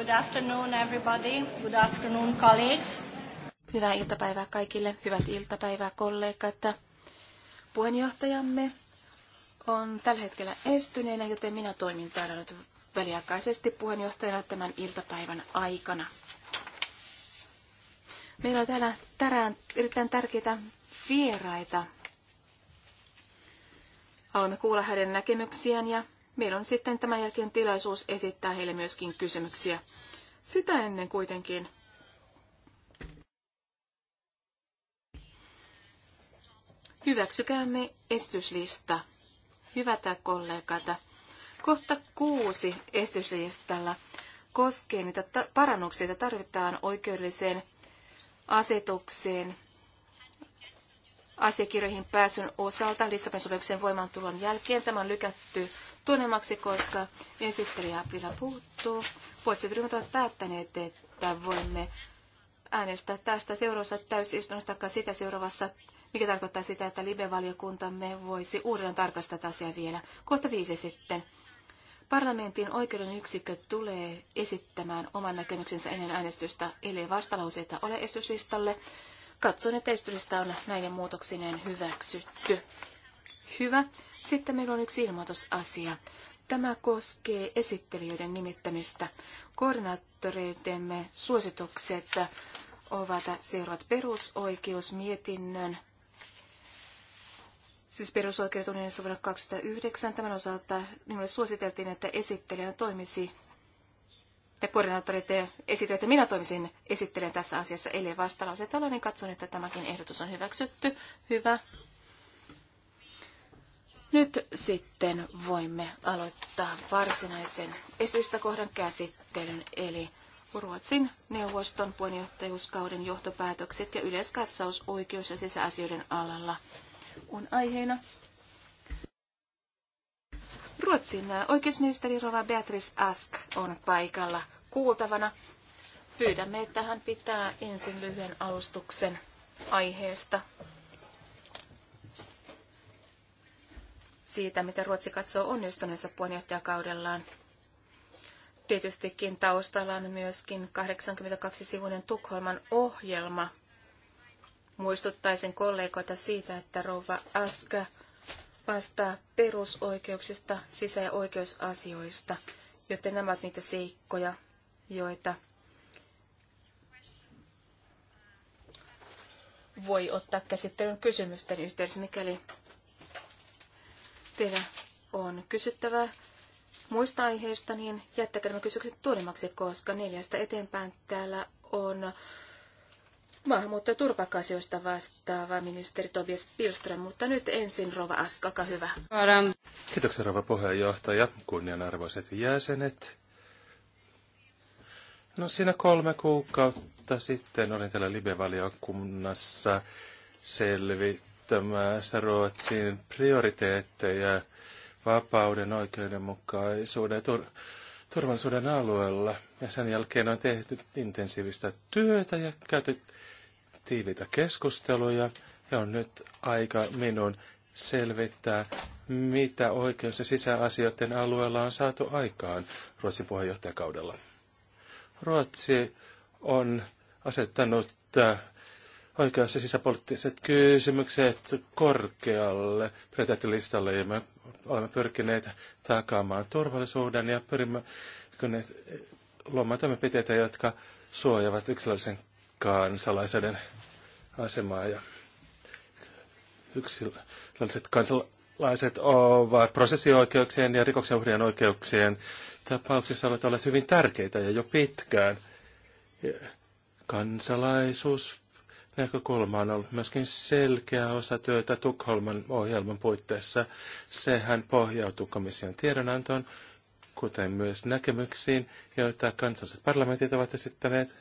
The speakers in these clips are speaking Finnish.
Good afternoon everybody. Good afternoon colleagues. Hyvää iltapäivää kaikille. Hyvät iltapäivää kollegat. Puheenjohtajamme on tällä hetkellä estyneenä, joten minä toimin täällä nyt väliaikaisesti puheenjohtajana tämän iltapäivän aikana. Meillä on täällä tärään, erittäin tärkeitä vieraita. Haluamme kuulla hänen näkemyksiään ja Meillä on sitten tämän jälkeen tilaisuus esittää heille myöskin kysymyksiä. Sitä ennen kuitenkin Hyväksykäämme estyslista. Hyvätä kollegata. Kohta kuusi estyslistalla koskee niitä parannuksia, joita tarvitaan oikeudelliseen asetukseen asiakirjoihin pääsyn osalta Lissabonin sopimuksen voimaantulon jälkeen. Tämä on lykätty tunnemmaksi, koska esittelijä vielä puuttuu. Poliittiset ryhmät ovat päättäneet, että voimme äänestää tästä seuraavassa täysistunnosta, tai sitä seuraavassa, mikä tarkoittaa sitä, että live-valiokuntamme voisi uudelleen tarkastaa asiaa vielä. Kohta viisi sitten. Parlamentin oikeuden yksikkö tulee esittämään oman näkemyksensä ennen äänestystä, eli vastalauseita ole esityslistalle. Katson, että esityslista on näiden muutoksineen hyväksytty. Hyvä. Sitten meillä on yksi ilmoitusasia. Tämä koskee esittelijöiden nimittämistä. Koordinaattoreidemme suositukset ovat seuraavat perusoikeusmietinnön Siis perusoikeudet ensi vuonna 2009. Tämän osalta minulle suositeltiin, että esittelijänä toimisi, ja koordinaattorit esittivät, että minä toimisin esittelijän tässä asiassa, eli vastalause niin Katson, että tämäkin ehdotus on hyväksytty. Hyvä. Nyt sitten voimme aloittaa varsinaisen esitystä käsittelyn, eli Ruotsin neuvoston puheenjohtajuuskauden johtopäätökset ja yleiskatsaus oikeus- ja sisäasioiden alalla on aiheena. Ruotsin oikeusministeri Rova Beatrice Ask on paikalla kuultavana. Pyydämme, että hän pitää ensin lyhyen alustuksen aiheesta. siitä, miten Ruotsi katsoo onnistuneensa puheenjohtajakaudellaan. Tietystikin taustalla on myöskin 82-sivuinen Tukholman ohjelma. Muistuttaisin kollegoita siitä, että rouva Aska vastaa perusoikeuksista, sisä- ja oikeusasioista, joten nämä ovat niitä seikkoja, joita voi ottaa käsittelyn kysymysten yhteydessä, mikäli teillä on kysyttävää muista aiheista, niin jättäkää nämä kysymykset tuonemmaksi, koska neljästä eteenpäin täällä on maahanmuutto- ja turvapaikka vastaava ministeri Tobias Pilström, mutta nyt ensin Rova Ask, olkaa hyvä. Kiitoksia Rova puheenjohtaja, kunnianarvoiset jäsenet. No siinä kolme kuukautta sitten olin täällä Libevaliokunnassa selvi edistämässä Ruotsin prioriteetteja vapauden, oikeudenmukaisuuden ja tur- turvallisuuden alueella. Ja sen jälkeen on tehty intensiivistä työtä ja käyty tiiviitä keskusteluja. Ja on nyt aika minun selvittää, mitä oikeus- ja sisäasioiden alueella on saatu aikaan Ruotsin puheenjohtajakaudella. Ruotsi on asettanut äh, oikeus- ja sisäpoliittiset kysymykset korkealle prioriteettilistalle ja me olemme pyrkineet takaamaan turvallisuuden ja pyrimme luomaan toimenpiteitä, jotka suojavat yksilöllisen kansalaisuuden asemaa ja yksilölliset kansalaiset ovat prosessioikeuksien ja rikoksen uhrien oikeuksien tapauksissa olet olleet hyvin tärkeitä ja jo pitkään. Kansalaisuus näkökulma on ollut myöskin selkeä osa työtä Tukholman ohjelman puitteissa. Sehän pohjautuu komission tiedonantoon, kuten myös näkemyksiin, joita kansalliset parlamentit ovat esittäneet,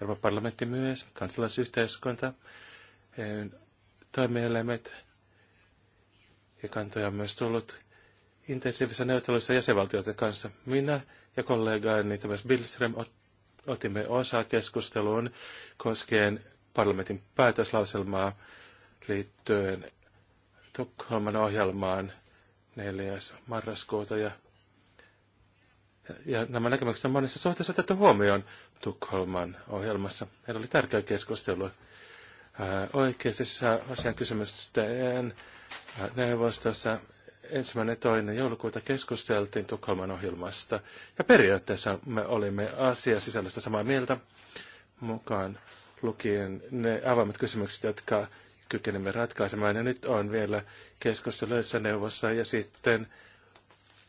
Euroopan parlamentti myös, kansalaisyhteiskunta, toimielimet ja kantoja on myös tullut intensiivisissä neuvotteluissa jäsenvaltioiden kanssa. Minä ja kollegaani Thomas Billström otimme osaa keskusteluun koskien parlamentin päätöslauselmaa liittyen Tukholman ohjelmaan 4. marraskuuta. Ja, ja nämä näkemykset on monessa suhteessa otettu huomioon Tukholman ohjelmassa. Meillä oli tärkeä keskustelu oikeudessa asian kysymysten neuvostossa ensimmäinen toinen joulukuuta keskusteltiin Tukholman ohjelmasta. Ja periaatteessa me olimme asia sisällöstä samaa mieltä mukaan lukien ne avoimet kysymykset, jotka kykenemme ratkaisemaan. Ja nyt on vielä keskustelussa neuvossa ja sitten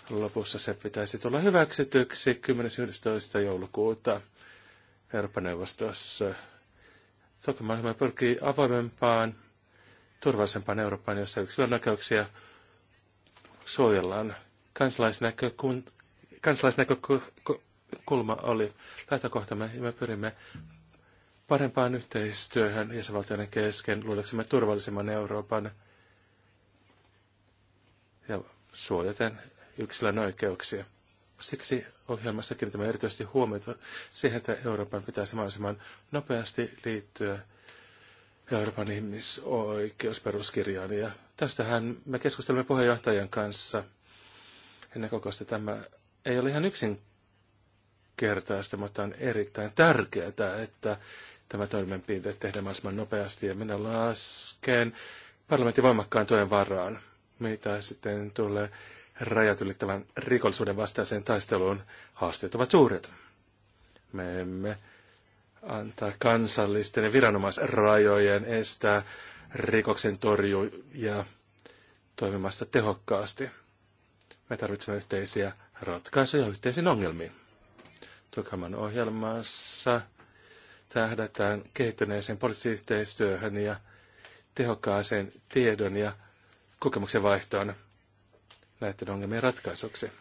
lopussa se pitäisi tulla hyväksytyksi 10.11. joulukuuta Euroopan neuvostossa. maailma pyrkii avoimempaan, turvallisempaan Eurooppaan, jossa yksilön oikeuksia suojellaan. Kansalaisnäkökulma oli lähtökohtamme ja me pyrimme parempaan yhteistyöhön jäsenvaltioiden kesken luodaksemme turvallisemman Euroopan ja suojaten yksilön oikeuksia. Siksi ohjelmassa kiinnitämme erityisesti huomiota siihen, että Euroopan pitäisi mahdollisimman nopeasti liittyä Euroopan ihmisoikeusperuskirjaan. Ja tästähän me keskustelemme puheenjohtajan kanssa ennen kokoista. Tämä ei ole ihan yksinkertaista, mutta on erittäin tärkeää, että tämä toimenpide tehdä mahdollisimman nopeasti ja minä lasken parlamentin voimakkaan tuen varaan, mitä sitten tulee rajat ylittävän rikollisuuden vastaiseen taisteluun. Haasteet ovat suuret. Me emme antaa kansallisten ja viranomaisrajojen estää rikoksen torjuja toimimasta tehokkaasti. Me tarvitsemme yhteisiä ratkaisuja yhteisiin ongelmiin. Tukaman ohjelmassa tähdätään kehittyneeseen poliisiyhteistyöhön ja tehokkaaseen tiedon ja kokemuksen vaihtoon näiden ongelmien ratkaisuksi.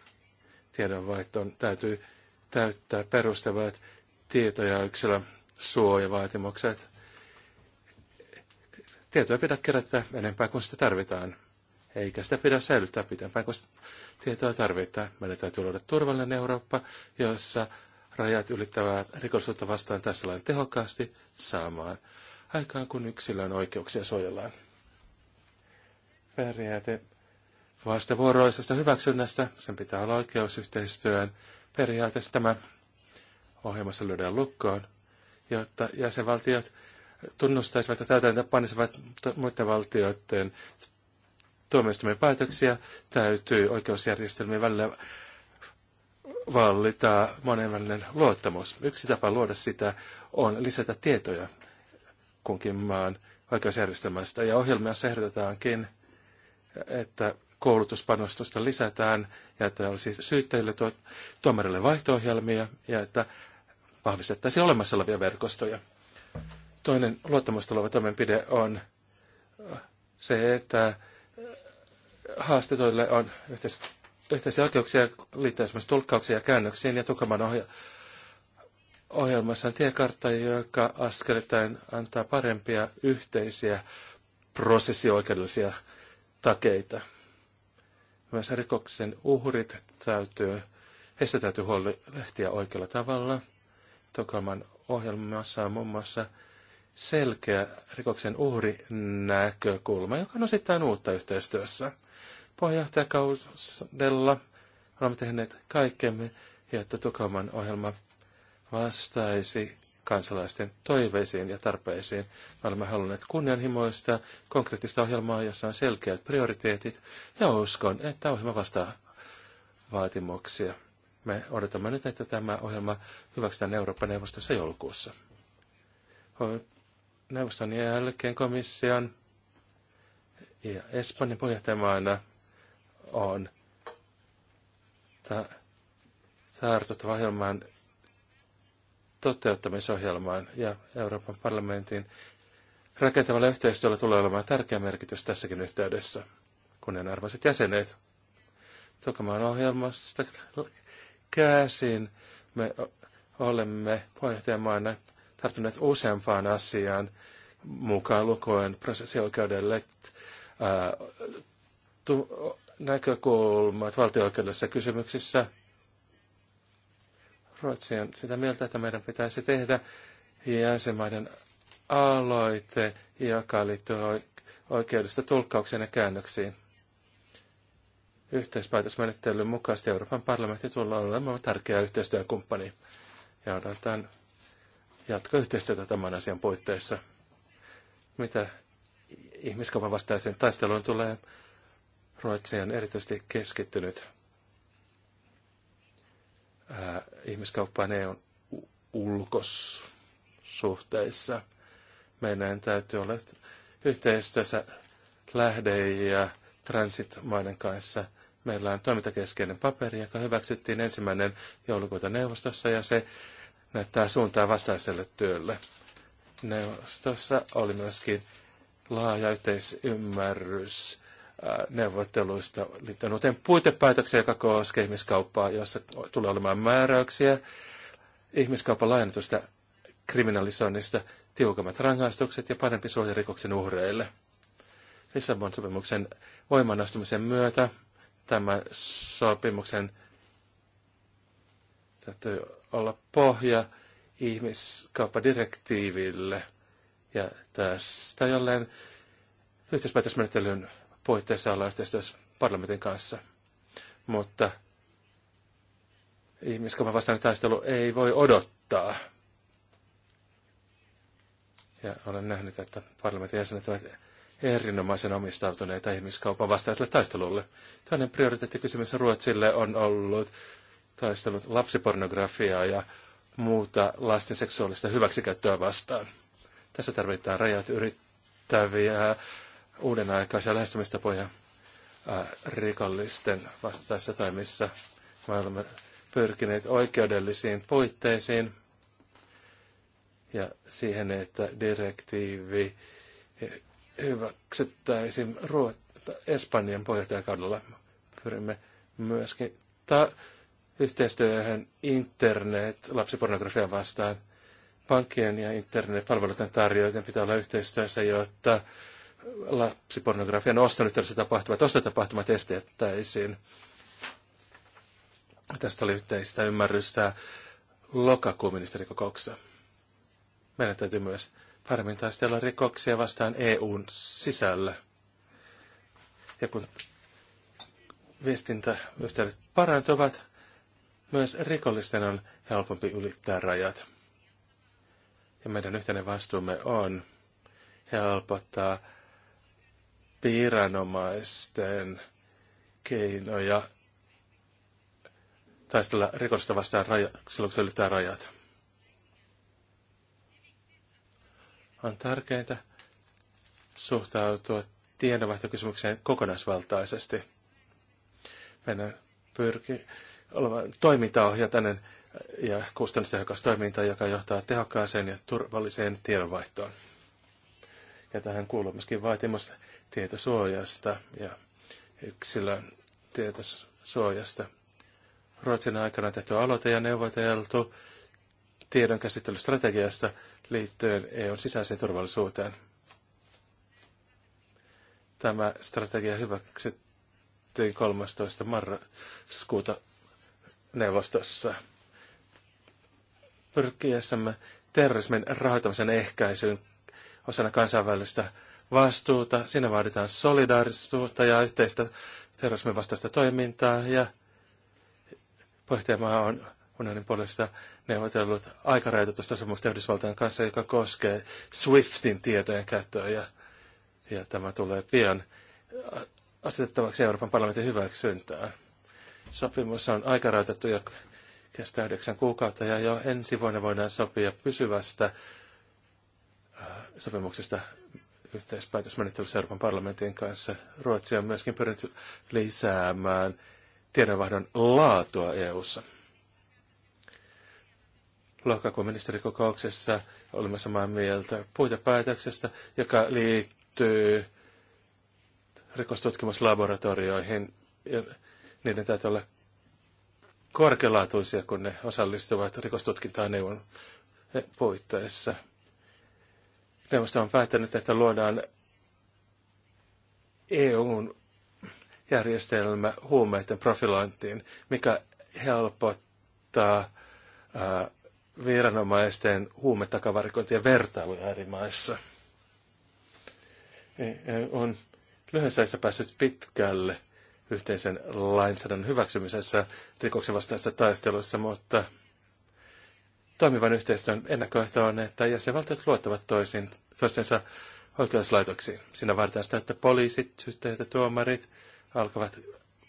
Tiedonvaihtoon täytyy täyttää perustavat tieto- ja yksilön suojavaatimukset. Tietoa pidä kerätä enempää kuin sitä tarvitaan, eikä sitä pidä säilyttää pitempään kuin sitä tietoa tarvitaan. Meidän täytyy luoda turvallinen Eurooppa, jossa rajat ylittävää rikollisuutta vastaan tässä lailla tehokkaasti saamaan aikaan, kun yksilön oikeuksia suojellaan. Periaate vastavuoroisesta hyväksynnästä, sen pitää olla oikeusyhteistyön periaate, tämä ohjelmassa lyödään lukkoon, jotta jäsenvaltiot tunnustaisivat ja täytäntöpanisivat muiden valtioiden tuomioistuimen päätöksiä, täytyy oikeusjärjestelmien välillä vallita monenvälinen luottamus. Yksi tapa luoda sitä on lisätä tietoja kunkin maan oikeusjärjestelmästä. Ja ohjelmassa ehdotetaankin, että koulutuspanostusta lisätään ja että olisi syyttäjille tuo, tuomarille vaihto ja että vahvistettaisiin olemassa olevia verkostoja. Toinen luottamusta luova toimenpide on se, että haastetoille on yhteistä yhteisiä oikeuksia liittyen esimerkiksi tulkkauksiin ja käännöksiin, ja Tukaman ohja- ohjelmassa on tiekartta, joka askelittain antaa parempia yhteisiä prosessioikeudellisia takeita. Myös rikoksen uhrit täytyy, heistä täytyy huolehtia oikealla tavalla. Tokaman ohjelmassa on muun muassa selkeä rikoksen uhrinäkökulma, joka on osittain uutta yhteistyössä. Puheenjohtajakaudella olemme tehneet kaikkemme, jotta Tukaman ohjelma vastaisi kansalaisten toiveisiin ja tarpeisiin. Me olemme halunneet kunnianhimoista, konkreettista ohjelmaa, jossa on selkeät prioriteetit, ja uskon, että ohjelma vastaa vaatimuksia. Me odotamme nyt, että tämä ohjelma hyväksytään Euroopan neuvostossa joulukuussa. Neuvoston jälkeen komission ja Espanjan puheenjohtajamaana on tartuttava ohjelman toteuttamisohjelmaan ja Euroopan parlamentin rakentavalla yhteistyöllä tulee olemaan tärkeä merkitys tässäkin yhteydessä. Kunnianarvoiset jäsenet, Tukamaan ohjelmasta käsin me olemme puheenjohtajamaana tarttuneet useampaan asiaan, mukaan lukoen prosessioikeudellet, näkökulmat valtioikeudellisissa kysymyksissä. Ruotsi on sitä mieltä, että meidän pitäisi tehdä jäsenmaiden aloite, joka liittyy oikeudesta tulkkaukseen ja käännöksiin. Yhteispäätösmenettelyn mukaisesti Euroopan parlamentti tulee olemaan tärkeä yhteistyökumppani. Ja odotan jatkoyhteistyötä tämän asian puitteissa. Mitä ihmiskaupan vastaiseen taisteluun tulee, Ruotsi on erityisesti keskittynyt ää, ihmiskauppaan EUn ulkosuhteissa. Meidän täytyy olla yhteistyössä lähde- ja transitmaiden kanssa. Meillä on toimintakeskeinen paperi, joka hyväksyttiin ensimmäinen joulukuuta neuvostossa, ja se näyttää suuntaa vastaiselle työlle. Neuvostossa oli myöskin laaja yhteisymmärrys neuvotteluista liittyen uuteen puitepäätökseen, joka koskee ihmiskauppaa, jossa tulee olemaan määräyksiä ihmiskaupan laajennetusta kriminalisoinnista, tiukemmat rangaistukset ja parempi suoja rikoksen uhreille. Lissabon sopimuksen voimanastumisen myötä tämä sopimuksen täytyy olla pohja ihmiskauppadirektiiville ja tästä jolleen yhteispäätösmenettelyn puitteissa ollaan yhteistyössä parlamentin kanssa. Mutta ihmiskaupan vastainen taistelu ei voi odottaa. Ja olen nähnyt, että parlamentin jäsenet ovat erinomaisen omistautuneita ihmiskaupan vastaiselle taistelulle. Toinen prioriteettikysymys Ruotsille on ollut taistelut lapsipornografiaa ja muuta lasten seksuaalista hyväksikäyttöä vastaan. Tässä tarvitaan rajat yrittäviä uuden aikaisia lähestymistapoja rikollisten vastaisissa toimissa. Me olemme pyrkineet oikeudellisiin puitteisiin ja siihen, että direktiivi hyväksyttäisiin Ruot- Espanjan puheenjohtajakaudella. Pyrimme myöskin ta- yhteistyöhön internet lapsipornografian vastaan. Pankkien ja internetpalveluiden tarjoajien pitää olla yhteistyössä, jotta lapsipornografian oston yhteydessä tapahtuvat ostotapahtumat estettäisiin. Tästä oli yhteistä ymmärrystä lokakuun ministerikokouksessa. Meidän täytyy myös paremmin taistella rikoksia vastaan EUn sisällä. Ja kun viestintäyhteydet parantuvat, myös rikollisten on helpompi ylittää rajat. Ja meidän yhteinen vastuumme on helpottaa viranomaisten keinoja taistella rikosta vastaan raja, silloin, kun se ylittää rajat. On tärkeintä suhtautua tiedonvaihtokysymykseen kokonaisvaltaisesti. Meidän pyrki olemaan toimintaohjatainen ja kustannustehokas toiminta, joka johtaa tehokkaaseen ja turvalliseen tiedonvaihtoon. Ja tähän kuuluu myöskin vaatimus tietosuojasta ja yksilön tietosuojasta. Ruotsin aikana tehty aloite ja neuvoteltu tiedonkäsittelystrategiasta liittyen EUn sisäiseen turvallisuuteen. Tämä strategia hyväksyttiin 13. marraskuuta neuvostossa. Pyrkiessämme terrorismin rahoitamisen ehkäisyyn osana kansainvälistä vastuuta, siinä vaaditaan solidaarisuutta ja yhteistä terrorismin vastaista toimintaa ja puheenjohtajamaa on unionin puolesta neuvotellut aikarajoitetusta sopimusta Yhdysvaltain kanssa, joka koskee SWIFTin tietojen käyttöä ja, ja tämä tulee pian asetettavaksi Euroopan parlamentin hyväksyntään. Sopimus on aikarajoitettu ja kestää yhdeksän kuukautta ja jo ensi vuonna voidaan sopia pysyvästä äh, sopimuksesta yhteispäätösmenettelyssä Euroopan parlamentin kanssa. Ruotsi on myöskin pyrkinyt lisäämään tiedonvaihdon laatua EU:ssa. Lokakuun ministerikokouksessa olimme samaa mieltä puitepäätöksestä, joka liittyy rikostutkimuslaboratorioihin. Ja niiden täytyy olla korkealaatuisia, kun ne osallistuvat rikostutkintaan EUn puitteissa. Neuvosto on päättänyt, että luodaan EUn järjestelmä huumeiden profilointiin, mikä helpottaa ää, viranomaisten huumetakavarikointia vertailuja eri maissa. E, e on lyhyessä päässyt pitkälle yhteisen lainsäädännön hyväksymisessä rikoksen vastaisessa taistelussa, mutta Toimivan yhteistyön ennakkoehto on, että jäsenvaltiot luottavat toisiin, toistensa oikeuslaitoksiin. Siinä vaaditaan sitä, että poliisit, syyttäjät ja tuomarit alkavat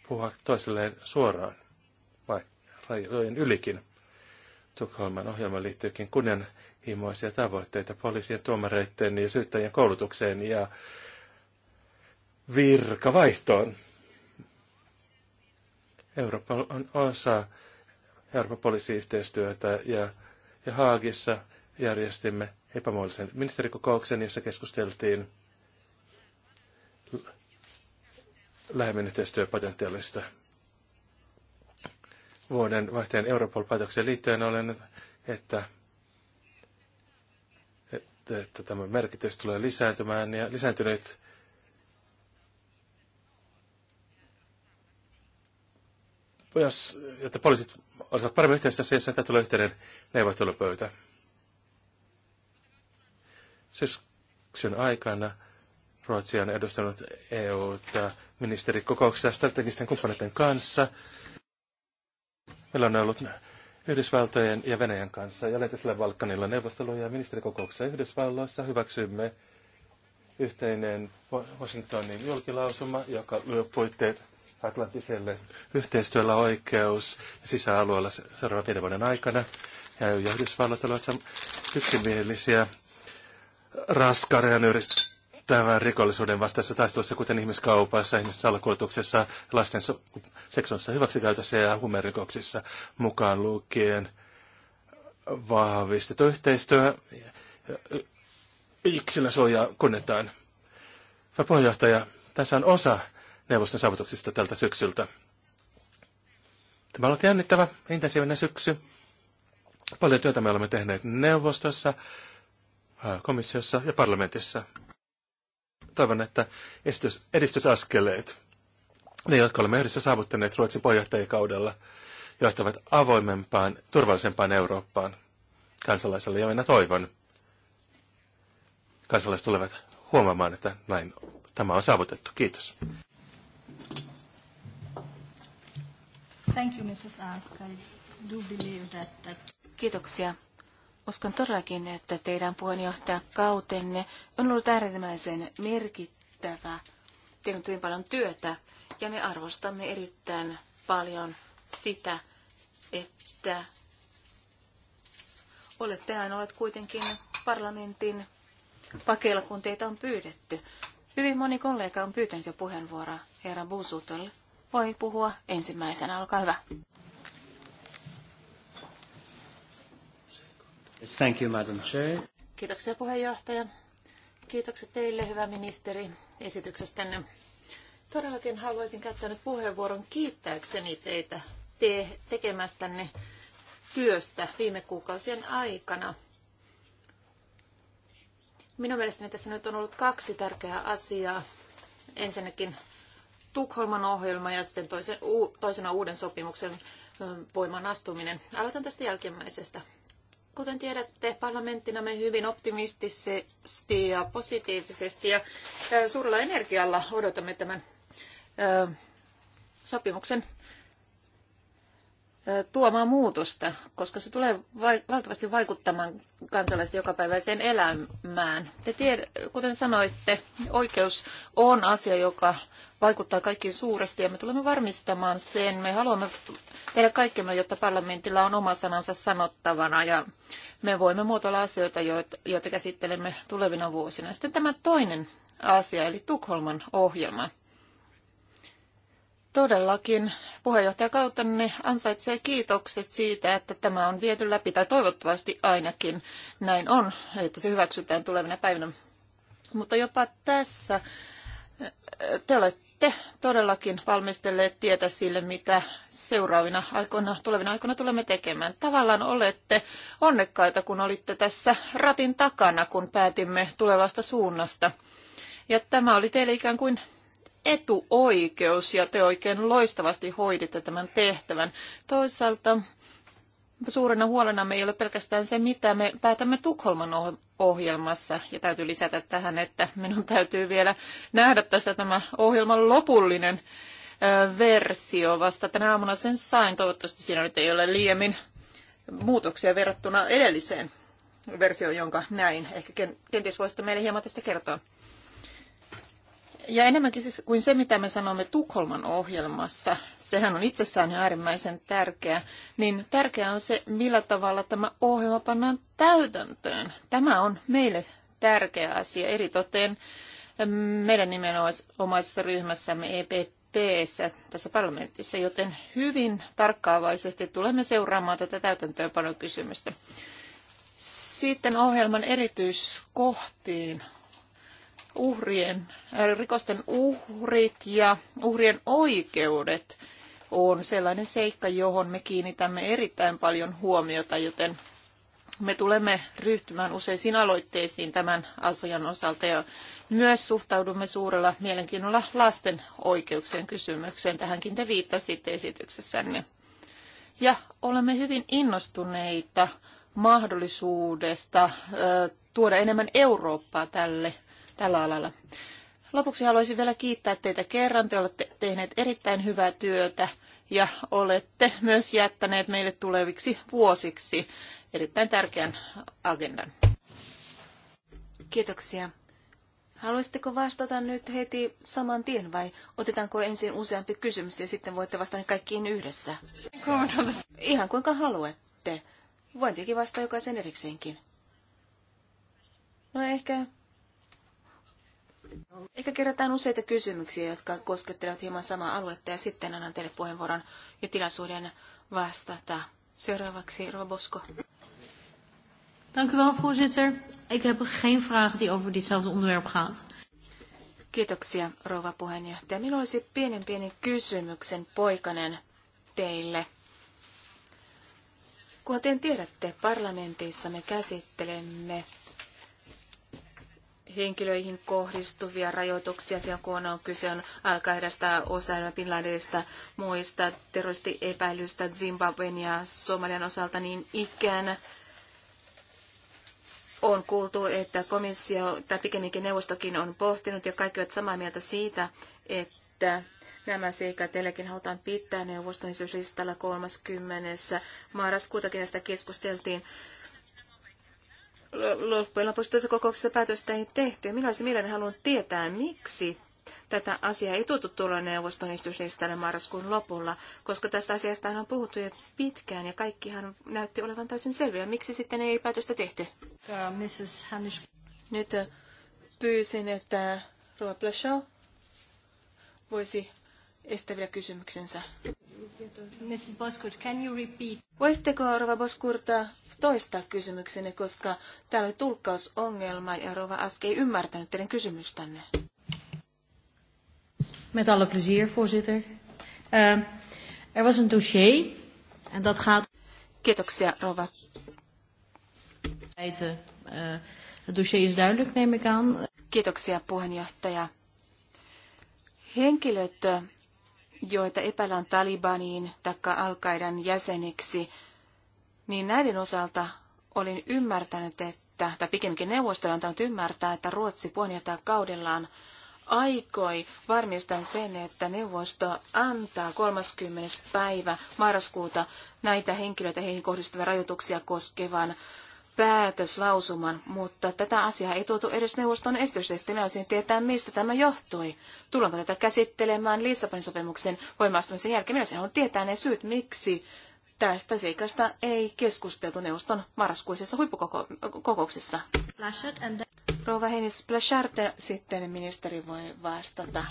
puhua toisilleen suoraan, vai rajojen ylikin. Tukholman ohjelma liittyykin kunnianhimoisia tavoitteita poliisien, tuomareiden ja syyttäjien koulutukseen ja virkavaihtoon. Eurooppa on osa Euroopan poliisiyhteistyötä ja ja Haagissa järjestimme epämuodollisen ministerikokouksen, jossa keskusteltiin lähemmin yhteistyöpotentiaalista. Vuoden vaihteen Europol-päätökseen liittyen olen, että, että, että tämä merkitys tulee lisääntymään ja lisääntynyt jos, että poliisit olisivat paremmin yhteistyössä, jos että tulee yhteinen neuvottelupöytä. Syksyn aikana Ruotsi on edustanut EUta ministerikokouksessa strategisten kumppaneiden kanssa. Meillä on ollut Yhdysvaltojen ja Venäjän kanssa ja Läntisellä Valkanilla neuvotteluja ja ministerikokouksessa Yhdysvalloissa hyväksymme yhteinen Washingtonin julkilausuma, joka lyö puitteet Atlantiselle yhteistyöllä oikeus sisäalueella seuraavan viiden vuoden aikana. Ja EU ja Yhdysvallat olivat yksimielisiä raskareja yrittävän rikollisuuden vastaisessa taistelussa, kuten ihmiskaupassa, ihmissalakuljetuksessa, lasten seksuaalisessa hyväksikäytössä ja humerikoksissa mukaan lukien vahvistettu yhteistyö yksilösuojaa kunnetaan. Hyvä puheenjohtaja, tässä on osa neuvoston saavutuksista tältä syksyltä. Tämä on ollut jännittävä, intensiivinen syksy. Paljon työtä me olemme tehneet neuvostossa, komissiossa ja parlamentissa. Toivon, että esitys, edistysaskeleet, ne jotka olemme yhdessä saavuttaneet Ruotsin puheenjohtajakaudella, johtavat avoimempaan, turvallisempaan Eurooppaan kansalaiselle. Ja minä toivon, kansalaiset tulevat huomaamaan, että näin tämä on saavutettu. Kiitos. Thank you, Mrs. Ask. I do believe that, that... Kiitoksia. Uskon todellakin, että teidän puheenjohtajakautenne on ollut äärimmäisen merkittävä. Teillä on hyvin paljon työtä ja me arvostamme erittäin paljon sitä, että olet tähän olet kuitenkin parlamentin pakeilla, kun teitä on pyydetty. Hyvin moni kollega on pyytänyt jo puheenvuoroa. Herra Busutol voi puhua ensimmäisenä. Olkaa hyvä. Thank you, Madam Chair. Kiitoksia puheenjohtaja. Kiitokset teille, hyvä ministeri, esityksestänne. Todellakin haluaisin käyttää nyt puheenvuoron kiittääkseni teitä te- tekemästänne työstä viime kuukausien aikana. Minun mielestäni tässä nyt on ollut kaksi tärkeää asiaa. Ensinnäkin Tukholman ohjelma ja sitten toisen, toisena uuden sopimuksen voimaan astuminen. Aloitan tästä jälkimmäisestä. Kuten tiedätte, parlamenttina me hyvin optimistisesti ja positiivisesti ja suurella energialla odotamme tämän sopimuksen tuomaan muutosta, koska se tulee valtavasti vaikuttamaan kansalaisten jokapäiväiseen elämään. Te kuten sanoitte, oikeus on asia, joka vaikuttaa kaikkiin suuresti ja me tulemme varmistamaan sen. Me haluamme tehdä kaikkemme, jotta parlamentilla on oma sanansa sanottavana ja me voimme muotoilla asioita, joita käsittelemme tulevina vuosina. Sitten tämä toinen asia, eli Tukholman ohjelma. Todellakin puheenjohtajakauttanne ansaitsee kiitokset siitä, että tämä on viety läpi, tai toivottavasti ainakin näin on, että se hyväksytään tulevina päivinä. Mutta jopa tässä te olette todellakin valmistelleet tietä sille, mitä seuraavina aikoina, tulevina aikoina tulemme tekemään. Tavallaan olette onnekkaita, kun olitte tässä ratin takana, kun päätimme tulevasta suunnasta. Ja tämä oli teille ikään kuin etuoikeus ja te oikein loistavasti hoiditte tämän tehtävän. Toisaalta suurena huolena ei ole pelkästään se, mitä me päätämme Tukholman oh- ohjelmassa. Ja täytyy lisätä tähän, että minun täytyy vielä nähdä tässä tämä ohjelman lopullinen versio. Vasta tänä aamuna sen sain. Toivottavasti siinä nyt ei ole liiemmin muutoksia verrattuna edelliseen versioon, jonka näin. Ehkä kenties voisitte meille hieman tästä kertoa. Ja enemmänkin siis kuin se, mitä me sanomme Tukholman ohjelmassa, sehän on itsessään jo äärimmäisen tärkeä, niin tärkeää on se, millä tavalla tämä ohjelma pannaan täytäntöön. Tämä on meille tärkeä asia, eritoten meidän nimenomaisessa ryhmässämme EPP tässä parlamentissa, joten hyvin tarkkaavaisesti tulemme seuraamaan tätä täytäntöönpanokysymystä. Sitten ohjelman erityiskohtiin uhrien, äh, rikosten uhrit ja uhrien oikeudet on sellainen seikka, johon me kiinnitämme erittäin paljon huomiota, joten me tulemme ryhtymään useisiin aloitteisiin tämän asian osalta ja myös suhtaudumme suurella mielenkiinnolla lasten oikeuksien kysymykseen. Tähänkin te viittasitte esityksessänne. Ja olemme hyvin innostuneita mahdollisuudesta tuoda enemmän Eurooppaa tälle tällä alalla. Lopuksi haluaisin vielä kiittää teitä kerran. Te olette tehneet erittäin hyvää työtä ja olette myös jättäneet meille tuleviksi vuosiksi erittäin tärkeän agendan. Kiitoksia. Haluaisitteko vastata nyt heti saman tien vai otetaanko ensin useampi kysymys ja sitten voitte vastata kaikkiin yhdessä? Ihan kuinka haluatte. Voin tietenkin vastata jokaisen erikseenkin. No ehkä Ehkä kerätään useita kysymyksiä, jotka koskettelevat hieman samaa aluetta ja sitten annan teille puheenvuoron ja tilaisuuden vastata. Seuraavaksi Robosko. Dank u wel, voorzitter. Ik heb geen vraag die over ditzelfde onderwerp gaat. Kiitoksia, rouva puheenjohtaja. Minulla olisi pienen pienen kysymyksen poikanen teille. Kuten tiedätte, parlamentissa me käsittelemme henkilöihin kohdistuvia rajoituksia silloin, kun on kyse on al Osama Bin Ladenista, muista terroristiepäilyistä Zimbabwen ja Somalian osalta niin ikään on kuultu, että komissio tai pikemminkin neuvostokin on pohtinut ja kaikki ovat samaa mieltä siitä, että nämä seikat teilläkin halutaan pitää neuvoston isyslistalla 30. marraskuutakin näistä keskusteltiin loppujen lopuksi tuossa kokouksessa päätöstä ei tehty. Minä olisin mielelläni halunnut tietää, miksi tätä asiaa ei tuotu tuolla neuvoston istuslistalle marraskuun lopulla, koska tästä asiasta on puhuttu jo pitkään ja kaikkihan näytti olevan täysin selviä. Miksi sitten ei päätöstä tehty? Mrs. Hannish. Nyt äh, pyysin, että Rua Blashaw voisi estää vielä kysymyksensä. Mrs. Boskurt, can you repeat? Voisitteko, Rova Boskurta, äh, toistaa kysymyksenne, koska täällä oli tulkkausongelma ja Rova Aske ei ymmärtänyt teidän kysymystänne. Met alle plezier, voorzitter. Uh, er was een dossier en dat gaat... Kiitoksia, Rova. Uh, het dossier is duidelijk, neem ik aan. Kiitoksia, puheenjohtaja. Henkilöt, joita epäillään Talibaniin tai al jäseniksi, niin näiden osalta olin ymmärtänyt, että, tai pikemminkin neuvosto on antanut ymmärtää, että Ruotsi kaudellaan aikoi varmistaa sen, että neuvosto antaa 30. päivä marraskuuta näitä henkilöitä heihin kohdistuvia rajoituksia koskevan päätöslausuman, mutta tätä asiaa ei tuotu edes neuvoston esityksestä. Minä olisin tietää, mistä tämä johtui. Tullaanko tätä käsittelemään Lissabonin sopimuksen voimaastumisen jälkeen? Minä olisin tietää ne syyt, miksi Tästä seikasta ei keskusteltu neuvoston marraskuisessa huippukokouksessa. Rouva Heinis Blacharte, sitten ministeri voi vastata.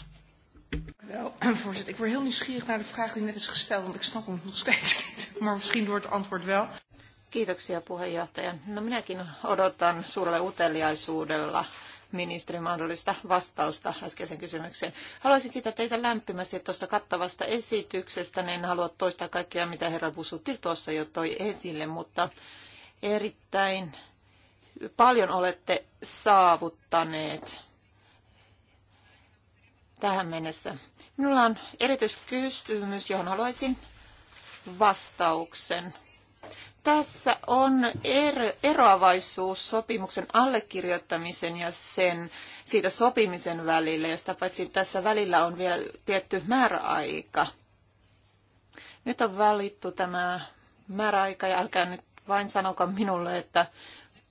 ik word heel nieuwsgierig naar de vraag die net is gesteld, want ik snap hem nog steeds niet. Maar misschien door het antwoord wel. Kiitoksia puheenjohtaja. No minäkin odotan suurella uteliaisuudella ministeri mahdollista vastausta äskeisen kysymykseen. Haluaisin kiittää teitä lämpimästi tuosta kattavasta esityksestä. En halua toistaa kaikkea, mitä herra Busutil tuossa jo toi esille, mutta erittäin paljon olette saavuttaneet tähän mennessä. Minulla on erityiskysymys, johon haluaisin vastauksen tässä on ero, eroavaisuus sopimuksen allekirjoittamisen ja sen, siitä sopimisen välillä, ja sitä paitsi tässä välillä on vielä tietty määräaika. Nyt on valittu tämä määräaika, ja älkää nyt vain sanoka minulle, että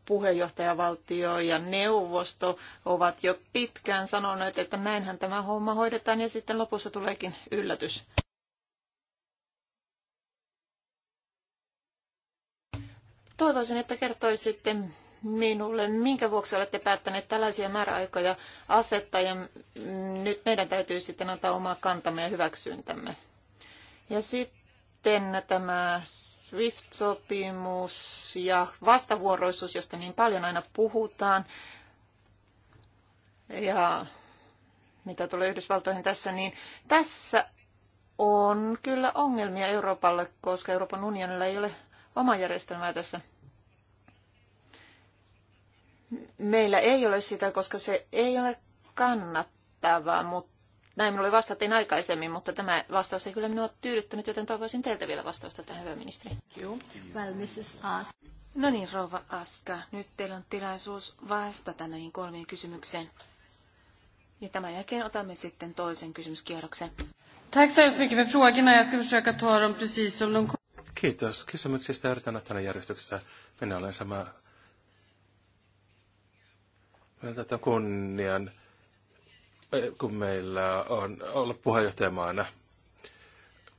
puheenjohtajavaltio ja neuvosto ovat jo pitkään sanoneet, että näinhän tämä homma hoidetaan, ja sitten lopussa tuleekin yllätys. Toivoisin, että kertoisitte minulle, minkä vuoksi olette päättäneet tällaisia määräaikoja asettaa ja nyt meidän täytyy sitten antaa omaa kantamme ja hyväksyntämme. Ja sitten tämä SWIFT-sopimus ja vastavuoroisuus, josta niin paljon aina puhutaan. Ja mitä tulee Yhdysvaltoihin tässä, niin tässä on kyllä ongelmia Euroopalle, koska Euroopan unionilla ei ole omaa järjestelmää tässä. Meillä ei ole sitä, koska se ei ole kannattavaa, mutta näin minulle vastattiin aikaisemmin, mutta tämä vastaus ei kyllä minua tyydyttänyt, joten toivoisin teiltä vielä vastausta tähän, hyvä ministeri. Well, Mrs. As. No niin, rouva Aska, nyt teillä on tilaisuus vastata näihin kolmeen kysymykseen. Ja tämän jälkeen otamme sitten toisen kysymyskierroksen. Tack så hemskt mycket för frågorna. Jag ska försöka ta dem precis som de kom. Kiitos kysymyksistä. Yritän ottaa järjestyksessä. Minä olen sama tätä kunnian, eh, kun meillä on ollut puheenjohtajamaana,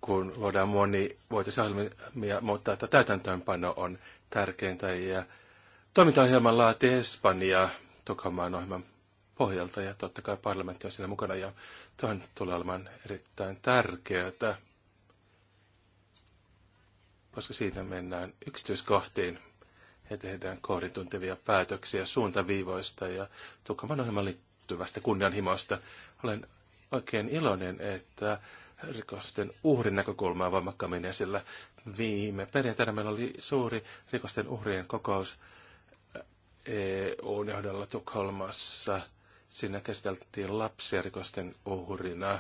kun luodaan monivuotisohjelmia, mutta että täytäntöönpano on tärkeintä ja toimintaohjelman laati Espanja Tukholmaan ohjelman pohjalta ja totta kai parlamentti on siinä mukana ja tuohon tulee olemaan erittäin tärkeää koska siinä mennään yksityiskohtiin ja tehdään kohdituntevia päätöksiä suuntaviivoista ja Tukkaman ohjelman liittyvästä kunnianhimosta. Olen oikein iloinen, että rikosten uhrin näkökulmaa voimakkaammin esillä. Viime perjantaina meillä oli suuri rikosten uhrien kokous EUn johdolla Tukholmassa. Siinä käsiteltiin lapsia rikosten uhrina.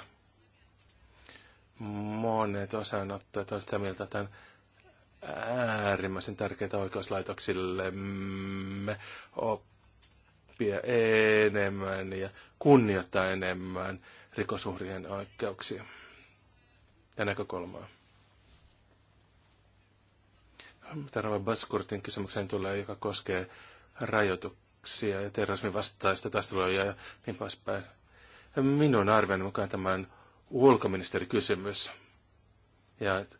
Monet osanottajat ovat sitä mieltä, että tämän äärimmäisen tärkeitä oikeuslaitoksillemme oppia enemmän ja kunnioittaa enemmän rikosuhrien oikeuksia ja näkökulmaa. Mitä Rava Baskurtin kysymykseen tulee, joka koskee rajoituksia ja terrorismin vastaista taistelua ja niin poispäin. Minun arvioni mukaan tämän ulkoministerikysymys. Ja että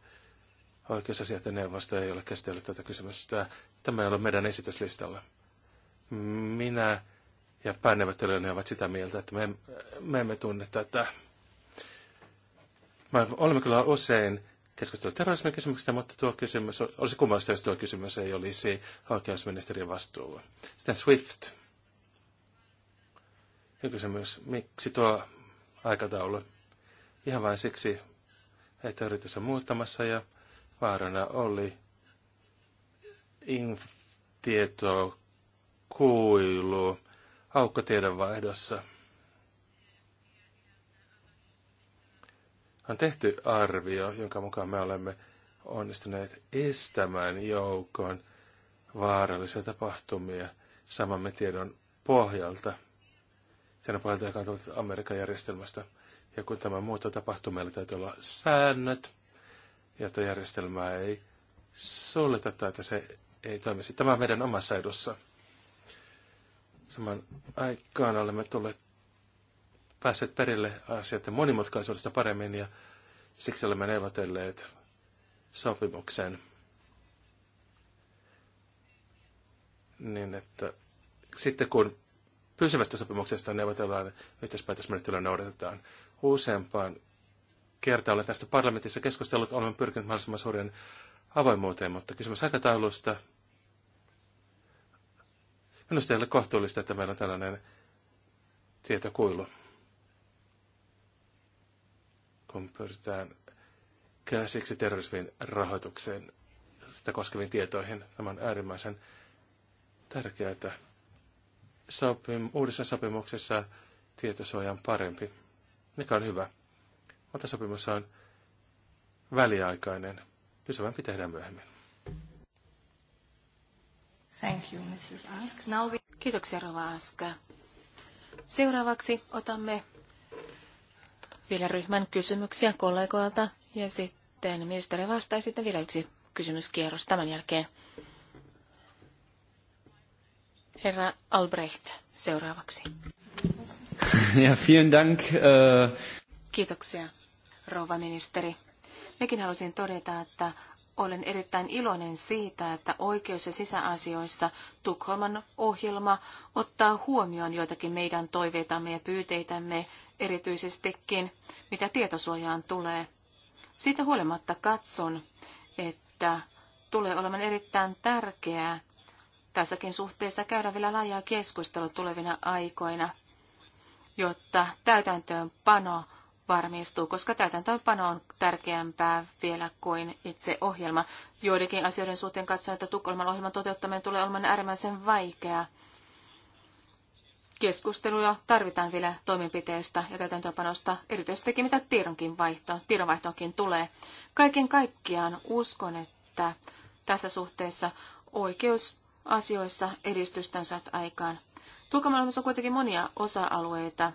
Oikeusasiat neuvosto ei ole käsitellyt tätä kysymystä. Tämä ei ole meidän esityslistalla. Minä ja pääneuvottelijoiden ovat sitä mieltä, että me, me emme tunne tätä. Me olemme kyllä usein keskustelleet terrorismin kysymyksestä, mutta tuo kysymys olisi kummallista, jos tuo kysymys ei olisi oikeusministeriön vastuulla. Sitten SWIFT. Ja kysymys, miksi tuo aikataulu? Ihan vain siksi, että yritys on muuttamassa ja vaarana oli tieto kuilu aukko vaihdossa. On tehty arvio, jonka mukaan me olemme onnistuneet estämään joukon vaarallisia tapahtumia samamme tiedon pohjalta. Tiedon pohjalta, joka on tullut Amerikan järjestelmästä. Ja kun tämä muuta tapahtuu, meillä täytyy olla säännöt, jotta järjestelmää ei suljeta tai että se ei toimisi. Tämä on meidän omassa edussa. Saman aikaan olemme tulleet päässeet perille asioiden monimutkaisuudesta paremmin ja siksi olemme neuvotelleet sopimuksen niin, että sitten kun pysyvästä sopimuksesta neuvotellaan, yhteispäätösmenettelyä noudatetaan. Useampaan kertaa olen tästä parlamentissa keskustellut, olen pyrkinyt mahdollisimman suuren avoimuuteen, mutta kysymys aikataulusta. Minusta ei ole kohtuullista, että meillä on tällainen tietokuilu, kun pyritään käsiksi terrorismin rahoitukseen sitä koskeviin tietoihin. Tämä on äärimmäisen tärkeää. Sopim- uudessa sopimuksessa tietosuoja on parempi, mikä on hyvä. Valtasopimus on väliaikainen. Pysyvämpi tehdään myöhemmin. Thank you, Mrs. Ask. Now we... Kiitoksia, Rova Ask. Seuraavaksi otamme vielä ryhmän kysymyksiä kollegoilta ja sitten ministeri vastaa sitten vielä yksi kysymyskierros tämän jälkeen. Herra Albrecht seuraavaksi. Ja, vielen dank. Äh... Kiitoksia rouva ministeri. Mekin haluaisin todeta, että olen erittäin iloinen siitä, että oikeus- ja sisäasioissa Tukholman ohjelma ottaa huomioon joitakin meidän toiveitamme ja pyyteitämme, erityisestikin mitä tietosuojaan tulee. Siitä huolimatta katson, että tulee olemaan erittäin tärkeää tässäkin suhteessa käydä vielä laajaa keskustelua tulevina aikoina, jotta täytäntöönpano varmistuu, koska täytäntöönpano on tärkeämpää vielä kuin itse ohjelma. Joidenkin asioiden suhteen katsoen, että Tukholman ohjelman toteuttaminen tulee olemaan äärimmäisen vaikeaa. Keskusteluja tarvitaan vielä toimenpiteistä ja täytäntöönpanosta, erityisesti mitä tiedonkin vaihto, tiedonvaihtoonkin tulee. Kaiken kaikkiaan uskon, että tässä suhteessa oikeusasioissa edistystä on saatu aikaan. Tukholman on kuitenkin monia osa-alueita,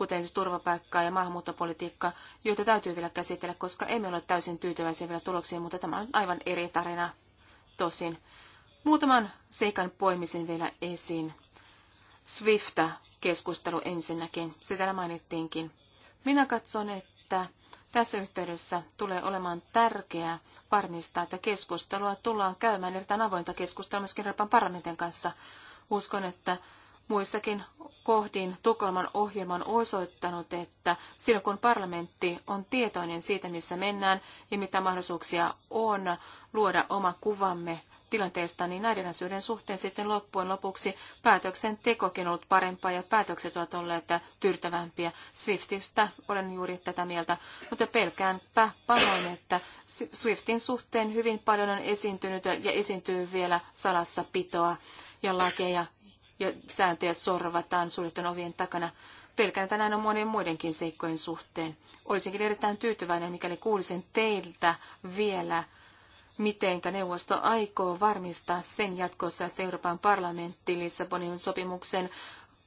kuten siis turvapaikkaa ja maahanmuuttopolitiikka, joita täytyy vielä käsitellä, koska emme ole täysin tyytyväisiä vielä tuloksiin, mutta tämä on aivan eri tarina tosin. Muutaman seikan poimisin vielä esiin. Swifta-keskustelu ensinnäkin, se täällä mainittiinkin. Minä katson, että tässä yhteydessä tulee olemaan tärkeää varmistaa, että keskustelua tullaan käymään erittäin avointa keskustelua myöskin Euroopan parlamentin kanssa. Uskon, että muissakin kohdin Tukholman ohjelman osoittanut, että silloin kun parlamentti on tietoinen siitä, missä mennään ja mitä mahdollisuuksia on luoda oma kuvamme tilanteesta, niin näiden asioiden suhteen sitten loppujen lopuksi päätöksentekokin on ollut parempaa ja päätökset ovat olleet tyrtävämpiä. Swiftistä olen juuri tätä mieltä, mutta pelkäänpä pahoin, että Swiftin suhteen hyvin paljon on esiintynyt ja esiintyy vielä salassa pitoa ja lakeja ja sääntöjä sorvataan suljettujen ovien takana. Pelkään näin on monien muidenkin seikkojen suhteen. Olisinkin erittäin tyytyväinen, mikäli kuulisin teiltä vielä, miten neuvosto aikoo varmistaa sen jatkossa, että Euroopan parlamentti Lissabonin sopimuksen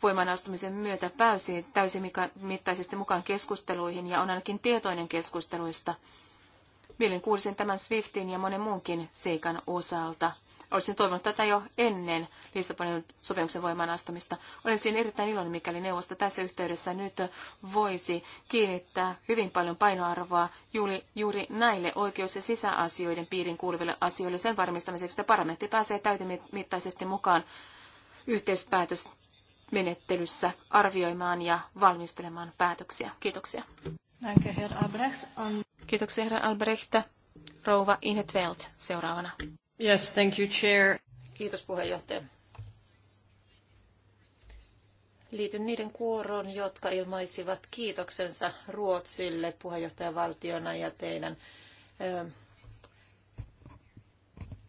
voimanastumisen myötä pääsi täysimittaisesti mukaan keskusteluihin ja on ainakin tietoinen keskusteluista. Mielen kuulisin tämän Swiftin ja monen muunkin seikan osalta. Olisin toivonut tätä jo ennen Lissabonin sopimuksen voimaan astumista. Olisin erittäin iloinen, mikäli neuvosto tässä yhteydessä nyt voisi kiinnittää hyvin paljon painoarvoa juuri, juuri näille oikeus- ja sisäasioiden piirin kuuluville asioille sen varmistamiseksi, että parlamentti pääsee täytimittaisesti mukaan yhteispäätösmenettelyssä menettelyssä arvioimaan ja valmistelemaan päätöksiä. Kiitoksia. Danke, Herr Albrecht. Kiitoksia, herra Albrecht. Rouva Inetveld seuraavana. Yes, thank you, Chair. Kiitos puheenjohtaja. Liityn niiden kuoroon, jotka ilmaisivat kiitoksensa Ruotsille puheenjohtajavaltiona ja teidän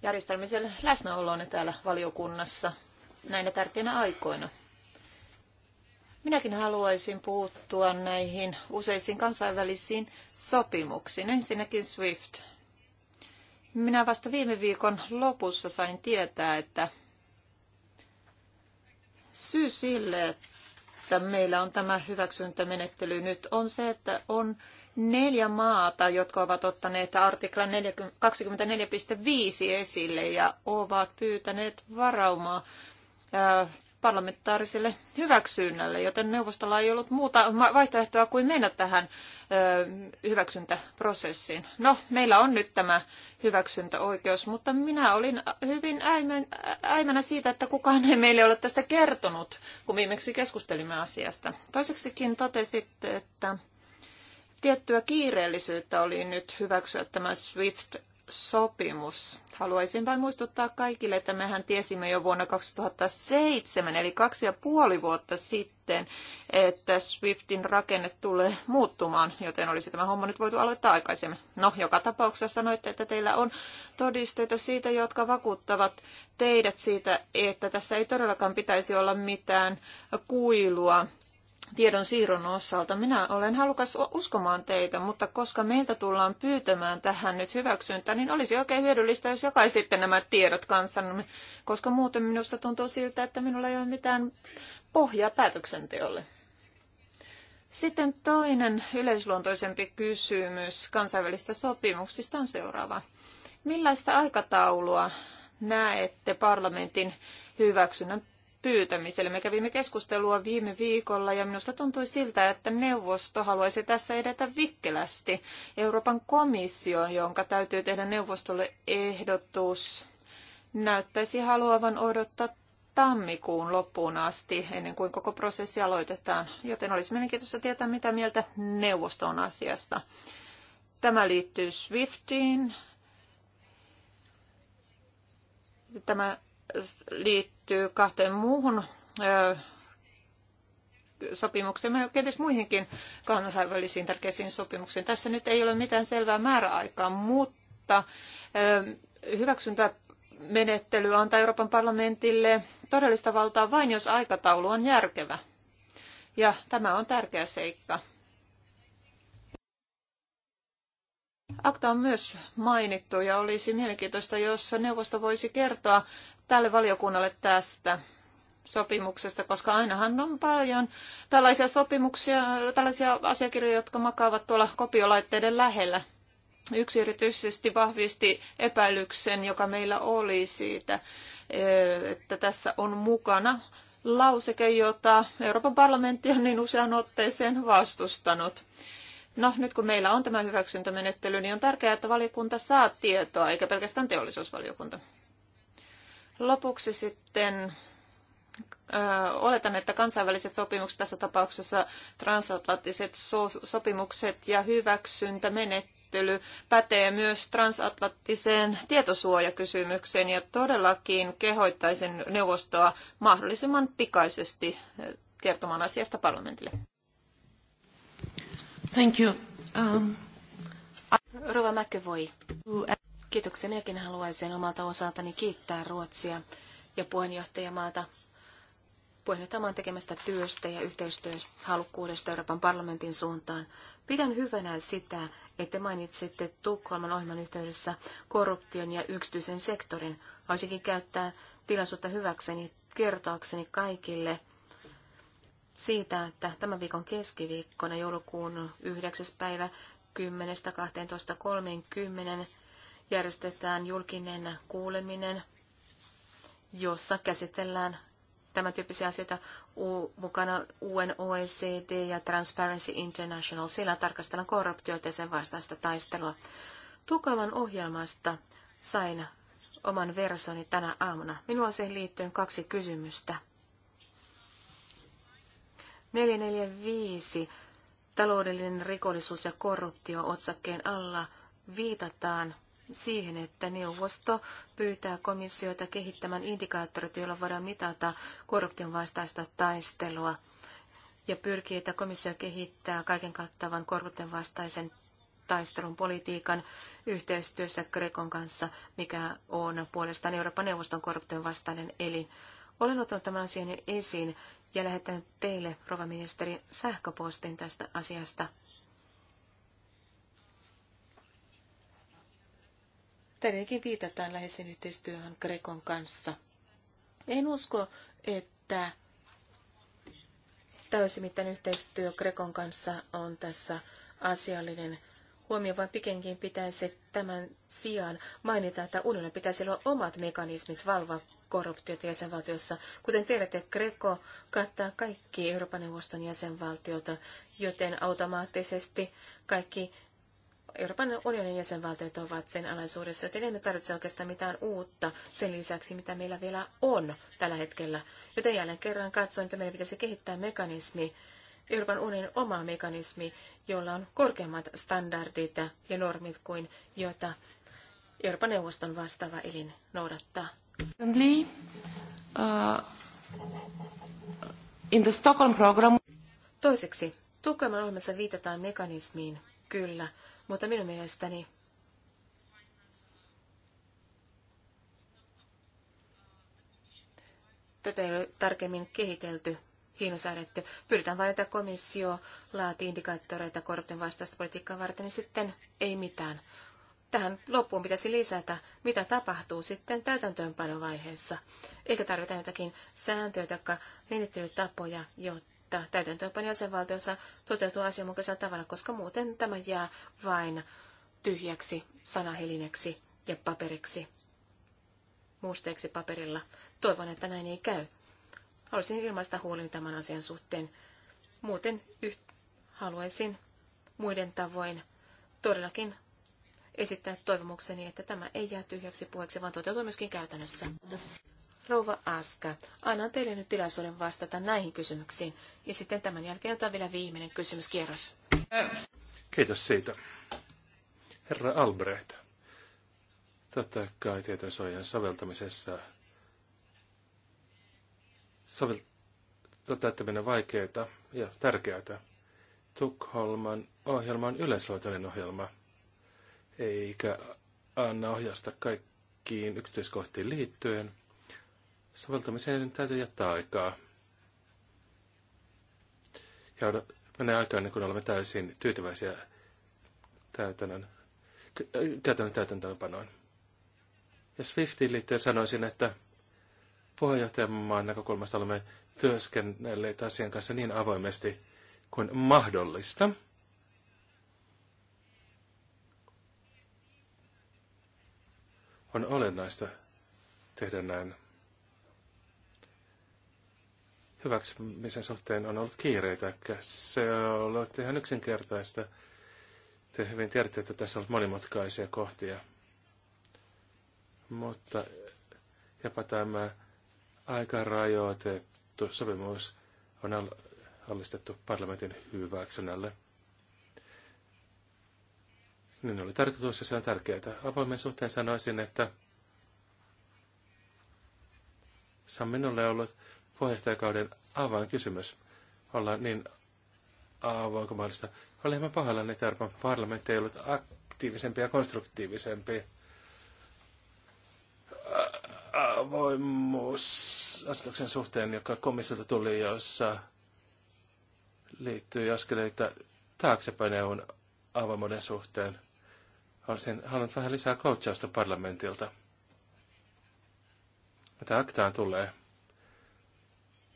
järjestelmiselle läsnäolonne täällä valiokunnassa näinä tärkeinä aikoina. Minäkin haluaisin puuttua näihin useisiin kansainvälisiin sopimuksiin. Ensinnäkin SWIFT, minä vasta viime viikon lopussa sain tietää, että syy sille, että meillä on tämä hyväksyntämenettely nyt, on se, että on neljä maata, jotka ovat ottaneet artiklan 24.5 esille ja ovat pyytäneet varaumaa parlamentaariselle hyväksynnälle, joten neuvostolla ei ollut muuta vaihtoehtoa kuin mennä tähän hyväksyntäprosessiin. No, meillä on nyt tämä hyväksyntäoikeus, mutta minä olin hyvin äimänä siitä, että kukaan ei meille ole tästä kertonut, kun viimeksi keskustelimme asiasta. Toiseksikin totesitte, että tiettyä kiireellisyyttä oli nyt hyväksyä tämä SWIFT sopimus. Haluaisin vain muistuttaa kaikille, että mehän tiesimme jo vuonna 2007, eli kaksi ja puoli vuotta sitten, että Swiftin rakenne tulee muuttumaan, joten olisi tämä homma nyt voitu aloittaa aikaisemmin. No, joka tapauksessa sanoitte, että teillä on todisteita siitä, jotka vakuuttavat teidät siitä, että tässä ei todellakaan pitäisi olla mitään kuilua tiedon siirron osalta. Minä olen halukas uskomaan teitä, mutta koska meiltä tullaan pyytämään tähän nyt hyväksyntää, niin olisi oikein hyödyllistä, jos jakaisitte nämä tiedot kanssanne, koska muuten minusta tuntuu siltä, että minulla ei ole mitään pohjaa päätöksenteolle. Sitten toinen yleisluontoisempi kysymys kansainvälistä sopimuksista on seuraava. Millaista aikataulua näette parlamentin hyväksynnän pyytämiselle. Me kävimme keskustelua viime viikolla ja minusta tuntui siltä, että neuvosto haluaisi tässä edetä vikkelästi. Euroopan komissio, jonka täytyy tehdä neuvostolle ehdotus, näyttäisi haluavan odottaa tammikuun loppuun asti, ennen kuin koko prosessi aloitetaan. Joten olisi mielenkiintoista tietää, mitä mieltä neuvosto on asiasta. Tämä liittyy Swiftiin. Tämä liittyy liittyy kahteen muuhun sopimukseen ja kenties muihinkin kansainvälisiin tärkeisiin sopimuksiin. Tässä nyt ei ole mitään selvää määräaikaa, mutta hyväksyntämenettely antaa Euroopan parlamentille todellista valtaa vain, jos aikataulu on järkevä. Ja tämä on tärkeä seikka. Akta on myös mainittu ja olisi mielenkiintoista, jos neuvosto voisi kertoa tälle valiokunnalle tästä sopimuksesta, koska ainahan on paljon tällaisia sopimuksia, tällaisia asiakirjoja, jotka makaavat tuolla kopiolaitteiden lähellä. Yksi erityisesti vahvisti epäilyksen, joka meillä oli siitä, eh, että tässä on mukana lauseke, jota Euroopan parlamentti on niin usean otteeseen vastustanut. No, nyt kun meillä on tämä hyväksyntämenettely, niin on tärkeää, että valiokunta saa tietoa, eikä pelkästään teollisuusvaliokunta. Lopuksi sitten oletan, että kansainväliset sopimukset, tässä tapauksessa transatlanttiset sopimukset ja hyväksyntämenettely pätee myös transatlanttiseen tietosuojakysymykseen ja todellakin kehoittaisin neuvostoa mahdollisimman pikaisesti kertomaan asiasta parlamentille. Thank you. Um, Rova McEvoy. Kiitoksia. Minäkin haluaisin omalta osaltani kiittää Ruotsia ja puheenjohtajamaata puheenjohtajamaan tekemästä työstä ja yhteistyöhalukkuudesta Euroopan parlamentin suuntaan. Pidän hyvänä sitä, että mainitsitte Tukholman ohjelman yhteydessä korruption ja yksityisen sektorin. Haluaisinkin käyttää tilaisuutta hyväkseni kertoakseni kaikille siitä, että tämän viikon keskiviikkona joulukuun 9. päivä 10.12.30 järjestetään julkinen kuuleminen, jossa käsitellään tämän tyyppisiä asioita mukana UNOECD ja Transparency International. Siellä tarkastellaan korruptiota ja sen vastaista taistelua. Tukavan ohjelmasta sain oman versoni tänä aamuna. Minulla on siihen liittyen kaksi kysymystä. 445. Taloudellinen rikollisuus ja korruptio otsakkeen alla viitataan siihen, että neuvosto pyytää komissiota kehittämään indikaattorit, joilla voidaan mitata korruption vastaista taistelua ja pyrkii, että komissio kehittää kaiken kattavan korruption vastaisen taistelun politiikan yhteistyössä Grekon kanssa, mikä on puolestaan Euroopan neuvoston korruption vastainen elin. Olen ottanut tämän asian esiin ja lähettänyt teille, rova ministeri, sähköpostin tästä asiasta. Tänäänkin viitataan läheisen yhteistyöhön Grekon kanssa. En usko, että täysimittainen yhteistyö Grekon kanssa on tässä asiallinen huomio, vaan pikemminkin pitäisi tämän sijaan mainita, että unionilla pitäisi olla omat mekanismit valvoa korruptiota jäsenvaltiossa. Kuten tiedätte, Greco kattaa kaikki Euroopan neuvoston jäsenvaltiota, joten automaattisesti kaikki Euroopan unionin jäsenvaltiot ovat sen alaisuudessa, joten emme tarvitse oikeastaan mitään uutta sen lisäksi, mitä meillä vielä on tällä hetkellä. Joten jälleen kerran katsoin, että meidän pitäisi kehittää mekanismi, Euroopan unionin oma mekanismi, jolla on korkeammat standardit ja normit kuin joita Euroopan neuvoston vastaava elin noudattaa. Uh, in the Stockholm program. Toiseksi, Tukholman ohjelmassa viitataan mekanismiin, kyllä, mutta minun mielestäni tätä ei ole tarkemmin kehitelty, hienosäädetty. Pyritään vain, että komissio laati indikaattoreita korruption vastaista politiikkaa varten, niin sitten ei mitään. Tähän loppuun pitäisi lisätä, mitä tapahtuu sitten täytäntöönpanovaiheessa. Eikä tarvita jotakin sääntöjä tai menettelytapoja, jotta että täytäntöönpani jäsenvaltiossa toteutuu asianmukaisella tavalla, koska muuten tämä jää vain tyhjäksi sanahelineksi ja paperiksi, muusteeksi paperilla. Toivon, että näin ei käy. Haluaisin ilmaista huolin tämän asian suhteen. Muuten yht haluaisin muiden tavoin todellakin esittää toivomukseni, että tämä ei jää tyhjäksi puheeksi, vaan toteutuu myöskin käytännössä. Rouva Aska, annan teille nyt tilaisuuden vastata näihin kysymyksiin. Ja sitten tämän jälkeen otan vielä viimeinen kysymyskierros. Kiitos siitä. Herra Albrecht, totta kai tietosuojan soveltamisessa sovel... toteuttaminen on vaikeaa ja tärkeää. Tukholman ohjelma on yleisluotainen ohjelma, eikä anna ohjausta kaikkiin yksityiskohtiin liittyen – Soveltamiseen täytyy jättää aikaa. Ja menee aikaa ennen kuin olemme täysin tyytyväisiä täytännön, käytännön täytäntöönpanoon. Ja Swiftiin liittyen sanoisin, että puheenjohtajamaan näkökulmasta olemme työskennelleet asian kanssa niin avoimesti kuin mahdollista. On olennaista tehdä näin hyväksymisen suhteen on ollut kiireitä. Se on ollut ihan yksinkertaista. Te hyvin tiedätte, että tässä on ollut monimutkaisia kohtia. Mutta jopa tämä aika rajoitettu sopimus on allistettu parlamentin hyväksynnälle. Niin oli tarkoitus ja se on tärkeää. Avoimen suhteen sanoisin, että se on minulle ollut puheenjohtajakauden kysymys olla niin avoin mahdollista. Olen hieman pahoillani, että Euroopan parlamentti ei ollut aktiivisempi ja konstruktiivisempi avoimuusasetuksen suhteen, joka komissiolta tuli, jossa liittyy askeleita taaksepäin EUn avoimuuden suhteen. Olisin halunnut vähän lisää coachausta parlamentilta. Mitä aktaan tulee?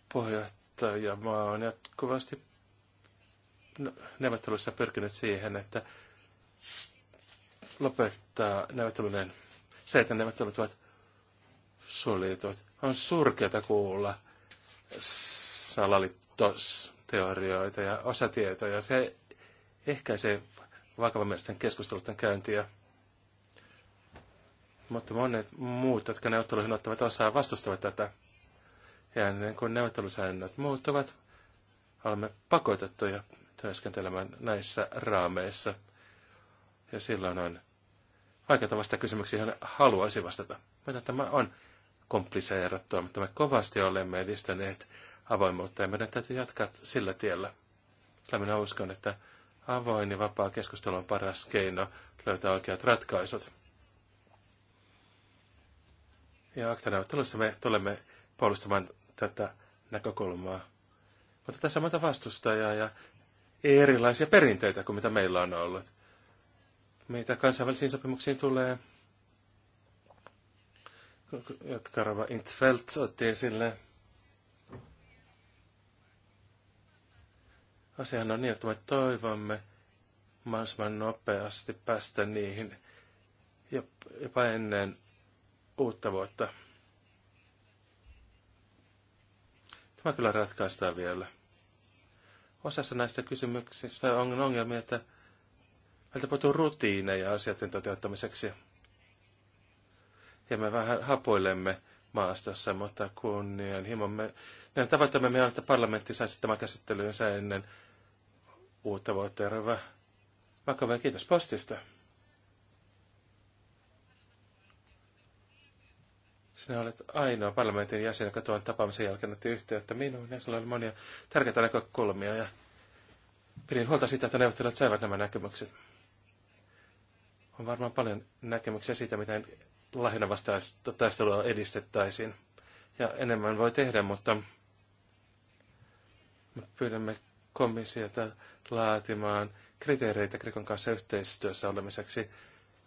ja Puheenjohtajamaa on jatkuvasti neuvottelussa pyrkinyt siihen, että lopettaa neuvottelunen. se, että neuvottelut ovat suljetut. On surkeata kuulla salaliittoteorioita ja osatietoja. Se ehkäisee vakavamielisten keskusteluiden käyntiä. Mutta monet muut, jotka neuvotteluihin ottavat osaa, vastustavat tätä. Ja ennen kuin neuvottelusäännöt muuttuvat, olemme pakotettuja työskentelemään näissä raameissa. Ja silloin on vaikeata vasta kysymyksiä, johon haluaisi vastata. Mutta tämä on kompliseerattua, mutta me kovasti olemme edistäneet avoimuutta ja meidän täytyy jatkaa sillä tiellä. Sillä minä uskon, että avoin ja vapaa keskustelu on paras keino löytää oikeat ratkaisut. Ja aktanäyttelyssä me tulemme puolustamaan tätä näkökulmaa. Mutta tässä on vastustajaa ja erilaisia perinteitä kuin mitä meillä on ollut. Mitä kansainvälisiin sopimuksiin tulee, jotka Rava Intfeldt otti esille. Asiahan on niin, että me toivomme mahdollisimman nopeasti päästä niihin jopa ennen uutta vuotta. Tämä kyllä ratkaistaan vielä. Osassa näistä kysymyksistä on ongelmia, että meiltä puuttuu rutiineja asioiden toteuttamiseksi. Ja me vähän hapoilemme maastossa, mutta kunnianhimomme, niin tavoitteemme me on, että parlamentti saisi tämän käsittelyynsä ennen uutta vuotta. Vakava kiitos postista. Sinä olet ainoa parlamentin jäsen, joka tuon tapaamisen jälkeen otti yhteyttä minuun, ja sinulla oli monia tärkeitä näkökulmia, ja pidin huolta siitä, että neuvottelijat saivat nämä näkemykset. On varmaan paljon näkemyksiä siitä, miten lähinnä vastaista taistelua edistettäisiin. Ja enemmän voi tehdä, mutta me pyydämme komissiota laatimaan kriteereitä Krikon kanssa yhteistyössä olemiseksi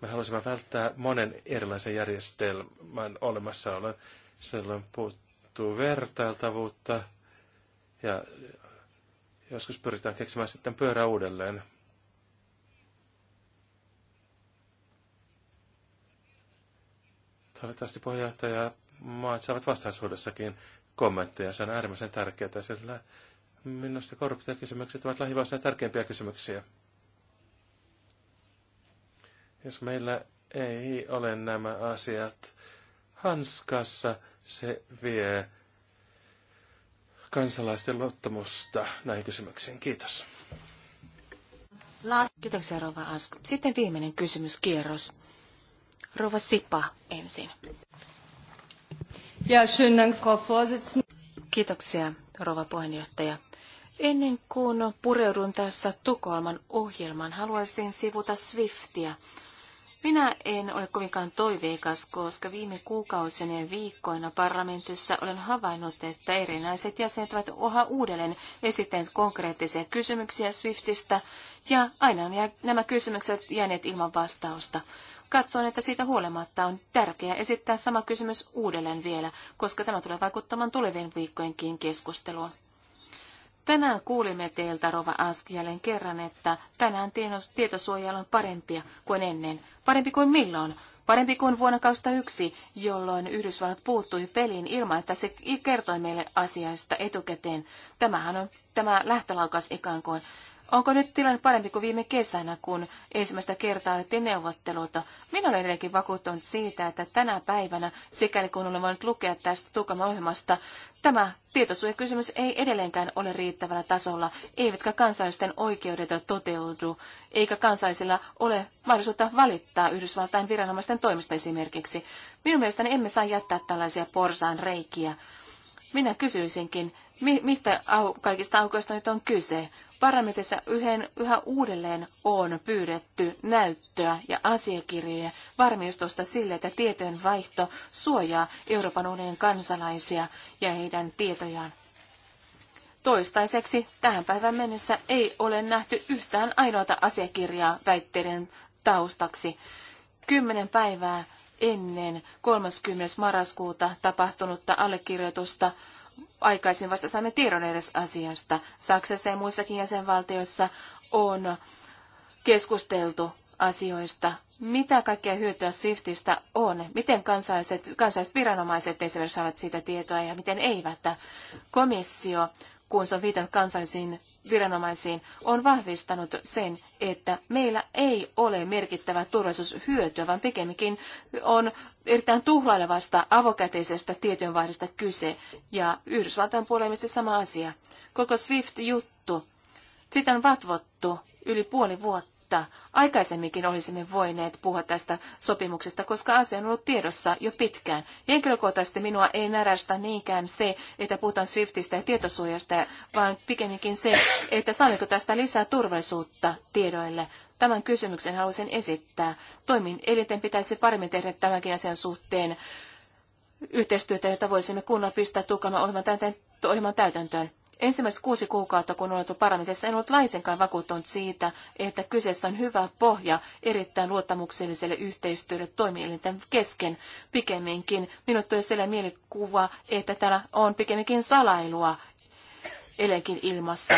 me halusimme välttää monen erilaisen järjestelmän olemassaolon. Silloin puuttuu vertailtavuutta ja joskus pyritään keksimään sitten pyörä uudelleen. Toivottavasti puheenjohtaja maat saavat vastaisuudessakin kommentteja. Se on äärimmäisen tärkeää, sillä minusta korruptiokysymykset ovat lähivuosina tärkeimpiä kysymyksiä. Jos meillä ei ole nämä asiat hanskassa, se vie kansalaisten luottamusta näihin kysymyksiin. Kiitos. Kiitoksia, Rova Ask. Sitten viimeinen kysymyskierros. Rova Sipa ensin. Ja, schönen Dank, Frau Vorsitzende. Kiitoksia, Rova puheenjohtaja. Ennen kuin pureudun tässä Tukolman ohjelman, haluaisin sivuta Swiftia. Minä en ole kovinkaan toiveikas, koska viime kuukausina ja viikkoina parlamentissa olen havainnut, että erinäiset jäsenet ovat oha uudelleen esittäneet konkreettisia kysymyksiä Swiftistä, ja aina on nämä kysymykset jääneet ilman vastausta. Katson, että siitä huolimatta on tärkeää esittää sama kysymys uudelleen vielä, koska tämä tulee vaikuttamaan tulevien viikkojenkin keskusteluun. Tänään kuulimme teiltä, Rova Ask, jälleen kerran, että tänään tietosuoja on parempia kuin ennen. Parempi kuin milloin? Parempi kuin vuonna 2001, jolloin Yhdysvallat puuttui peliin ilman, että se kertoi meille asiasta etukäteen. Tämähän on tämä lähtölaukas ikään kuin. Onko nyt tilanne parempi kuin viime kesänä, kun ensimmäistä kertaa alettiin neuvotteluita? Minä olen edelleenkin vakuuttunut siitä, että tänä päivänä, sikäli kun olen voinut lukea tästä Tukaman ohjelmasta, tämä tietosuojakysymys ei edelleenkään ole riittävällä tasolla, eivätkä kansallisten oikeudet toteudu, eikä kansallisilla ole mahdollisuutta valittaa Yhdysvaltain viranomaisten toimista esimerkiksi. Minun mielestäni emme saa jättää tällaisia porsaan reikiä. Minä kysyisinkin, mistä au, kaikista aukoista nyt on kyse? Parlamentissa yhä uudelleen on pyydetty näyttöä ja asiakirjoja varmistusta sille, että tietojen vaihto suojaa Euroopan unionin kansalaisia ja heidän tietojaan. Toistaiseksi tähän päivään mennessä ei ole nähty yhtään ainoata asiakirjaa väitteiden taustaksi. Kymmenen päivää ennen 30. marraskuuta tapahtunutta allekirjoitusta aikaisin vasta saimme tiedon edes asiasta. Saksassa ja muissakin jäsenvaltioissa on keskusteltu asioista. Mitä kaikkea hyötyä Swiftistä on? Miten kansalaiset, kansalaiset viranomaiset esimerkiksi saavat siitä tietoa ja miten eivät? Komissio kun se on viitannut kansallisiin viranomaisiin, on vahvistanut sen, että meillä ei ole merkittävää turvallisuushyötyä, vaan pikemminkin on erittäin tuhlailevasta avokäteisestä tietojenvaihdosta kyse. Ja Yhdysvaltain puolella sama asia. Koko SWIFT-juttu, sitä on vatvottu yli puoli vuotta mutta aikaisemminkin olisimme voineet puhua tästä sopimuksesta, koska asia on ollut tiedossa jo pitkään. Henkilökohtaisesti minua ei närästä niinkään se, että puhutaan Swiftistä ja tietosuojasta, vaan pikemminkin se, että saanko tästä lisää turvallisuutta tiedoille. Tämän kysymyksen haluaisin esittää. Toimin elinten pitäisi paremmin tehdä tämänkin asian suhteen yhteistyötä, jota voisimme kunnolla pistää Tukholman ohjelman täytäntöön. Ensimmäiset kuusi kuukautta, kun olen ollut parlamentissa, en ollut laisenkaan vakuuttunut siitä, että kyseessä on hyvä pohja erittäin luottamukselliselle yhteistyölle toimielinten kesken. Pikemminkin minulle tuli sellainen mielikuva, että täällä on pikemminkin salailua elenkin ilmassa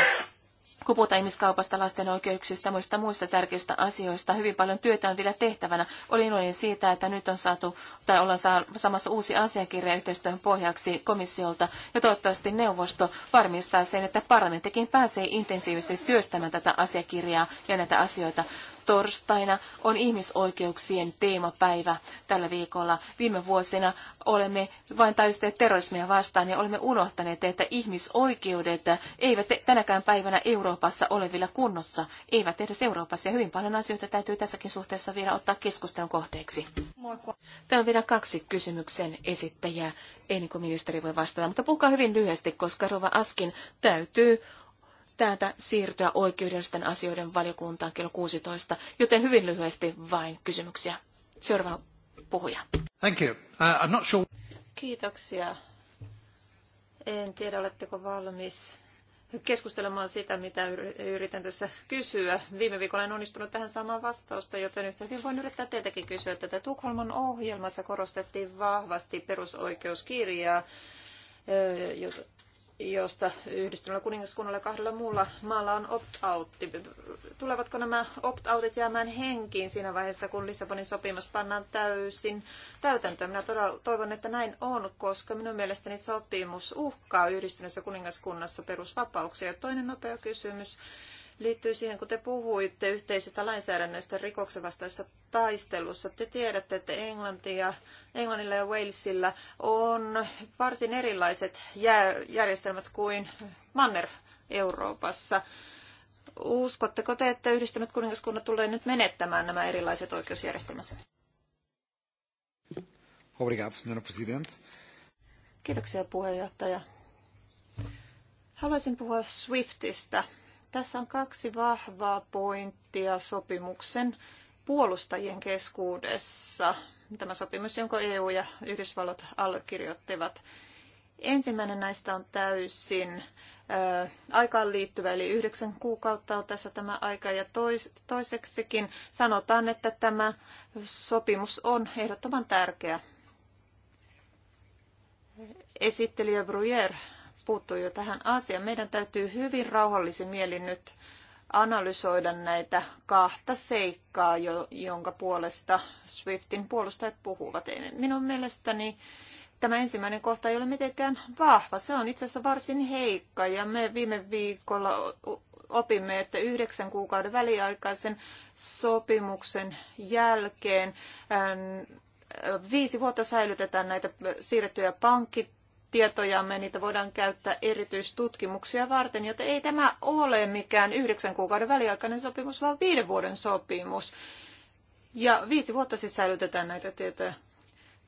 kun puhutaan ihmiskaupasta, lasten oikeuksista ja muista muista tärkeistä asioista, hyvin paljon työtä on vielä tehtävänä. Olin iloinen siitä, että nyt on saatu tai ollaan samassa uusi asiakirja yhteistyön pohjaksi komissiolta ja toivottavasti neuvosto varmistaa sen, että parlamenttikin pääsee intensiivisesti työstämään tätä asiakirjaa ja näitä asioita torstaina on ihmisoikeuksien teemapäivä tällä viikolla. Viime vuosina olemme vain taisteet terrorismia vastaan ja olemme unohtaneet, että ihmisoikeudet eivät tänäkään päivänä Euroopassa ole vielä kunnossa, eivät edes Euroopassa. Ja hyvin paljon asioita täytyy tässäkin suhteessa vielä ottaa keskustelun kohteeksi. Täällä on vielä kaksi kysymyksen esittäjää, ennen niin kuin ministeri voi vastata, mutta puhukaa hyvin lyhyesti, koska Rova Askin täytyy täältä siirtyä oikeudellisten asioiden valiokuntaan kello 16, joten hyvin lyhyesti vain kysymyksiä. Seuraava puhuja. Thank you. Uh, I'm not sure... Kiitoksia. En tiedä, oletteko valmis keskustelemaan sitä, mitä yritän tässä kysyä. Viime viikolla en onnistunut tähän samaan vastausta, joten yhtä hyvin voin yrittää teiltäkin kysyä tätä. Tukholman ohjelmassa korostettiin vahvasti perusoikeuskirjaa, josta yhdistyneellä kuningaskunnalla ja kahdella muulla maalla on opt-outti. Tulevatko nämä opt-outit jäämään henkiin siinä vaiheessa, kun Lissabonin sopimus pannaan täysin täytäntöön? Minä todella toivon, että näin on, koska minun mielestäni sopimus uhkaa yhdistyneessä kuningaskunnassa perusvapauksia. toinen nopea kysymys liittyy siihen, kun te puhuitte yhteisestä lainsäädännöstä rikoksen vastaisessa taistelussa. Te tiedätte, että ja Englannilla ja Walesilla on varsin erilaiset järjestelmät kuin Manner-Euroopassa. Uskotteko te, että yhdistynyt kuningaskunnat tulee nyt menettämään nämä erilaiset oikeusjärjestelmänsä? Obrigado, Presidente. Kiitoksia puheenjohtaja. Haluaisin puhua Swiftistä. Tässä on kaksi vahvaa pointtia sopimuksen puolustajien keskuudessa. Tämä sopimus, jonka EU ja Yhdysvallat allekirjoittivat. Ensimmäinen näistä on täysin ö, aikaan liittyvä, eli yhdeksän kuukautta on tässä tämä aika. Ja tois, toiseksikin sanotaan, että tämä sopimus on ehdottoman tärkeä esittelijä Bruyère puuttui jo tähän asiaan. Meidän täytyy hyvin rauhallisin mielin nyt analysoida näitä kahta seikkaa, jo, jonka puolesta Swiftin puolustajat puhuvat. Minun mielestäni tämä ensimmäinen kohta ei ole mitenkään vahva. Se on itse asiassa varsin heikka ja me viime viikolla opimme, että yhdeksän kuukauden väliaikaisen sopimuksen jälkeen viisi vuotta säilytetään näitä siirrettyjä pankki tietojamme, niitä voidaan käyttää erityistutkimuksia varten, joten ei tämä ole mikään yhdeksän kuukauden väliaikainen sopimus, vaan viiden vuoden sopimus. Ja viisi vuotta siis säilytetään näitä tietoja.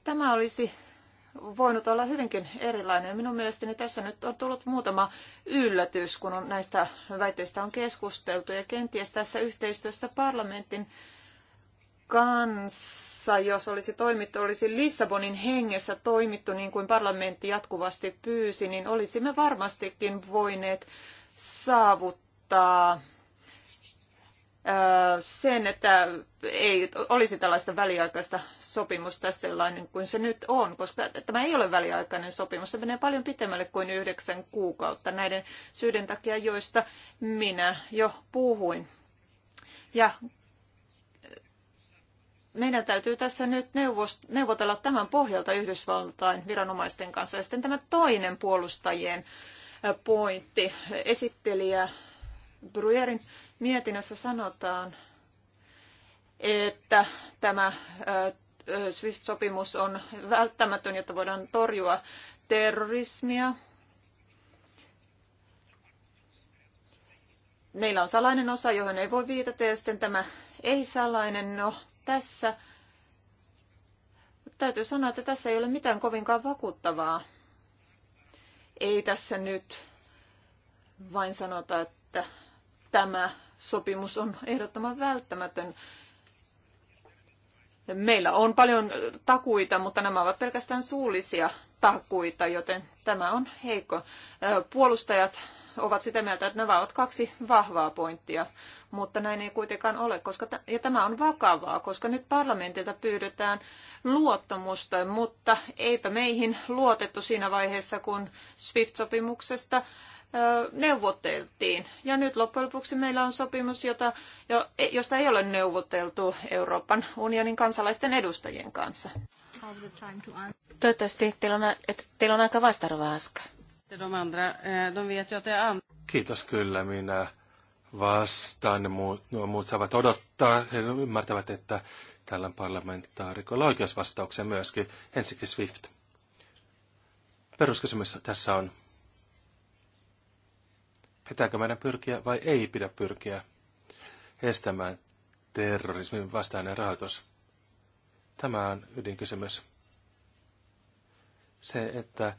Tämä olisi voinut olla hyvinkin erilainen. Minun mielestäni tässä nyt on tullut muutama yllätys, kun on näistä väitteistä on keskusteltu. Ja kenties tässä yhteistyössä parlamentin kanssa, jos olisi toimittu, olisi Lissabonin hengessä toimittu niin kuin parlamentti jatkuvasti pyysi, niin olisimme varmastikin voineet saavuttaa sen, että ei olisi tällaista väliaikaista sopimusta sellainen kuin se nyt on, koska tämä ei ole väliaikainen sopimus. Se menee paljon pitemmälle kuin yhdeksän kuukautta näiden syiden takia, joista minä jo puhuin. Ja meidän täytyy tässä nyt neuvotella tämän pohjalta Yhdysvaltain viranomaisten kanssa. Ja sitten tämä toinen puolustajien pointti. Esittelijä Brujerin mietinnössä sanotaan, että tämä SWIFT-sopimus on välttämätön, jotta voidaan torjua terrorismia. Meillä on salainen osa, johon ei voi viitata, ja sitten tämä ei-salainen, no tässä täytyy sanoa, että tässä ei ole mitään kovinkaan vakuuttavaa. Ei tässä nyt vain sanota, että tämä sopimus on ehdottoman välttämätön. Meillä on paljon takuita, mutta nämä ovat pelkästään suullisia takuita, joten tämä on heikko. Puolustajat ovat sitä mieltä, että nämä ovat kaksi vahvaa pointtia, mutta näin ei kuitenkaan ole, koska ja tämä on vakavaa, koska nyt parlamentilta pyydetään luottamusta, mutta eipä meihin luotettu siinä vaiheessa, kun SWIFT-sopimuksesta neuvoteltiin. Ja nyt loppujen lopuksi meillä on sopimus, jota, e- josta ei ole neuvoteltu Euroopan unionin kansalaisten edustajien kanssa. Toivottavasti teillä on, että teillä on aika vastaava aska. Kiitos kyllä, minä vastaan. Ne muut, nuo muut saavat odottaa. He ymmärtävät, että tällä parlamentaarikolla oikeus vastaukseen myöskin. Ensinnäkin Swift. Peruskysymys tässä on, pitääkö meidän pyrkiä vai ei pidä pyrkiä estämään terrorismin vastainen rahoitus? Tämä on ydinkysymys. Se, että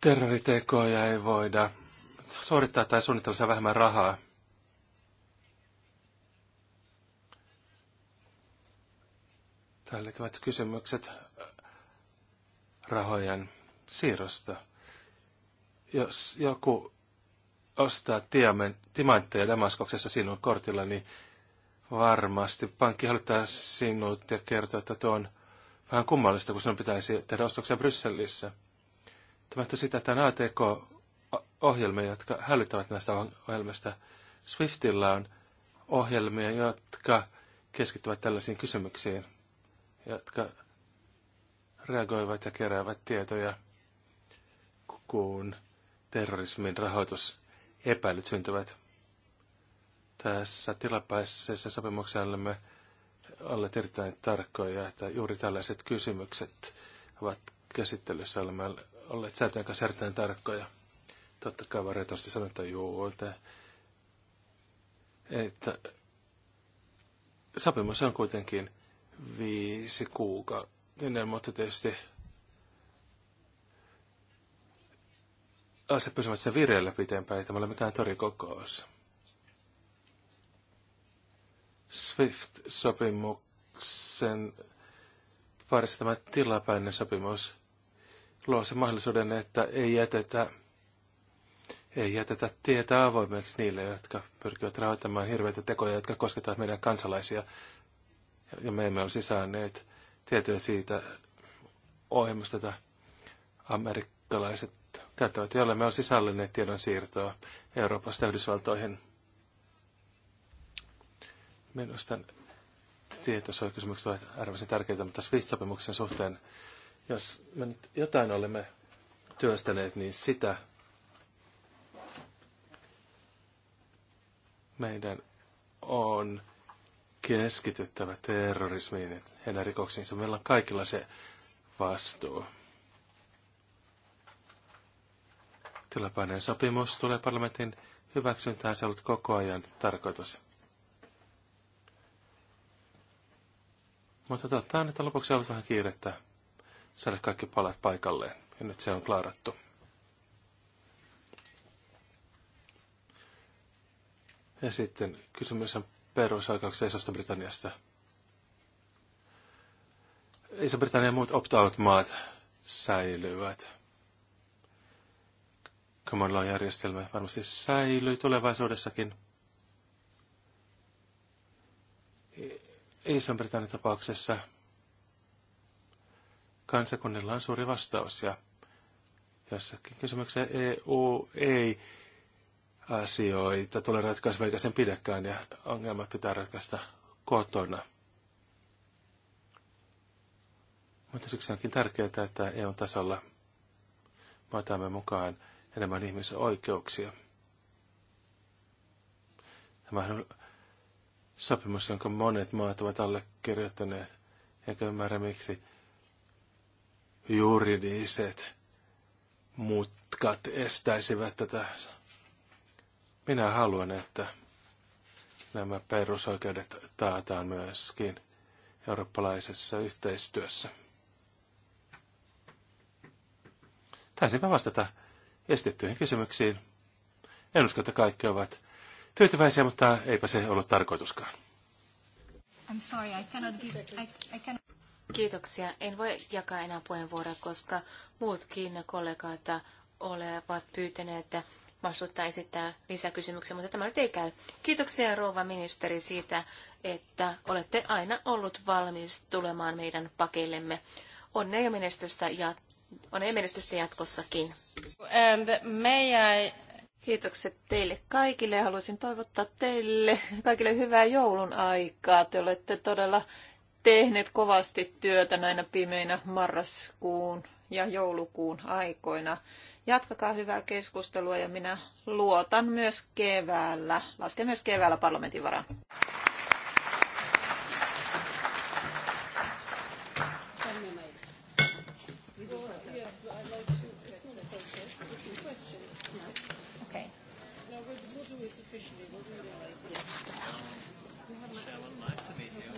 terroritekoja ei voida suorittaa tai suunnitella vähemmän rahaa. Tähän liittyvät kysymykset rahojen siirrosta. Jos joku ostaa timantteja Damaskoksessa sinun kortilla, niin varmasti pankki haluttaa sinut ja kertoa, että tuo on vähän kummallista, kun sinun pitäisi tehdä ostoksia Brysselissä. Tämä johtuu sitä, että on ATK-ohjelmia, jotka hälyttävät näistä ohjelmista. Swiftillä on ohjelmia, jotka keskittyvät tällaisiin kysymyksiin, jotka reagoivat ja keräävät tietoja, kun terrorismin rahoitus epäilyt syntyvät. Tässä tilapäisessä sopimuksessa olemme olleet erittäin tarkkoja, että juuri tällaiset kysymykset ovat käsittelyssä. Olemme olleet sääntöjen kanssa erittäin tarkkoja. Totta kai vaan retorsti sanoi, että juu, että, että sopimus on kuitenkin viisi kuukautta, mutta tietysti asiat pysyvät sen vireillä pitempään, ei tämä ole mikään torikokous. SWIFT-sopimuksen parissa tämä tilapäinen sopimus luo sen mahdollisuuden, että ei jätetä, ei jätetä tietä avoimeksi niille, jotka pyrkivät rahoittamaan hirveitä tekoja, jotka koskettavat meidän kansalaisia. Ja me emme olisi saaneet tietoja siitä ohjelmasta, jota amerikkalaiset käyttävät, jolle me olemme sisällyneet tiedon siirtoa Euroopasta Yhdysvaltoihin. Minusta tietosuojakysymykset ovat äärimmäisen tärkeitä, mutta swiss sopimuksen suhteen jos me nyt jotain olemme työstäneet, niin sitä meidän on keskityttävä terrorismiin, heidän rikoksiinsa. Meillä on kaikilla se vastuu. Tilapäinen sopimus tulee parlamentin hyväksyntään, se on ollut koko ajan tarkoitus. Mutta totta on, että lopuksi on ollut vähän kiirettä saada kaikki palat paikalleen. Ja nyt se on klaarattu. Ja sitten kysymys on perusoikeuksien isosta Britanniasta. Iso-Britannia ja muut opt-out-maat säilyvät. Common järjestelmä varmasti säilyy tulevaisuudessakin. Iso-Britannian tapauksessa kansakunnilla on suuri vastaus ja jossakin kysymyksessä EU ei asioita tule ratkaista eikä sen pidäkään ja ongelmat pitää ratkaista kotona. Mutta siksi onkin tärkeää, että EUn tasolla otamme mukaan enemmän ihmisen oikeuksia. Tämä on sopimus, jonka monet maat ovat allekirjoittaneet, enkä ymmärrä miksi juridiset mutkat estäisivät tätä. Minä haluan, että nämä perusoikeudet taataan myöskin eurooppalaisessa yhteistyössä. Taisinpä vastata estettyihin kysymyksiin. En usko, että kaikki ovat tyytyväisiä, mutta eipä se ollut tarkoituskaan. I'm sorry, I cannot give, I, I cannot... Kiitoksia. En voi jakaa enää puheenvuoroa, koska muutkin kollegat olevat pyytäneet mahdollisuutta esittää lisäkysymyksiä, mutta tämä nyt ei käy. Kiitoksia rouva ministeri siitä, että olette aina ollut valmis tulemaan meidän pakeillemme. Onnea ja menestystä, ja, onnea menestystä jatkossakin. And may I... Kiitokset teille kaikille ja haluaisin toivottaa teille kaikille hyvää joulun aikaa. Te olette todella tehneet kovasti työtä näinä pimeinä marraskuun ja joulukuun aikoina. Jatkakaa hyvää keskustelua ja minä luotan myös keväällä, lasken myös keväällä parlamentin varaan. No, nice to meet you.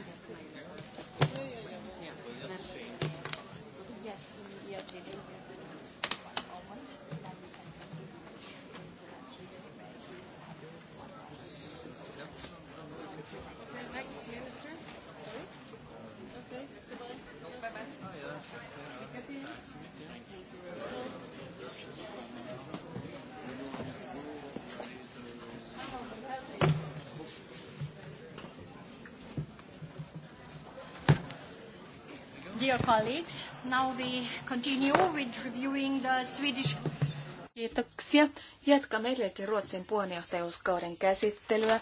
colleagues. Now we continue with reviewing the Swedish... Kiitoksia. Jatkamme edelleenkin Ruotsin puheenjohtajuuskauden käsittelyä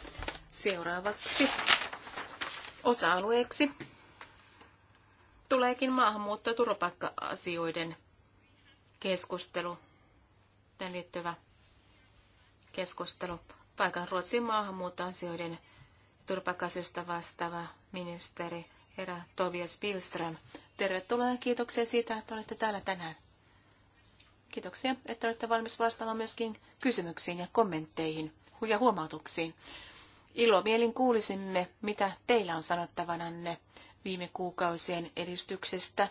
seuraavaksi osa-alueeksi. Tuleekin maahanmuutto- ja turvapaikka-asioiden keskustelu, tämän liittyvä keskustelu. Paikan Ruotsin maahanmuuttoasioiden turvapaikka vastaava ministeri herra Tobias Pilström Tervetuloa ja kiitoksia siitä, että olette täällä tänään. Kiitoksia, että olette valmis vastaamaan myöskin kysymyksiin ja kommentteihin ja huomautuksiin. mielin kuulisimme, mitä teillä on sanottavananne viime kuukausien edistyksestä.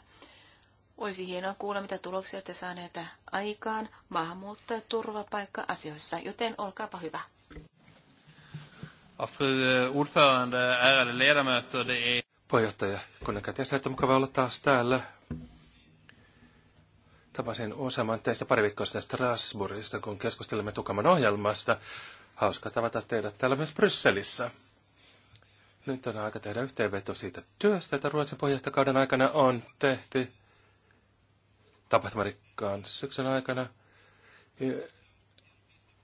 Olisi hienoa kuulla, mitä tuloksia olette saaneet aikaan maahanmuutto- ja turvapaikka-asioissa, joten olkaapa hyvä. Fru ordförande, ärade ledamöter, det är... Er- puheenjohtaja Konnekätiäs, että mukava olla taas täällä. Tapasin Osaman teistä pari viikkoa sitten Strasbourgista, kun keskustelimme Tukaman ohjelmasta. Hauska tavata teidät täällä myös Brysselissä. Nyt on aika tehdä yhteenveto siitä työstä, jota Ruotsin puheenjohtajakauden aikana on tehty. Tapahtumarikkaan syksyn aikana.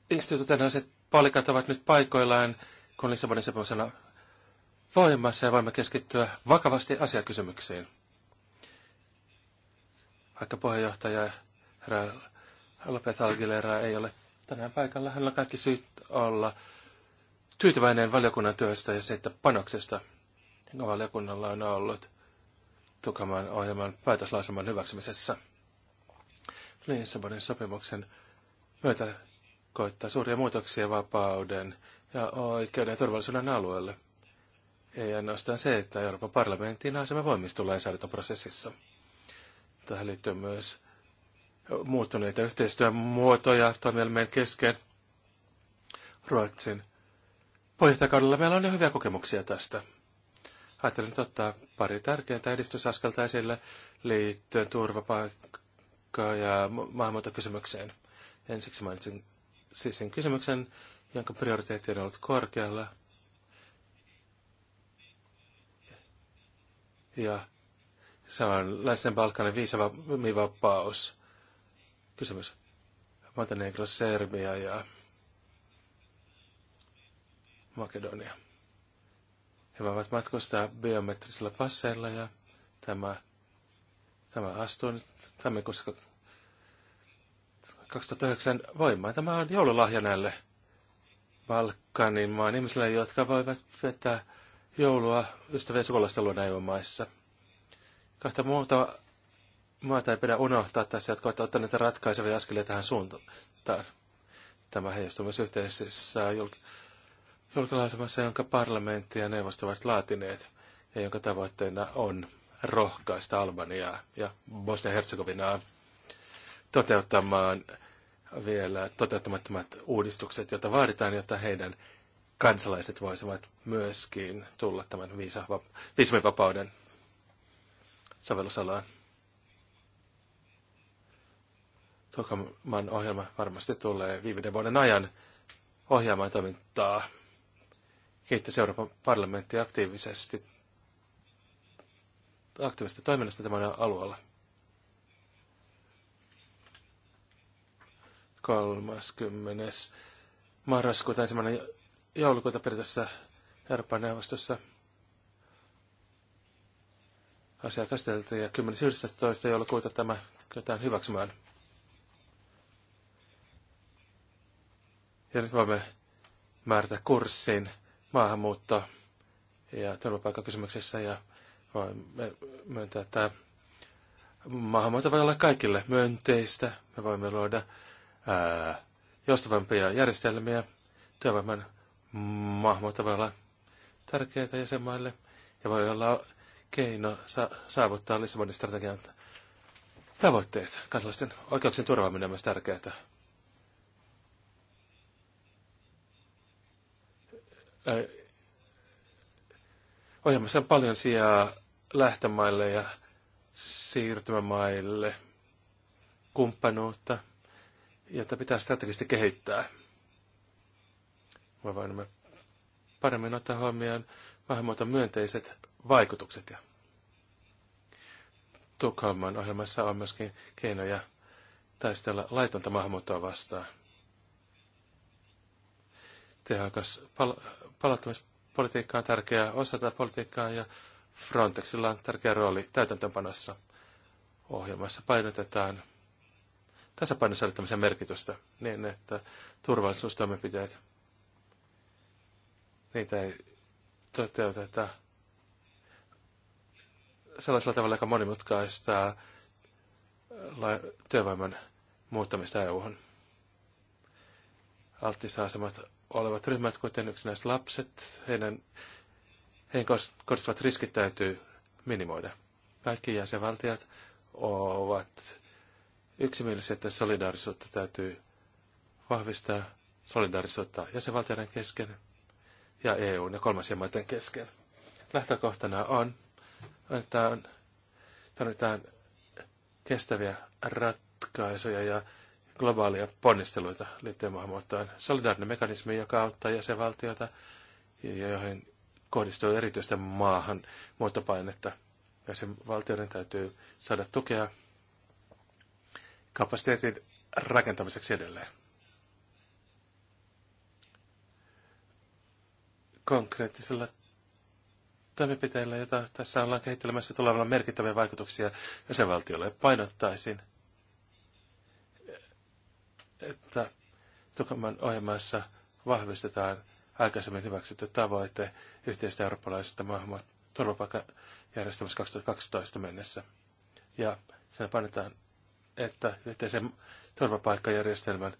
Instituutin palikat ovat nyt paikoillaan, kun Lissabonin sopimuksena voimassa ja voimme keskittyä vakavasti asiakysymyksiin. Vaikka puheenjohtaja herra Lopet Algilera ei ole tänään paikalla, hänellä on kaikki syyt olla tyytyväinen valiokunnan työstä ja siitä panoksesta, jonka valiokunnalla on ollut tukemaan ohjelman päätöslauselman hyväksymisessä. Lissabonin sopimuksen myötä koittaa suuria muutoksia vapauden ja oikeuden ja turvallisuuden alueelle. Ei ainoastaan se, että Euroopan parlamentin asema voimistuu lainsäädäntöprosessissa. Tähän liittyy myös muuttuneita yhteistyön muotoja toimielimien kesken. Ruotsin puheenjohtajakaudella meillä on jo hyviä kokemuksia tästä. Ajattelin nyt ottaa pari tärkeintä edistysaskelta esille liittyen turvapaikkaan ja maahanmuuttokysymykseen. Ensiksi mainitsin siis sen kysymyksen, jonka prioriteetti on ollut korkealla – ja saman Länsisen Balkanin viisavapaus. Kysymys. Montenegro, Serbia ja Makedonia. He voivat matkustaa biometrisillä passeilla ja tämä, tämä astuu nyt tammikuussa 2009 voimaan. Tämä on joululahja näille Balkanin maan ihmisille, jotka voivat vetää joulua ystävien sukulaisten luona EU-maissa. Kahta muuta maata ei pidä unohtaa tässä, jotka ovat ottaneet ratkaisevia askelia tähän suuntaan. Tämä heijastuu myös yhteisessä julk- jonka parlamentti ja neuvosto ovat laatineet ja jonka tavoitteena on rohkaista Albaniaa ja Bosnia-Herzegovinaa toteuttamaan vielä toteuttamattomat uudistukset, joita vaaditaan, jotta heidän kansalaiset voisivat myöskin tulla tämän viisumivapauden sovellusalaan. Tokaman ohjelma varmasti tulee viiden vuoden ajan ohjaamaan toimintaa. Kiittäisi Euroopan parlamentti aktiivisesti aktiivisesta toiminnasta tämän alueella. 30. marraskuuta ensimmäinen joulukuuta pidetyssä Euroopan neuvostossa asiaa käsiteltiin ja 10.11. joulukuuta tämä kyetään hyväksymään. Ja nyt voimme määrätä kurssin maahanmuutto- ja turvapaikkakysymyksessä ja voimme myöntää, että maahanmuutto voi olla kaikille myönteistä. Me voimme luoda ää, joustavampia järjestelmiä työvoiman mahmottavalla tärkeitä jäsenmaille ja voi olla keino sa- saavuttaa Lissabonin strategian tavoitteet. Kansalaisten oikeuksien turvaaminen on myös tärkeää. Ohjelmassa on paljon sijaa lähtömaille ja siirtymämaille kumppanuutta, jota pitää strategisesti kehittää me voimme paremmin ottaa huomioon vähemmän myönteiset vaikutukset. Ja Tukholman ohjelmassa on myöskin keinoja taistella laitonta maahanmuuttoa vastaan. Tehokas pal- palauttamispolitiikka on tärkeä osa tätä politiikkaa ja Frontexilla on tärkeä rooli täytäntöönpanossa. Ohjelmassa painotetaan tasapainon merkitystä niin, että turvallisuustoimenpiteet niitä ei toteuteta sellaisella tavalla, joka monimutkaistaa työvoiman muuttamista EU-hun. Alttisaasemat olevat ryhmät, kuten yksinäiset lapset, heidän, heidän kohdistuvat riskit täytyy minimoida. Kaikki jäsenvaltiot ovat yksimielisiä, että solidaarisuutta täytyy vahvistaa, solidaarisuutta jäsenvaltioiden kesken ja EUn ja kolmansien maiden kesken. Lähtökohtana on, että tarvitaan kestäviä ratkaisuja ja globaalia ponnisteluita liittyen maahanmuuttoon. Solidaarinen mekanismi, joka auttaa jäsenvaltiota, joihin kohdistuu erityistä maahan muuttopainetta. Jäsenvaltioiden täytyy saada tukea kapasiteetin rakentamiseksi edelleen. konkreettisella toimenpiteillä, jota tässä ollaan kehittelemässä tulevalla merkittäviä vaikutuksia jäsenvaltiolle. Painottaisin, että Tukaman ohjelmassa vahvistetaan aikaisemmin hyväksytty tavoite yhteistä eurooppalaisesta maahanmuut turvapaikkajärjestelmästä 2012 mennessä. Ja sen painetaan, että yhteisen turvapaikkajärjestelmän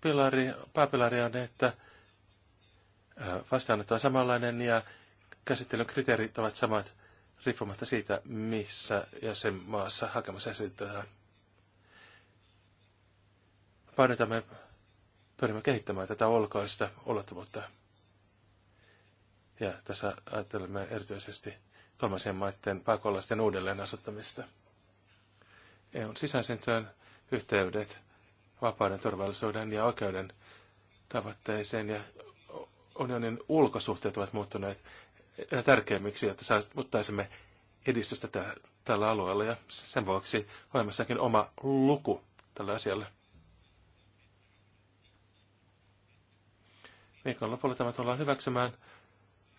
pilari, pääpilari on, että vastaanotto on samanlainen ja käsittelyn kriteerit ovat samat riippumatta siitä, missä jäsenmaassa hakemus esitetään. Painotamme, pyrimme kehittämään tätä olkoista ulottuvuutta. Ja tässä ajattelemme erityisesti kolmansien maiden pakolaisten uudelleen asuttamista. EUn sisäisen työn yhteydet vapauden, turvallisuuden ja oikeuden tavoitteeseen ja unionin ulkosuhteet ovat muuttuneet tärkeimmiksi, jotta saavuttaisimme edistystä tä- tällä alueella. Ja sen vuoksi olemassakin oma luku tällä asialla. Viikonlopulla tämä tullaan hyväksymään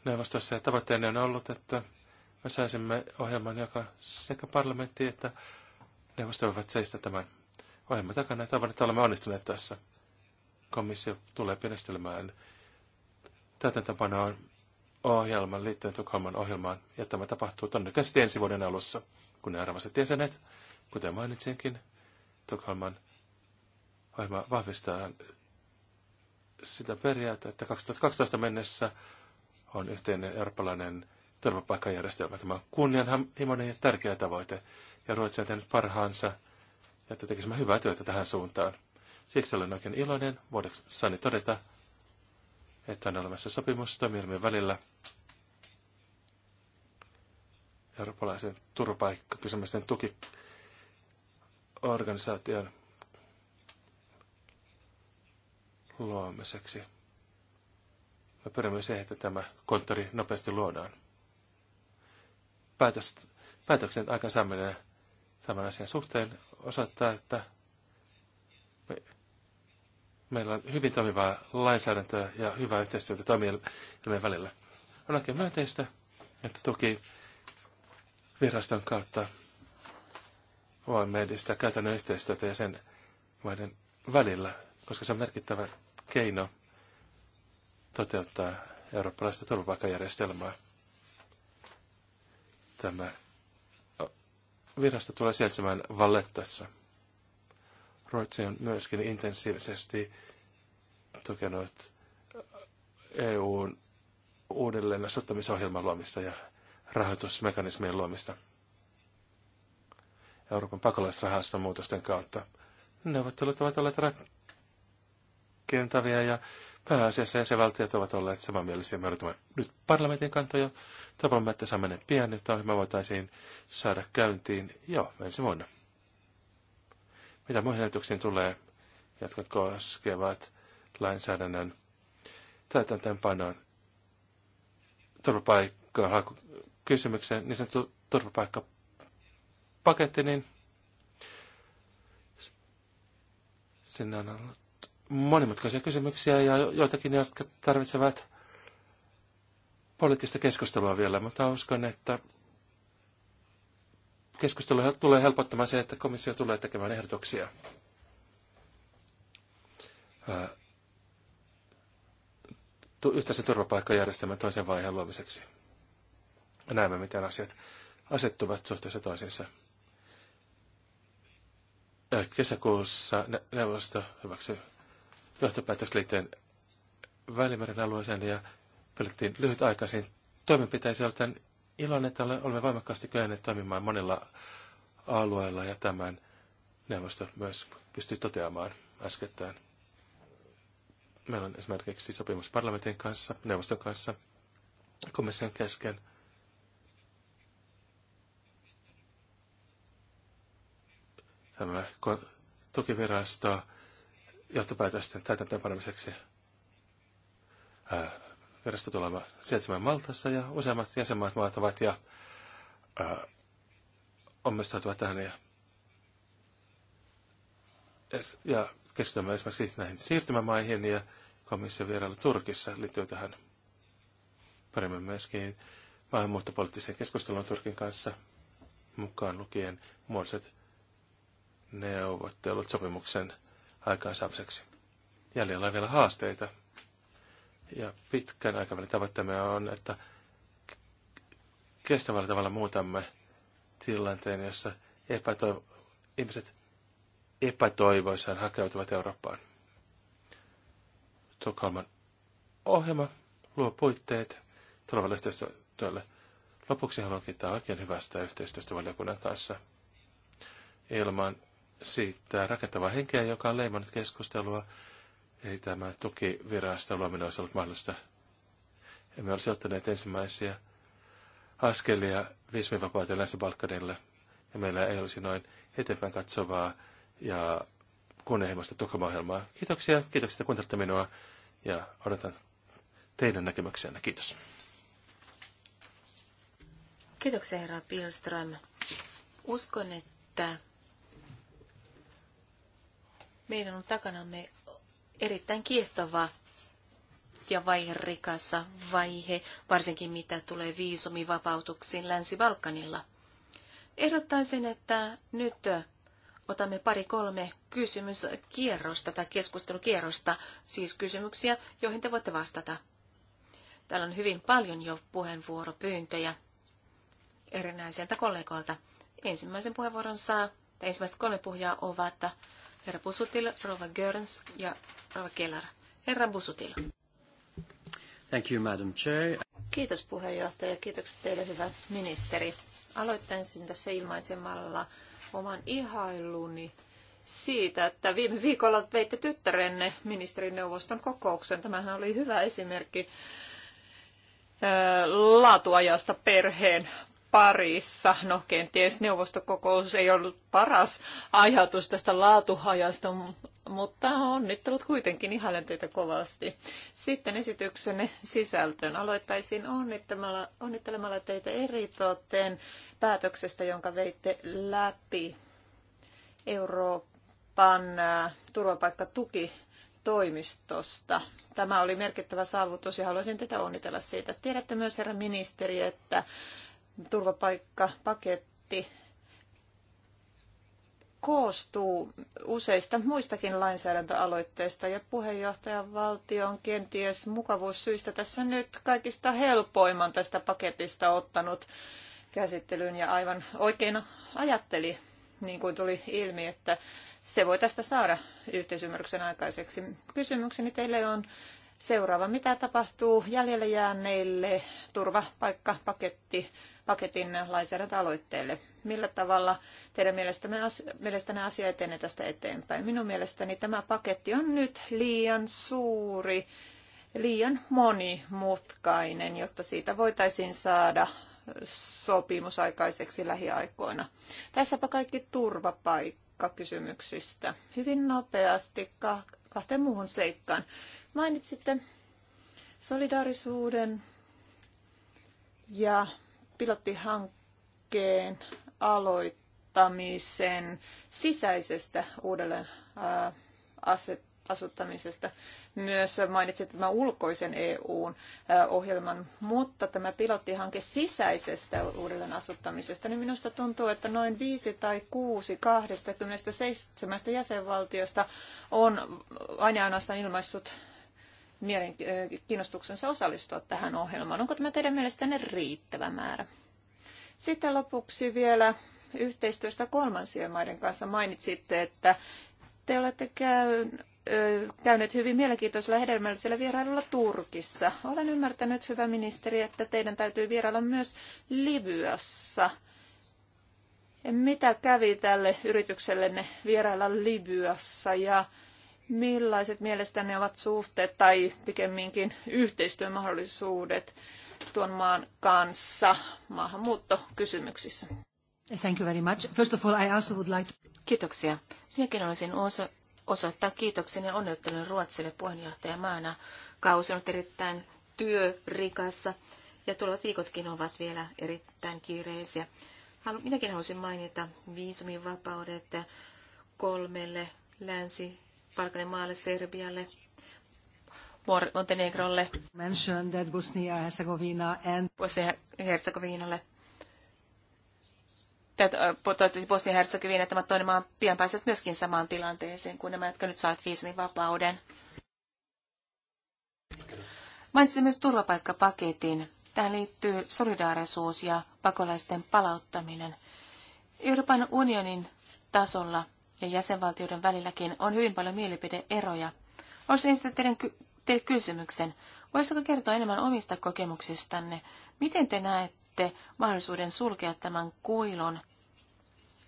neuvostossa ja tavoitteena on ollut, että me saisimme ohjelman, joka sekä parlamentti että neuvosto voivat seistä tämän ohjelman takana. Toivon, että olemme onnistuneet tässä. Komissio tulee pienestelemään on ohjelman liittyen Tukholman ohjelmaan, ja tämä tapahtuu todennäköisesti ensi vuoden alussa, kun arvoiset jäsenet, kuten mainitsinkin, Tukholman ohjelma vahvistaa sitä periaatetta, että 2012 mennessä on yhteinen eurooppalainen turvapaikkajärjestelmä. Tämä on kunnianhimoinen ja tärkeä tavoite, ja Ruotsi on tehnyt parhaansa, että tekisimme hyvää työtä tähän suuntaan. Siksi olen oikein iloinen, Sani todeta, että on olemassa sopimus toimielmien välillä eurooppalaisen turvapaikkakysymysten tukiorganisaation luomiseksi. Me pyrimme siihen, että tämä konttori nopeasti luodaan. Päätös, päätöksen aikaansaaminen tämän asian suhteen osoittaa, että Meillä on hyvin toimivaa lainsäädäntöä ja hyvää yhteistyötä toimijoiden välillä. On oikein myönteistä, että tuki viraston kautta voimme edistää käytännön yhteistyötä ja sen maiden välillä, koska se on merkittävä keino toteuttaa eurooppalaista turvapaikkajärjestelmää. Tämä virasto tulee sieltämään Vallettassa. Ruotsi on myöskin intensiivisesti tukenut EUn uudelleen asuttamisohjelman luomista ja rahoitusmekanismien luomista Euroopan pakolaisrahaston muutosten kautta. Neuvottelut ovat olleet rakentavia ja pääasiassa jäsenvaltiot ovat olleet samanmielisiä. Me odotamme nyt parlamentin kantoja. Toivomme, että saamme ne pian, että ohjelma voitaisiin saada käyntiin jo ensi vuonna. Mitä muihin ehdotuksiin tulee, jotka koskevat lainsäädännön täytäntöönpanoon turvapaikkaa kysymykseen, niin sanottu turvapaikkapaketti, niin sinne on ollut monimutkaisia kysymyksiä ja joitakin, jotka tarvitsevat poliittista keskustelua vielä, mutta uskon, että keskustelu tulee helpottamaan se, että komissio tulee tekemään ehdotuksia. yhteisen turvapaikkajärjestelmän toisen vaiheen luomiseksi. Näemme, miten asiat asettuvat suhteessa toisiinsa. Kesäkuussa neuvosto hyväksyi johtopäätös liittyen Välimeren alueeseen ja lyhyt aikaisin toimenpiteisiin, joten iloinen, että olemme voimakkaasti kyenneet toimimaan monilla alueilla ja tämän neuvosto myös pystyy toteamaan äskettäin. Meillä on esimerkiksi sopimus parlamentin kanssa, neuvoston kanssa, komission kesken. Tämä tukivirasto johtopäätösten täytäntöönpanemiseksi Virasto tulee seitsemän Maltassa ja useammat jäsenmaat maatavat ja äh, omistautuvat tähän. Ja, ja keskitymme esimerkiksi näihin siirtymämaihin ja komission vierailu Turkissa liittyy tähän paremmin myöskin maahanmuuttopoliittiseen keskusteluun Turkin kanssa mukaan lukien muodolliset neuvottelut sopimuksen aikaansaamiseksi. Jäljellä on vielä haasteita. Ja pitkän aikavälin tavoitteemme on, että kestävällä tavalla muutamme tilanteen, jossa epätoiv- ihmiset epätoivoissaan hakeutuvat Eurooppaan. Tukholman ohjelma luo puitteet tulevalle yhteistyölle. Lopuksi haluan kiittää oikein hyvästä yhteistyöstä valiokunnan kanssa. Ilman siitä rakentavaa henkeä, joka on leimannut keskustelua, ei tämä virasta luominen olisi ollut mahdollista. Emme olisi ottaneet ensimmäisiä askelia viisumivapauteen Länsi-Balkanille, ja meillä ei olisi noin eteenpäin katsovaa ja kunnianhimoista tukomaohjelmaa. Kiitoksia, kiitoksia, että kuuntelitte minua, ja odotan teidän näkemyksiänne. Kiitos. Kiitoksia, herra Pilström. Uskon, että meidän on takanamme erittäin kiehtova ja vaiherikassa vaihe, varsinkin mitä tulee viisumivapautuksiin Länsi-Balkanilla. Ehdottaisin, että nyt otamme pari-kolme kysymyskierrosta tai keskustelukierrosta, siis kysymyksiä, joihin te voitte vastata. Täällä on hyvin paljon jo puheenvuoropyyntöjä erinäisiltä kollegoilta. Ensimmäisen puheenvuoron saa, tai ensimmäiset kolme puhujaa ovat Herra Busutil, Rova Görns ja Rova Keller. Herra Busutil. Thank you, Madam Chair. Kiitos puheenjohtaja. Kiitokset teille, hyvä ministeri. Aloittaisin tässä ilmaisemalla oman ihailuni siitä, että viime viikolla veitte tyttärenne ministerineuvoston kokouksen. Tämähän oli hyvä esimerkki laatuajasta perheen parissa. No kenties neuvostokokous ei ollut paras ajatus tästä laatuhajasta, mutta onnittelut kuitenkin ihailen teitä kovasti. Sitten esityksen sisältöön. Aloittaisin onnittelemalla, onnittelemalla teitä eritoteen päätöksestä, jonka veitte läpi Euroopan turvapaikkatuki toimistosta. Tämä oli merkittävä saavutus ja haluaisin teitä onnitella siitä. Tiedätte myös, herra ministeri, että turvapaikkapaketti koostuu useista muistakin lainsäädäntöaloitteista ja puheenjohtajan valtio on kenties mukavuussyistä tässä nyt kaikista helpoimman tästä paketista ottanut käsittelyyn ja aivan oikein ajatteli, niin kuin tuli ilmi, että se voi tästä saada yhteisymmärryksen aikaiseksi. Kysymykseni teille on, Seuraava, mitä tapahtuu jäljelle jääneille turvapaikkapaketti, paketin lainsäädäntöaloitteelle? Millä tavalla teidän mielestämme, mielestänne asia etenee tästä eteenpäin? Minun mielestäni tämä paketti on nyt liian suuri, liian monimutkainen, jotta siitä voitaisiin saada sopimus aikaiseksi lähiaikoina. Tässäpä kaikki turvapaikkakysymyksistä. Hyvin nopeasti kahteen muuhun seikkaan. Mainitsitte solidaarisuuden ja pilottihankkeen aloittamisen sisäisestä uudelleen asuttamisesta. Myös mainitsit tämän ulkoisen EUn ohjelman, mutta tämä pilottihanke sisäisestä uudelleen asuttamisesta, niin minusta tuntuu, että noin viisi tai kuusi 27 jäsenvaltiosta on aina ainoastaan ilmaissut mielenkiinnostuksensa osallistua tähän ohjelmaan. Onko tämä teidän mielestänne riittävä määrä? Sitten lopuksi vielä yhteistyöstä kolmansien maiden kanssa mainitsitte, että te olette käyn, käyneet hyvin mielenkiintoisella hedelmällisellä vierailulla Turkissa. Olen ymmärtänyt, hyvä ministeri, että teidän täytyy vierailla myös Libyassa. Mitä kävi tälle yrityksellenne vierailla Libyassa ja millaiset mielestänne ovat suhteet tai pikemminkin yhteistyömahdollisuudet tuon maan kanssa maahanmuuttokysymyksissä? Thank you very much. First of all, I also would like to... Kiitoksia. Minäkin olisin osa, osoittaa kiitoksen ja onnittelun Ruotsille puheenjohtajamaana. Kausi on erittäin työrikassa ja tulevat viikotkin ovat vielä erittäin kiireisiä. Minäkin haluaisin mainita viisumivapaudet kolmelle länsi Balkanin maalle, Serbialle, Montenegrolle, Bosnia-Herzegovinalle. Toivottavasti Bosnia-Herzegovina ja tämä toinen maa pian pääsevät myöskin samaan tilanteeseen kuin nämä, jotka nyt saavat viisumin vapauden. Mainitsin myös turvapaikkapaketin. Tähän liittyy solidaarisuus ja pakolaisten palauttaminen. Euroopan unionin tasolla ja jäsenvaltioiden välilläkin on hyvin paljon mielipideeroja. Olisin esittää teidän ky- teille kysymyksen. Voisitko kertoa enemmän omista kokemuksistanne? Miten te näette mahdollisuuden sulkea tämän kuilun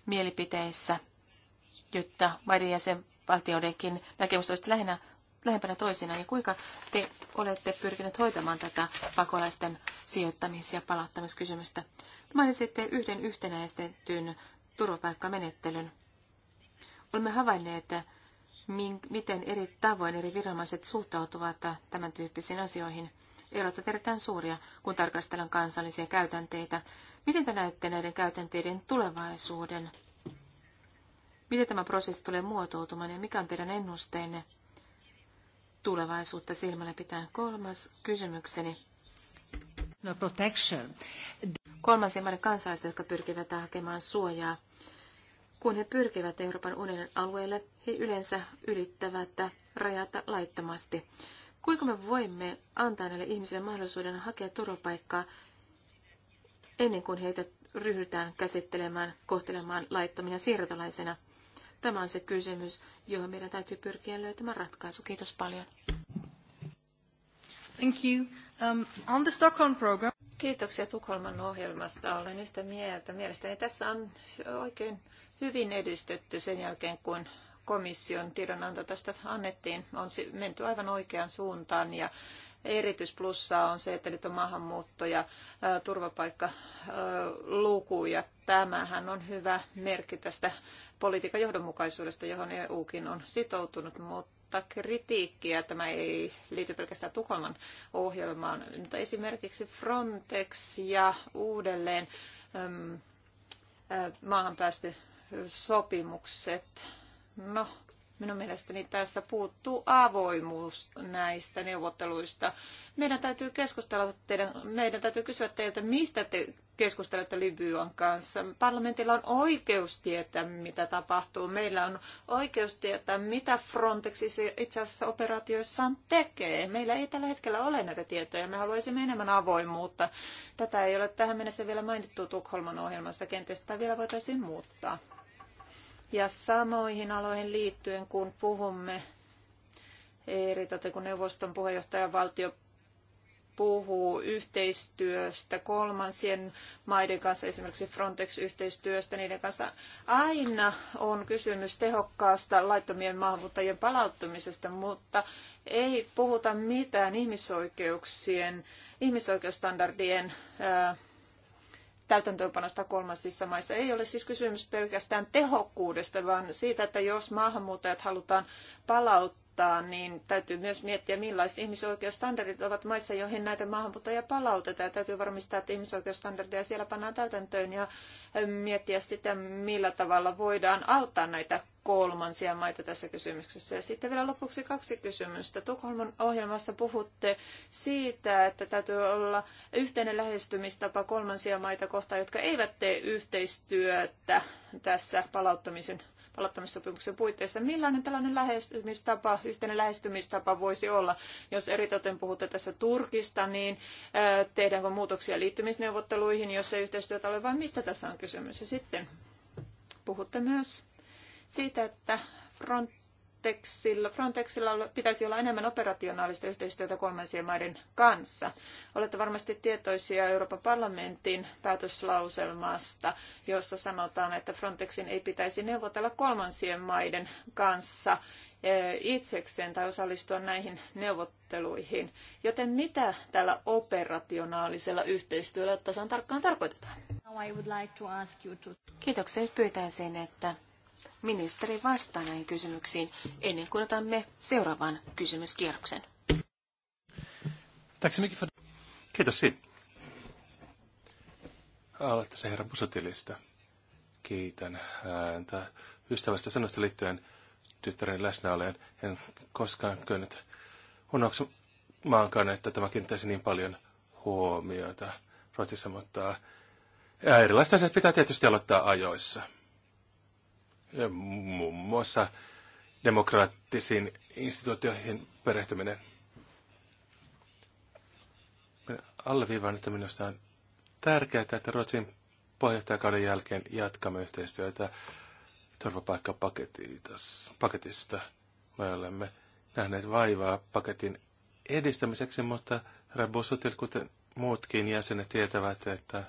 mielipiteissä, jotta maiden jäsenvaltioidenkin näkemys olisi lähinnä, lähempänä toisinaan? Ja kuinka te olette pyrkineet hoitamaan tätä pakolaisten sijoittamis- ja palauttamiskysymystä? Mainitsitte yhden yhtenäistetyn turvapaikkamenettelyn. Olemme havainneet, että miten eri tavoin eri viranomaiset suhtautuvat tämän tyyppisiin asioihin. Erot ovat erittäin suuria, kun tarkastellaan kansallisia käytänteitä. Miten te näette näiden käytänteiden tulevaisuuden? Miten tämä prosessi tulee muotoutumaan ja mikä on teidän ennusteenne tulevaisuutta silmällä pitäen? Kolmas kysymykseni. No protection. Kolmansiin maiden kansalaiset, jotka pyrkivät hakemaan suojaa kun he pyrkivät Euroopan unionin alueelle, he yleensä ylittävät rajata laittomasti. Kuinka me voimme antaa näille ihmisille mahdollisuuden hakea turvapaikkaa ennen kuin heitä ryhdytään käsittelemään, kohtelemaan laittomina siirtolaisena? Tämä on se kysymys, johon meidän täytyy pyrkiä löytämään ratkaisu. Kiitos paljon. Thank you. Um, on the Stockholm program. Kiitoksia Tukholman ohjelmasta. Olen yhtä mieltä. Mielestäni tässä on oikein hyvin edistetty sen jälkeen, kun komission tiedonanto tästä annettiin. On menty aivan oikeaan suuntaan ja erityisplussaa on se, että nyt on maahanmuutto ja turvapaikkaluku ja tämähän on hyvä merkki tästä politiikan johdonmukaisuudesta, johon EUkin on sitoutunut, mutta kritiikkiä tämä ei liity pelkästään Tukholman ohjelmaan, mutta esimerkiksi Frontex ja uudelleen maahan päästy sopimukset. No, minun mielestäni tässä puuttuu avoimuus näistä neuvotteluista. Meidän täytyy keskustella teidän, meidän täytyy kysyä teiltä, mistä te keskustelette Libyan kanssa. Parlamentilla on oikeus tietää, mitä tapahtuu. Meillä on oikeus tietää, mitä Frontex itse asiassa operaatioissaan tekee. Meillä ei tällä hetkellä ole näitä tietoja. Me haluaisimme enemmän avoimuutta. Tätä ei ole tähän mennessä vielä mainittu Tukholman ohjelmassa. Kenties sitä vielä voitaisiin muuttaa. Ja samoihin aloihin liittyen, kun puhumme, eritoten kun neuvoston puheenjohtajan valtio puhuu yhteistyöstä kolmansien maiden kanssa, esimerkiksi Frontex-yhteistyöstä niiden kanssa. Aina on kysymys tehokkaasta laittomien maahanmuuttajien palauttamisesta, mutta ei puhuta mitään ihmisoikeuksien, ihmisoikeusstandardien äh, täytäntöönpanosta kolmansissa maissa. Ei ole siis kysymys pelkästään tehokkuudesta, vaan siitä, että jos maahanmuuttajat halutaan palauttaa, palauttaa, niin täytyy myös miettiä, millaiset ihmisoikeusstandardit ovat maissa, joihin näitä maahanmuuttajia palautetaan. Ja täytyy varmistaa, että ihmisoikeusstandardeja siellä pannaan täytäntöön ja miettiä sitä, millä tavalla voidaan auttaa näitä kolmansia maita tässä kysymyksessä. Ja sitten vielä lopuksi kaksi kysymystä. Tukholman ohjelmassa puhutte siitä, että täytyy olla yhteinen lähestymistapa kolmansia maita kohtaan, jotka eivät tee yhteistyötä tässä palauttamisen palauttamissopimuksen puitteissa. Millainen tällainen lähestymistapa, yhteinen lähestymistapa voisi olla, jos eritoten puhutte tässä Turkista, niin tehdäänkö muutoksia liittymisneuvotteluihin, jos ei yhteistyötä ole, vai mistä tässä on kysymys? Ja sitten puhutte myös siitä, että front Frontexilla, Frontexilla pitäisi olla enemmän operationaalista yhteistyötä kolmansien maiden kanssa. Olette varmasti tietoisia Euroopan parlamentin päätöslauselmasta, jossa sanotaan, että Frontexin ei pitäisi neuvotella kolmansien maiden kanssa eh, itsekseen tai osallistua näihin neuvotteluihin. Joten mitä tällä operationaalisella yhteistyöllä tasan tarkkaan tarkoitetaan? Kiitoksia. Pyytäisin, että ministeri vastaa näihin kysymyksiin ennen kuin otamme seuraavan kysymyskierroksen. Kiitos siitä. Aloitte se herra Busotilista. Kiitän häntä ystävästä sanosta liittyen tyttären läsnäoleen. En koskaan kyennyt unohtumaankaan, että tämä kiinnittäisi niin paljon huomiota Ruotsissa, mutta erilaista asiat pitää tietysti aloittaa ajoissa muun muassa demokraattisiin instituutioihin perehtyminen. Minä alleviivaan, että minusta on tärkeää, että Ruotsin puheenjohtajakauden jälkeen jatkamme yhteistyötä turvapaikkapaketista. Me olemme nähneet vaivaa paketin edistämiseksi, mutta Rebusotil, kuten muutkin jäsenet tietävät, että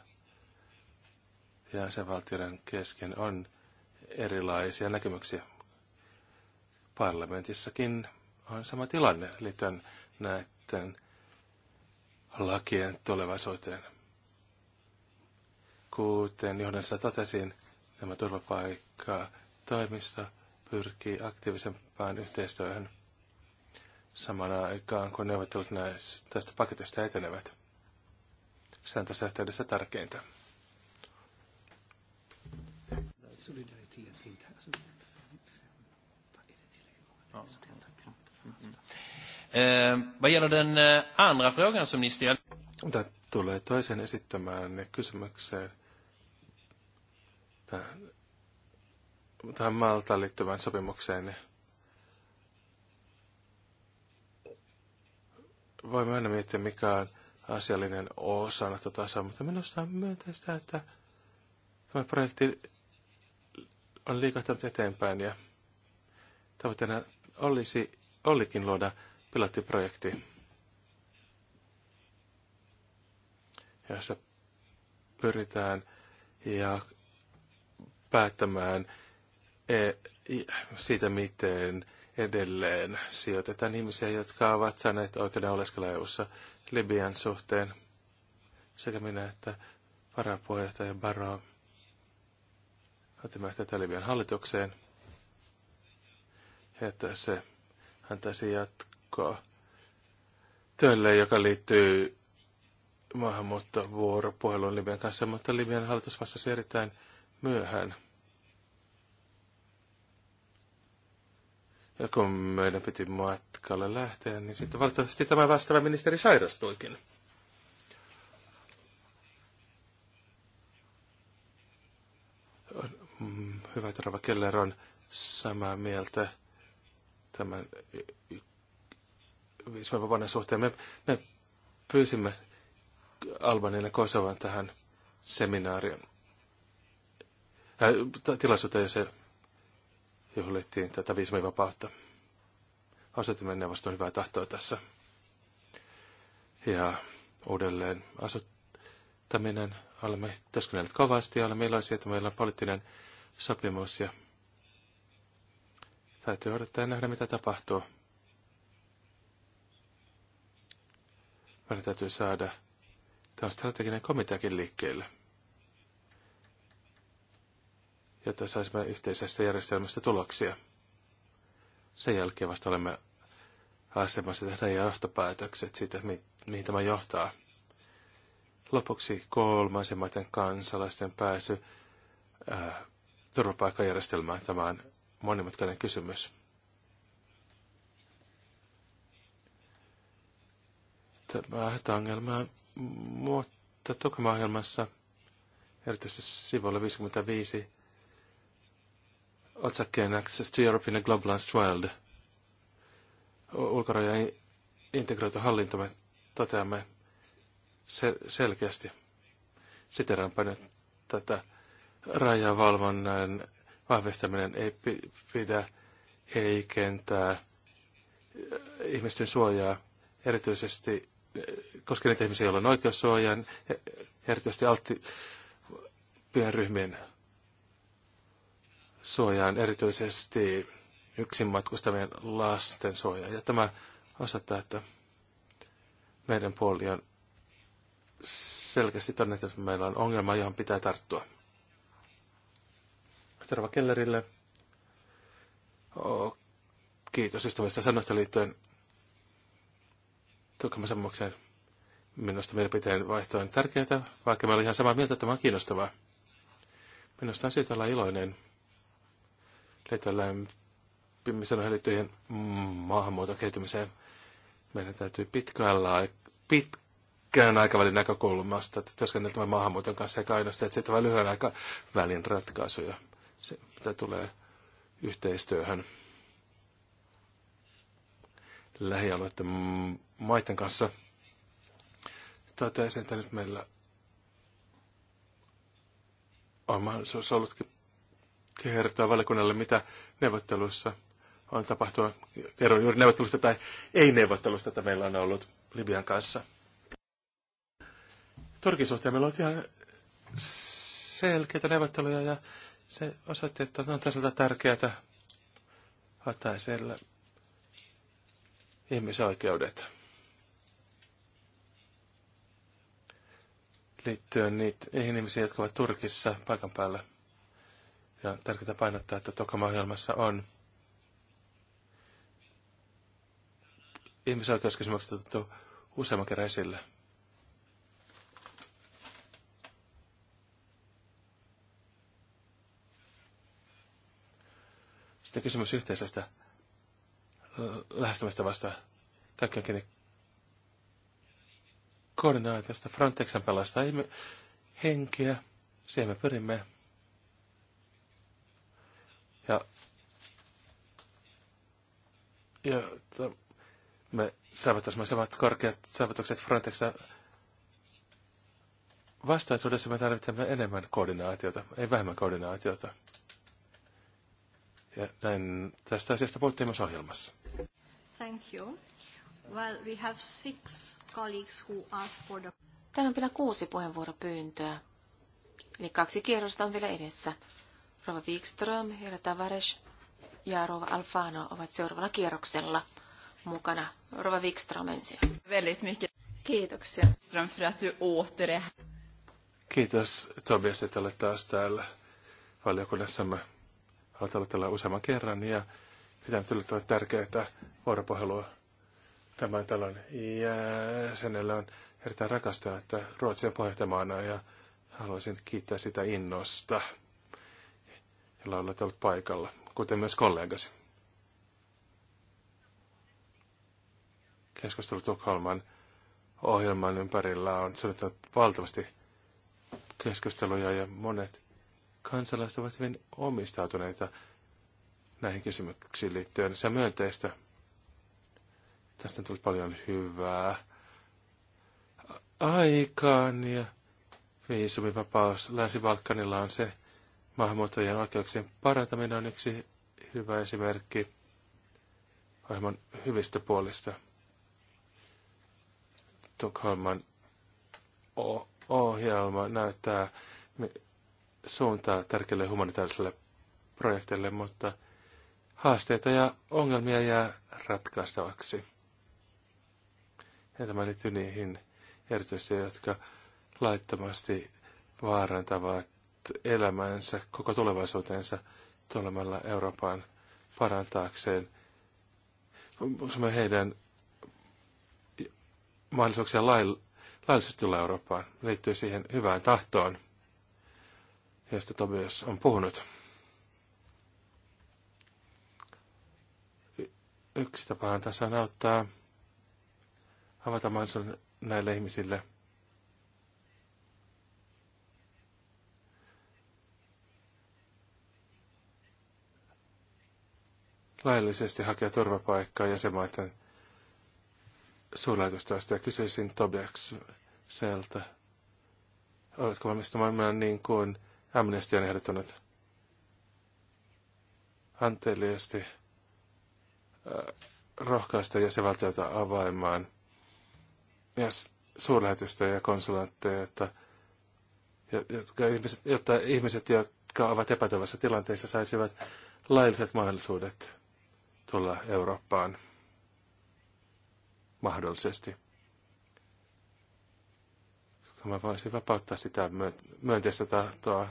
jäsenvaltioiden kesken on erilaisia näkemyksiä. Parlamentissakin on sama tilanne liittyen näiden lakien tulevaisuuteen. Kuten johdassa totesin, tämä turvapaikka toimisto pyrkii aktiivisempaan yhteistyöhön samana aikaan, kun neuvottelut näistä, tästä paketista etenevät. Se on tässä yhteydessä tärkeintä. Solidarity. Eh, vad gäller den eh, andra frågan som ni ställde? Tämä tulee toisen esittämään kysymykseen tähän, tähän Maltaan liittyvään sopimukseen. Niin- Voimme aina miettiä, mikä on asiallinen osa tätä asiaa, mutta minusta on myönteistä, että tämä projekti on liikahtanut eteenpäin ja tavoitteena olisi, olikin luoda pilottiprojekti, jossa pyritään ja päättämään e, siitä, miten edelleen sijoitetaan ihmisiä, jotka ovat saaneet oikeuden oleskella EU-ssa Libian suhteen. Sekä minä että varapuheenjohtaja Baro otimme tätä Libian hallitukseen, että se antaisi jatkaa porukkaa työlle, joka liittyy maahanmuuttovuoropuheluun Libyan kanssa, mutta Libyan hallitus vastasi erittäin myöhään. Ja kun meidän piti matkalle lähteä, niin sitten valitettavasti tämä vastaava ministeri sairastuikin. Mm, hyvä, että Rova Keller on samaa mieltä tämän viisumivapauden suhteen. Me, me pyysimme Albanian ja Kosovan tähän seminaariin, äh, tilaisuuteen, jossa juhlittiin tätä viisumivapautta. Asetimme neuvoston hyvää tahtoa tässä. Ja uudelleen asuttaminen. Olemme työskennelleet kovasti ja olemme iloisia, että meillä on poliittinen sopimus ja täytyy odottaa ja nähdä, mitä tapahtuu. Meidän täytyy saada tämä strateginen komiteakin liikkeelle, jotta saisimme yhteisestä järjestelmästä tuloksia. Sen jälkeen vasta olemme asemassa tehdä johtopäätökset siitä, mi- mihin tämä johtaa. Lopuksi kolmasemmaten kansalaisten pääsy äh, turvapaikkajärjestelmään. Tämä on monimutkainen kysymys. kahta ongelmaa, mutta toki ohjelmassa erityisesti sivulla 55, otsakkeen Access to Europe in a Globalized World, ulkorajojen integroitu hallinto, me toteamme sel- selkeästi. Siteraanpa nyt tätä rajavalvonnan vahvistaminen ei pidä heikentää ihmisten suojaa, erityisesti koska niitä ihmisiä, joilla on oikeussuojan, erityisesti altti ryhmien suojaan, erityisesti yksin matkustavien lasten suojaan. Ja tämä osoittaa, että meidän puoli on selkeästi todennettu, että meillä on ongelma, johon pitää tarttua. Terva Kellerille. Oh, kiitos ystävästä sanoista liittyen Tukemasemmakseen minusta mielipiteen vaihto on tärkeää, vaikka mä olen ihan samaa mieltä, että tämä on kiinnostavaa. Minusta on syytä olla iloinen liittyen lämpimisen ohjelittujen maahanmuuton kehittymiseen. Meidän täytyy pitkällä, pitkään aikavälin näkökulmasta työskennellä maahanmuuton kanssa ja ainoastaan etsittävä lyhyen aikavälin ratkaisuja, se, mitä tulee yhteistyöhön lähialueiden maiden kanssa. Totesin, että nyt meillä on mahdollisuus ollutkin kertoa valiokunnalle, mitä neuvotteluissa on tapahtunut. Kerron juuri neuvottelusta tai ei-neuvottelusta, että meillä on ollut Libian kanssa. Turkin suhteen meillä on ihan selkeitä neuvotteluja ja se osoitti, että on tasolta tärkeää ottaa esille ihmisoikeudet. liittyen niitä ihmisiä, jotka ovat Turkissa paikan päällä. Ja tärkeää painottaa, että Tokama-ohjelmassa on ihmisoikeuskysymykset otettu useamman kerran esille. Sitten kysymys yhteisöstä lähestymistä vastaan. Kaikki on kiinni koordinaatiosta Frontexin pelastaa henkiä. Siihen me pyrimme. Ja, ja me saavutaisimme samat korkeat saavutukset Frontexin vastaisuudessa me tarvitsemme enemmän koordinaatiota, ei vähemmän koordinaatiota. Ja näin tästä asiasta puhuttiin myös ohjelmassa. Thank you. Well, we have six colleagues who for the... Täällä on vielä kuusi puheenvuoropyyntöä. Eli kaksi kierrosta on vielä edessä. Rova Wikström, herra Tavares ja Rova Alfano ovat seuraavalla kierroksella mukana. Rova Wikström ensin. Väldigt mycket. Kiitoksia. Ström för att du åter Kiitos Tobias, että olet taas täällä valiokunnassamme. Olet ollut täällä useamman kerran ja pitää nyt olla tärkeää vuoropuhelua tämän talon jäsenellä on erittäin rakastaa, että Ruotsi on puheenjohtajamaana ja haluaisin kiittää sitä innosta, jolla olet ollut paikalla, kuten myös kollegasi. Keskustelu Tukholman ohjelman ympärillä on suunnittanut valtavasti keskusteluja ja monet kansalaiset ovat hyvin omistautuneita näihin kysymyksiin liittyen. Se myönteistä. Tästä on tullut paljon hyvää aikaan ja viisumivapaus Länsi-Balkanilla on se maahanmuuttajien oikeuksien parantaminen on yksi hyvä esimerkki ohjelman hyvistä puolista. Tukholman ohjelma näyttää suuntaa tärkeille humanitaariselle projekteille, mutta haasteita ja ongelmia jää ratkaistavaksi. Ja tämä liittyy niihin erityisesti, jotka laittomasti vaarantavat elämänsä, koko tulevaisuutensa tulemalla Euroopan parantaakseen heidän mahdollisuuksia lailla, laillisesti tulla Eurooppaan. Liittyy siihen hyvään tahtoon, josta Tobias on puhunut. Yksi tapahan tässä on auttaa avata mahdollisuuden näille ihmisille. laillisesti hakea turvapaikkaa jäsenmaiden suurlähetystä ja kysyisin Tobiakselta, oletko valmis toimimaan niin kuin Amnesty on ehdottanut anteellisesti äh, rohkaista jäsenvaltiota avaimaan – ja suurlähetystöjä ja konsulantteja, jotta, jotka ihmiset, jotta ihmiset, jotka ovat epätoivossa tilanteissa, saisivat lailliset mahdollisuudet tulla Eurooppaan mahdollisesti. Mä voisin vapauttaa sitä myönteistä tahtoa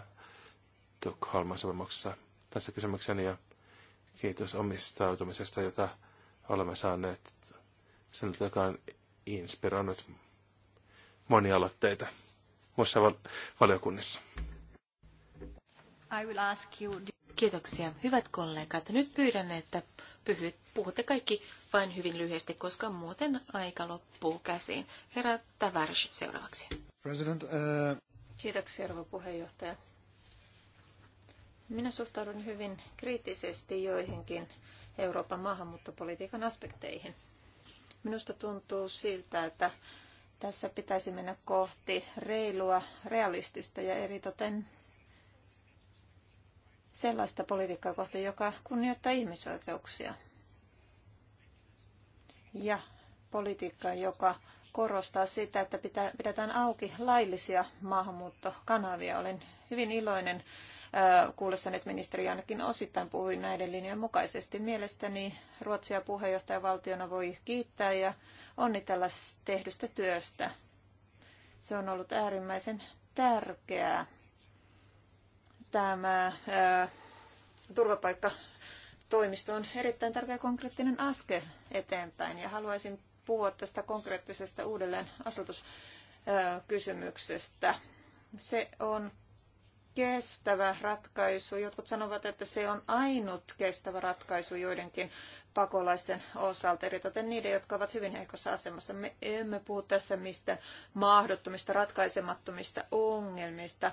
Tukholman sopimuksessa tässä kysymykseni ja kiitos omistautumisesta, jota olemme saaneet sen joka on inspiroinut monia aloitteita muissa val- valiokunnissa. I will ask you... Kiitoksia. Hyvät kollegat, nyt pyydän, että pyhyt, puhutte kaikki vain hyvin lyhyesti, koska muuten aika loppuu käsiin. Herra Tavarish seuraavaksi. President, uh... Kiitoksia, arvo puheenjohtaja. Minä suhtaudun hyvin kriittisesti joihinkin Euroopan maahanmuuttopolitiikan aspekteihin – Minusta tuntuu siltä, että tässä pitäisi mennä kohti reilua, realistista ja eritoten sellaista politiikkaa kohti, joka kunnioittaa ihmisoikeuksia. Ja politiikkaa, joka korostaa sitä, että pitää, pidetään auki laillisia maahanmuuttokanavia. Olen hyvin iloinen kuullessani, että ministeri ainakin osittain puhui näiden linjojen mukaisesti. Mielestäni Ruotsia puheenjohtajavaltiona voi kiittää ja onnitella tehdystä työstä. Se on ollut äärimmäisen tärkeää. Tämä ää, turvapaikka toimisto on erittäin tärkeä konkreettinen askel eteenpäin ja haluaisin puhua tästä konkreettisesta uudelleen asutuskysymyksestä. Se on kestävä ratkaisu. Jotkut sanovat, että se on ainut kestävä ratkaisu joidenkin pakolaisten osalta, eritoten niiden, jotka ovat hyvin heikossa asemassa. Me emme puhu tässä mistä mahdottomista, ratkaisemattomista ongelmista.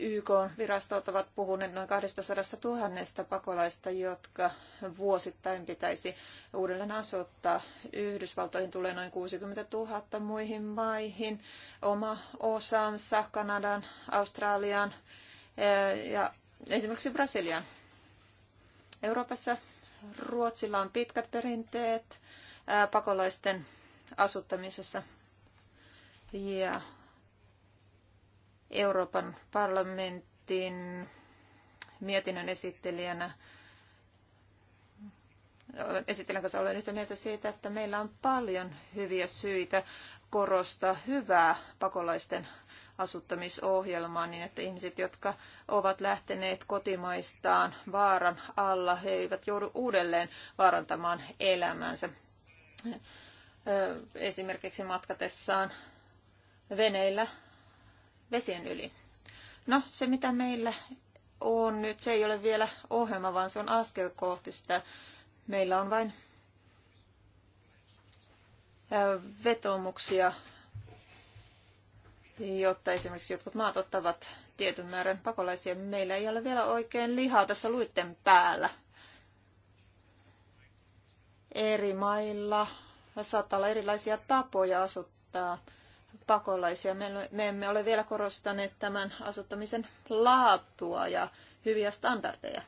YK-virastot ovat puhuneet noin 200 000 pakolaista, jotka vuosittain pitäisi uudelleen asuttaa. Yhdysvaltoihin tulee noin 60 000 muihin maihin, oma osansa Kanadaan, Australiaan eh, ja esimerkiksi Brasiliaan. Euroopassa Ruotsilla on pitkät perinteet eh, pakolaisten asuttamisessa ja Euroopan parlamentin mietinnön esittelijänä esittelen kanssa olen yhtä mieltä siitä, että meillä on paljon hyviä syitä korostaa hyvää pakolaisten asuttamisohjelmaa niin, että ihmiset, jotka ovat lähteneet kotimaistaan vaaran alla, he eivät joudu uudelleen vaarantamaan elämänsä. Esimerkiksi matkatessaan veneillä vesien yli. No, se mitä meillä on nyt, se ei ole vielä ohjelma, vaan se on askel kohti sitä. Meillä on vain vetomuksia, jotta esimerkiksi jotkut maat ottavat tietyn määrän pakolaisia. Meillä ei ole vielä oikein lihaa tässä luitten päällä. Eri mailla saattaa olla erilaisia tapoja asuttaa pakolaisia. Me emme ole vielä korostaneet tämän asuttamisen laatua ja hyviä standardeja.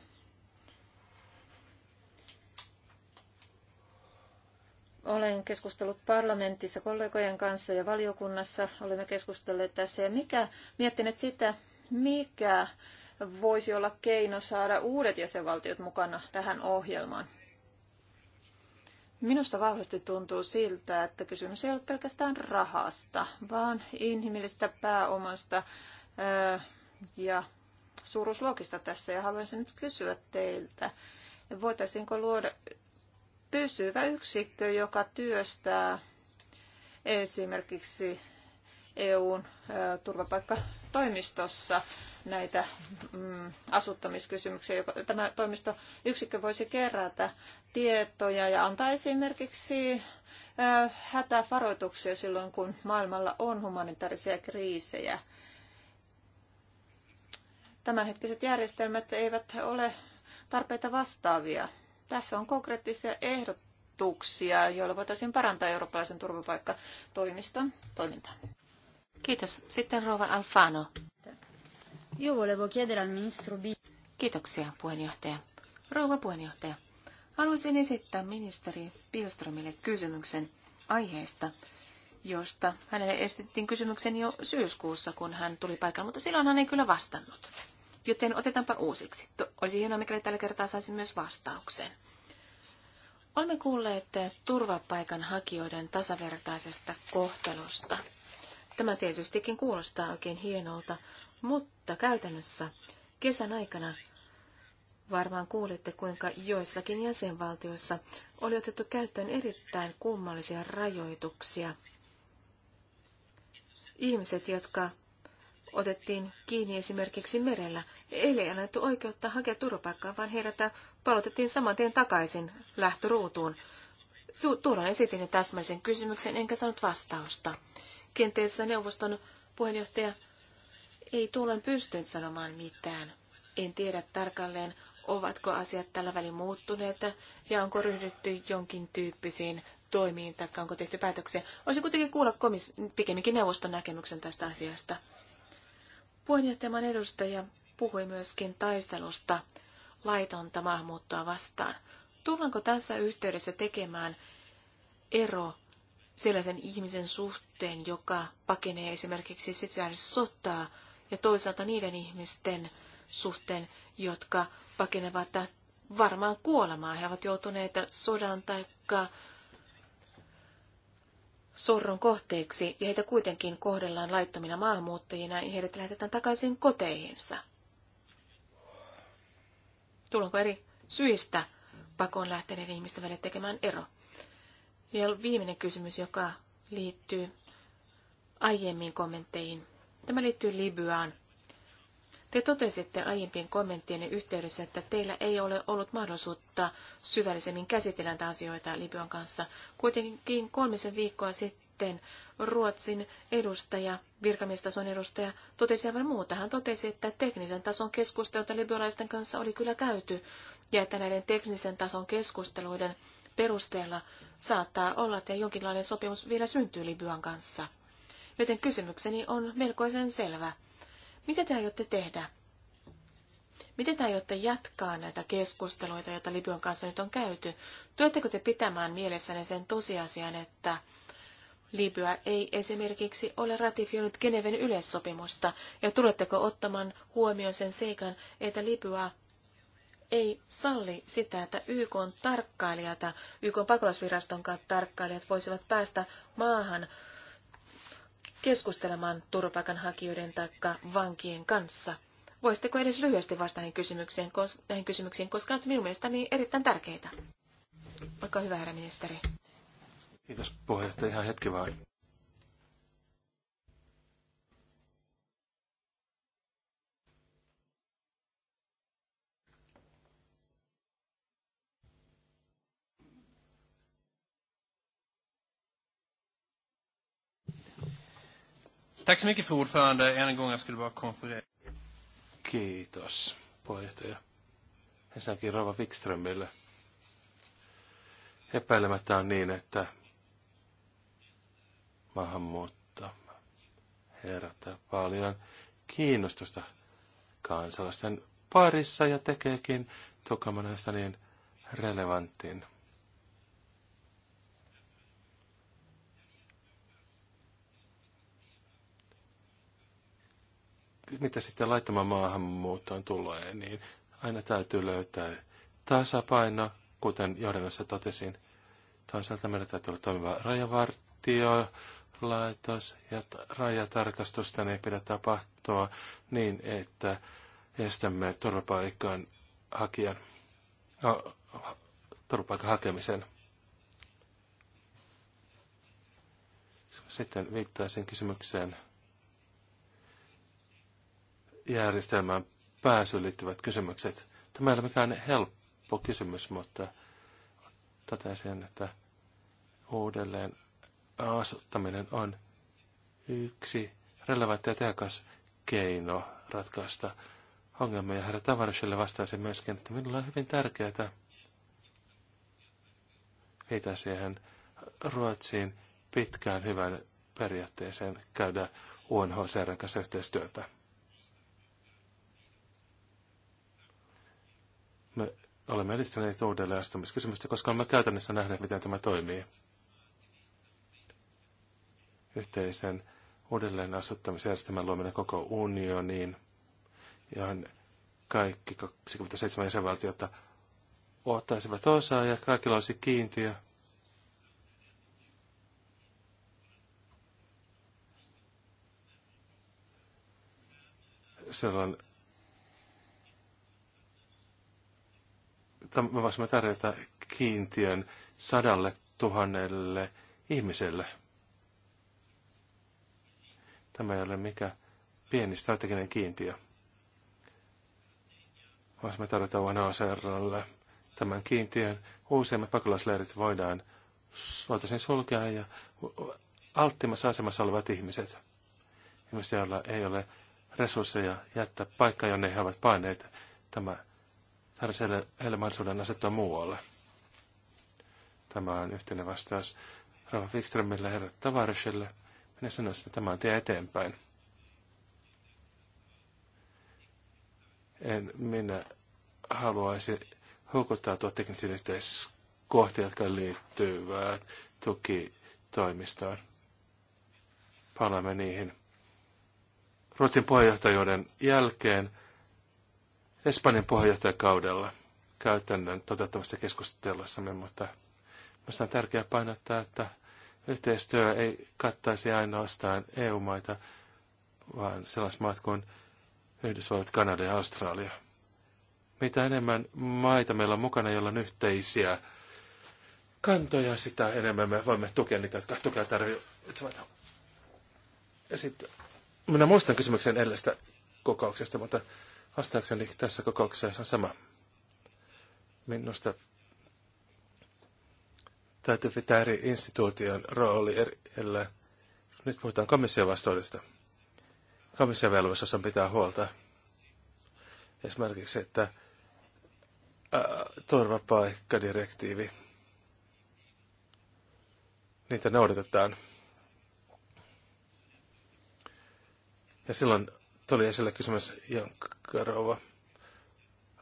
Olen keskustellut parlamentissa kollegojen kanssa ja valiokunnassa olemme keskustelleet tässä ja mikä, miettineet sitä, mikä voisi olla keino saada uudet jäsenvaltiot mukana tähän ohjelmaan. Minusta vahvasti tuntuu siltä, että kysymys ei ole pelkästään rahasta, vaan inhimillistä pääomasta ja suuruusluokista tässä. Ja haluaisin nyt kysyä teiltä, voitaisiinko luoda pysyvä yksikkö, joka työstää esimerkiksi EUn turvapaikkatoimistossa näitä mm, asuttamiskysymyksiä. Tämä toimistoyksikkö voisi kerätä tietoja ja antaa esimerkiksi hätävaroituksia silloin, kun maailmalla on humanitaarisia kriisejä. Tämänhetkiset järjestelmät eivät ole tarpeita vastaavia. Tässä on konkreettisia ehdotuksia, joilla voitaisiin parantaa eurooppalaisen turvapaikkatoimiston toimintaa. Kiitos. Sitten Rova Alfano. Io volevo chiedere al ministro B. Kiitoksia, puheenjohtaja. Rouva puheenjohtaja, haluaisin esittää ministeri Pilströmille kysymyksen aiheesta, josta hänelle esitettiin kysymyksen jo syyskuussa, kun hän tuli paikalle, mutta silloin hän ei kyllä vastannut. Joten otetaanpa uusiksi. To, Olisi hienoa, mikäli tällä kertaa saisin myös vastauksen. Olemme kuulleet turvapaikanhakijoiden tasavertaisesta kohtelusta. Tämä tietystikin kuulostaa oikein hienolta, mutta käytännössä kesän aikana varmaan kuulitte, kuinka joissakin jäsenvaltioissa oli otettu käyttöön erittäin kummallisia rajoituksia. Ihmiset, jotka otettiin kiinni esimerkiksi merellä, ei annettu oikeutta hakea turvapaikkaa, vaan heidät palotettiin saman tien takaisin lähtöruutuun. Tuolloin esitin täsmäisen kysymyksen, enkä saanut vastausta kenteessä neuvoston puheenjohtaja ei tuolloin pystynyt sanomaan mitään. En tiedä tarkalleen, ovatko asiat tällä välin muuttuneet ja onko ryhdytty jonkin tyyppisiin toimiin tai onko tehty päätöksiä. Olisi kuitenkin kuulla komis- pikemminkin neuvoston näkemyksen tästä asiasta. Puheenjohtajan edustaja puhui myöskin taistelusta laitonta maahanmuuttoa vastaan. Tullaanko tässä yhteydessä tekemään ero sellaisen ihmisen suhteen, joka pakenee esimerkiksi sitä sotaa, ja toisaalta niiden ihmisten suhteen, jotka pakenevat varmaan kuolemaa. He ovat joutuneet sodan tai sorron kohteeksi ja heitä kuitenkin kohdellaan laittomina maahanmuuttajina ja heidät lähetetään takaisin koteihinsa. Tullaanko eri syistä pakoon lähteneiden ihmisten välillä tekemään ero? Ja viimeinen kysymys, joka liittyy aiemmin kommentteihin. Tämä liittyy Libyaan. Te totesitte aiempien kommenttien yhteydessä, että teillä ei ole ollut mahdollisuutta syvällisemmin käsitellä näitä asioita Libyan kanssa. Kuitenkin kolmisen viikkoa sitten Ruotsin edustaja, virkamiestason edustaja, totesi aivan muuta. Hän totesi, että teknisen tason keskusteluita libyalaisten kanssa oli kyllä käyty, ja että näiden teknisen tason keskusteluiden perusteella saattaa olla, että jonkinlainen sopimus vielä syntyy Libyan kanssa. Joten kysymykseni on melkoisen selvä. Mitä te aiotte tehdä? Miten te aiotte jatkaa näitä keskusteluita, joita Libyan kanssa nyt on käyty? Tuletteko te pitämään mielessäne sen tosiasian, että Libya ei esimerkiksi ole ratifioinut Geneven yleissopimusta, ja tuletteko ottamaan huomioon sen seikan, että Libya ei salli sitä, että YK tarkkailijat, YK pakolaisviraston tarkkailijat voisivat päästä maahan keskustelemaan turvapaikanhakijoiden tai vankien kanssa. Voisitteko edes lyhyesti vastata näihin kysymyksiin, näihin kysymyksiin koska ne ovat minun mielestäni erittäin tärkeitä. Olkaa hyvä, herra ministeri. Kiitos puheenjohtaja. Ihan hetki vaan. Tack så mycket för ordförande. En gång jag skulle bara konferera. Kiitos, puheenjohtaja. Ensinnäkin Rova Wikströmille. Epäilemättä on niin, että maahanmuutto herättää paljon kiinnostusta kansalaisten parissa ja tekeekin tukamanaista niin relevantin. mitä sitten laittamaan maahanmuuttoon tulee, niin aina täytyy löytää tasapaino, kuten johdannossa totesin. Toisaalta meillä täytyy olla toimiva rajavartio, laitos ja rajatarkastusta ei pidä tapahtua niin, että estämme turvapaikan hakijan, no, turvapaikan hakemisen. Sitten viittaisin kysymykseen järjestelmään pääsyyn liittyvät kysymykset. Tämä ei ole mikään helppo kysymys, mutta totesin, että uudelleen asuttaminen on yksi relevantti ja tehokas keino ratkaista ongelmia. herra Tavarishille vastaisin myöskin, että minulla on hyvin tärkeää heitä siihen Ruotsiin pitkään hyvän periaatteeseen käydä UNHCRn kanssa yhteistyötä. Olemme edistäneet uudelle astumiskysymystä, koska olemme käytännössä nähneet, miten tämä toimii. Yhteisen uudelleen asuttamisjärjestelmän luominen koko unioniin, johon kaikki 27 jäsenvaltiota ottaisivat osaa ja kaikilla olisi kiintiö. Silloin me voisimme tarjota kiintiön sadalle tuhannelle ihmiselle. Tämä ei ole mikä pieni strateginen kiintiö. Voisimme tarjota UNHCRlle tämän kiintiön. Uusimmat pakolaisleirit voidaan voitaisiin sulkea ja alttimassa asemassa olevat ihmiset, ihmiset, joilla ei ole resursseja jättää paikkaa, jonne he ovat paineet. Tämä tarvitsee heille, mahdollisuuden asettua muualle. Tämä on yhteinen vastaus Rafa Wikströmille ja herra Tavarishille. Minä sanoisin, että tämä on tie eteenpäin. En minä haluaisi tuo teknisiin yhteiskohtia, jotka liittyvät tukitoimistoon. Palaamme niihin. Ruotsin puheenjohtajuuden jälkeen Espanjan puheenjohtajakaudella käytännön toteuttamista keskustelussamme, mutta minusta on tärkeää painottaa, että yhteistyö ei kattaisi ainoastaan EU-maita, vaan sellaiset maat kuin Yhdysvallat, Kanada ja Australia. Mitä enemmän maita meillä on mukana, joilla on yhteisiä kantoja, sitä enemmän me voimme tukea niitä, jotka tukea tarvitsevat. Ja sitten, minä muistan kysymyksen edellisestä kokouksesta, mutta Vastaukseni tässä kokouksessa on sama. Minusta täytyy pitää eri instituution rooli erillä. Nyt puhutaan komission vastuudesta. Komission velvollisuus on pitää huolta esimerkiksi, että turvapaikkadirektiivi, niitä noudatetaan. Ja silloin tuli esille kysymys, jonka Rouva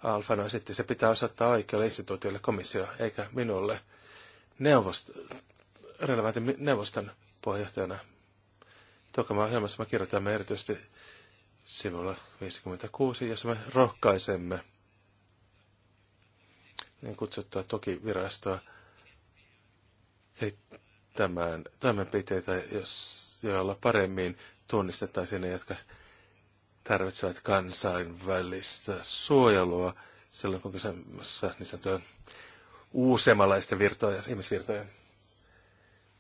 Alfano esitti, se pitää osoittaa oikealle instituutiolle komissio, eikä minulle neuvost, relevantin neuvoston puheenjohtajana. Tuokamaa ohjelmassa me kirjoitamme erityisesti sivulla 56, jossa me rohkaisemme niin kutsuttua tukivirastoa heittämään toimenpiteitä, jos, joilla paremmin tunnistettaisiin ne, jotka tarvitsevat kansainvälistä suojelua silloin, kun kyseessä niin sanotaan uusemalaisten virtojen, ihmisvirtojen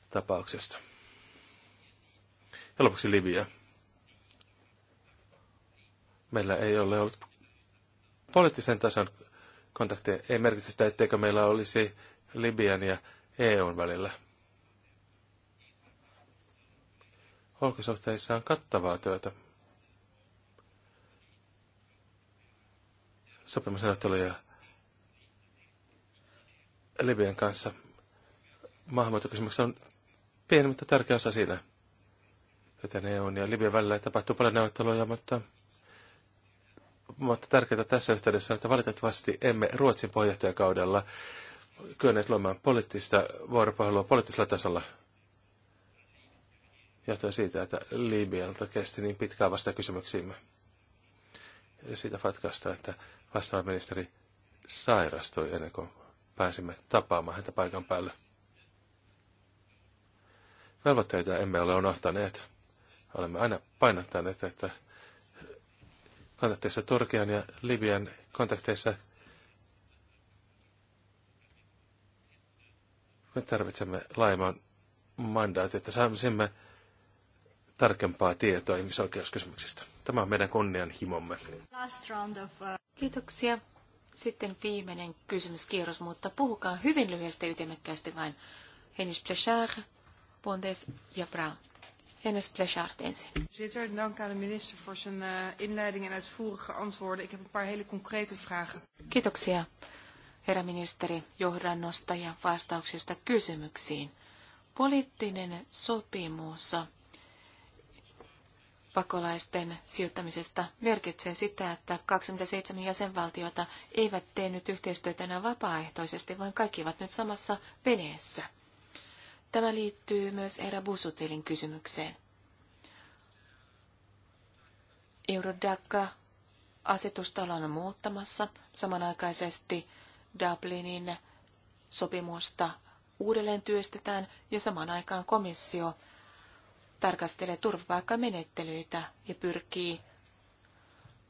tapauksesta. Ja lopuksi Libya. Meillä ei ole ollut poliittisen tason kontakteja. Ei merkitse sitä, etteikö meillä olisi Libian ja EUn välillä. Olkisuhteissa on kattavaa työtä, sopimusneuvotteluja Libyan kanssa. Maahanmuuttokysymys on pieni, mutta tärkeä osa siinä. Joten on e ja Libyan välillä tapahtuu paljon neuvotteluja, mutta, mutta tärkeää tässä yhteydessä on, että valitettavasti emme Ruotsin puheenjohtajakaudella kyenneet luomaan poliittista vuoropuhelua poliittisella tasolla johtuen siitä, että Libialta kesti niin pitkään vasta kysymyksiimme. Ja siitä fatkasta, että vastaava ministeri sairastui ennen kuin pääsimme tapaamaan häntä paikan päällä. Velvoitteita emme ole unohtaneet. Olemme aina painottaneet, että kontakteissa Turkian ja Libian kontakteissa me tarvitsemme laajemman mandaatti, että saamme tarkempaa tietoa ihmisoikeuskysymyksistä. Tämä on meidän kunnianhimomme. Last round of, uh, Kiitoksia. Sitten viimeinen kysymyskierros, mutta puhukaa hyvin lyhyesti ja ytimekkäästi vain. Hennis Plechard, Bondes ja Brown. Hennis Plechard ensin. Voorzitter, dank aan de minister voor zijn eh, inleiding en uitvoerige antwoorden. Ik heb een paar hele concrete vragen. Kiitoksia, herra ministeri, johdannosta ja vastauksista kysymyksiin. Poliittinen sopimus pakolaisten sijoittamisesta merkitsee sitä, että 27 jäsenvaltiota eivät tee nyt yhteistyötä enää vapaaehtoisesti, vaan kaikki ovat nyt samassa veneessä. Tämä liittyy myös Eera Busutelin kysymykseen. Eurodaka asetusta ollaan muuttamassa samanaikaisesti Dublinin sopimusta uudelleen työstetään ja samaan aikaan komissio tarkastelee turvapaikkamenettelyitä ja pyrkii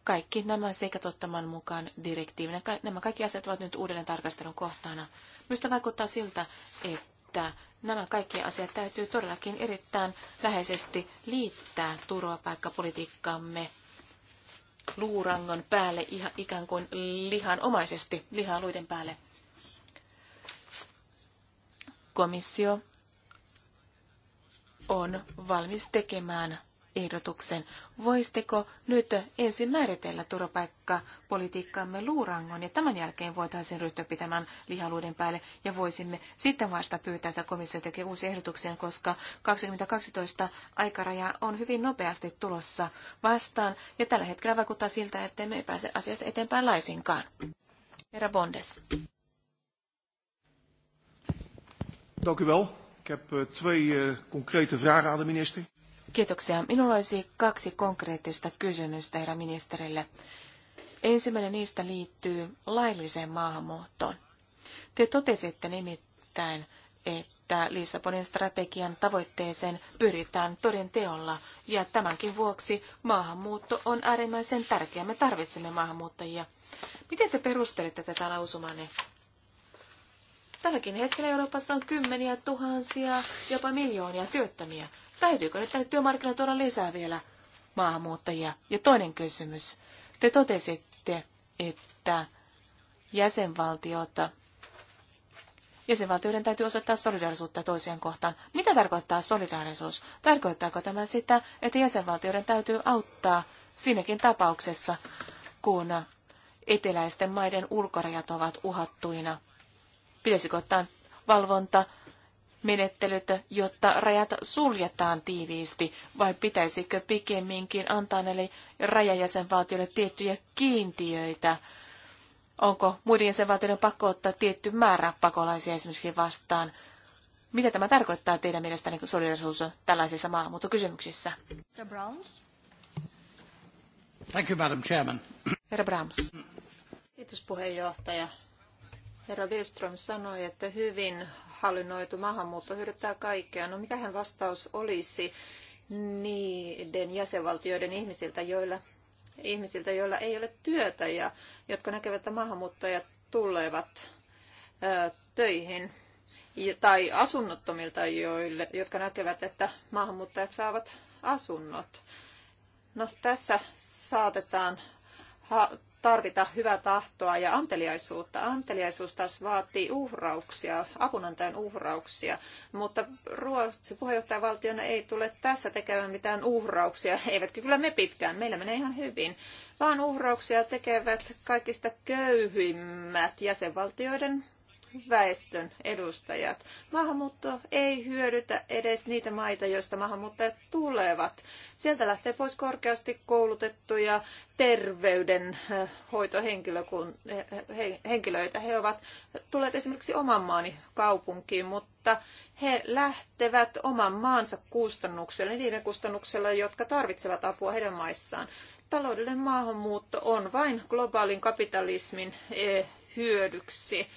kaikki nämä seikat ottamaan mukaan direktiivin. Nämä kaikki asiat ovat nyt uudelleen tarkastelun kohtaana. Minusta vaikuttaa siltä, että nämä kaikki asiat täytyy todellakin erittäin läheisesti liittää turvapaikkapolitiikkaamme luurangon päälle ihan ikään kuin lihanomaisesti, lihaluiden päälle. Komissio on valmis tekemään ehdotuksen. Voisteko nyt ensin määritellä turvapaikkapolitiikkaamme luurangon ja tämän jälkeen voitaisiin ryhtyä pitämään lihaluiden päälle ja voisimme sitten vasta pyytää, että komissio tekee uusi ehdotuksen, koska 2012 aikaraja on hyvin nopeasti tulossa vastaan ja tällä hetkellä vaikuttaa siltä, että me ei pääse asiassa eteenpäin laisinkaan. Herra Bondes. Dank u wel heb eh, twee eh, concrete vragen aan de minister. Kiitoksia. Minulla olisi kaksi konkreettista kysymystä herra ministerille. Ensimmäinen niistä liittyy lailliseen maahanmuuttoon. Te totesitte nimittäin, että Lissabonin strategian tavoitteeseen pyritään toden teolla, ja tämänkin vuoksi maahanmuutto on äärimmäisen tärkeä. Me tarvitsemme maahanmuuttajia. Miten te perustelette tätä lausumanne? Tälläkin hetkellä Euroopassa on kymmeniä tuhansia, jopa miljoonia työttömiä. Täytyykö nyt tänne työmarkkinoille tuoda lisää vielä maahanmuuttajia? Ja toinen kysymys. Te totesitte, että jäsenvaltiota Jäsenvaltioiden täytyy osoittaa solidaarisuutta toisiaan kohtaan. Mitä tarkoittaa solidaarisuus? Tarkoittaako tämä sitä, että jäsenvaltioiden täytyy auttaa siinäkin tapauksessa, kun eteläisten maiden ulkorajat ovat uhattuina? Pitäisikö ottaa valvonta menettelyt, jotta rajat suljetaan tiiviisti, vai pitäisikö pikemminkin antaa näille rajajäsenvaltioille tiettyjä kiintiöitä? Onko muiden jäsenvaltioiden pakko ottaa tietty määrä pakolaisia esimerkiksi vastaan? Mitä tämä tarkoittaa teidän mielestänne solidarisuus tällaisissa maahanmuuttokysymyksissä? Mr. Browns. Thank you, Madam Chairman. Herra Brahms. Kiitos puheenjohtaja. Herra Wilström sanoi, että hyvin hallinnoitu maahanmuutto hyödyttää kaikkea. No mikähän vastaus olisi niiden jäsenvaltioiden ihmisiltä, joilla, ihmisiltä, joilla ei ole työtä ja jotka näkevät, että maahanmuuttajat tulevat ö, töihin tai asunnottomilta, joille, jotka näkevät, että maahanmuuttajat saavat asunnot. No tässä saatetaan tarvita hyvää tahtoa ja anteliaisuutta. Anteliaisuus taas vaatii uhrauksia, avunantajan uhrauksia, mutta Ruotsi puheenjohtajavaltiona ei tule tässä tekemään mitään uhrauksia, eivätkä kyllä me pitkään, meillä menee ihan hyvin, vaan uhrauksia tekevät kaikista köyhimmät jäsenvaltioiden väestön edustajat. Maahanmuutto ei hyödytä edes niitä maita, joista maahanmuuttajat tulevat. Sieltä lähtee pois korkeasti koulutettuja terveydenhoitohenkilöitä. Eh, eh, he ovat tulleet esimerkiksi oman maani kaupunkiin, mutta he lähtevät oman maansa kustannuksella, niiden kustannuksella, jotka tarvitsevat apua heidän maissaan. Taloudellinen maahanmuutto on vain globaalin kapitalismin eh, hyödyksi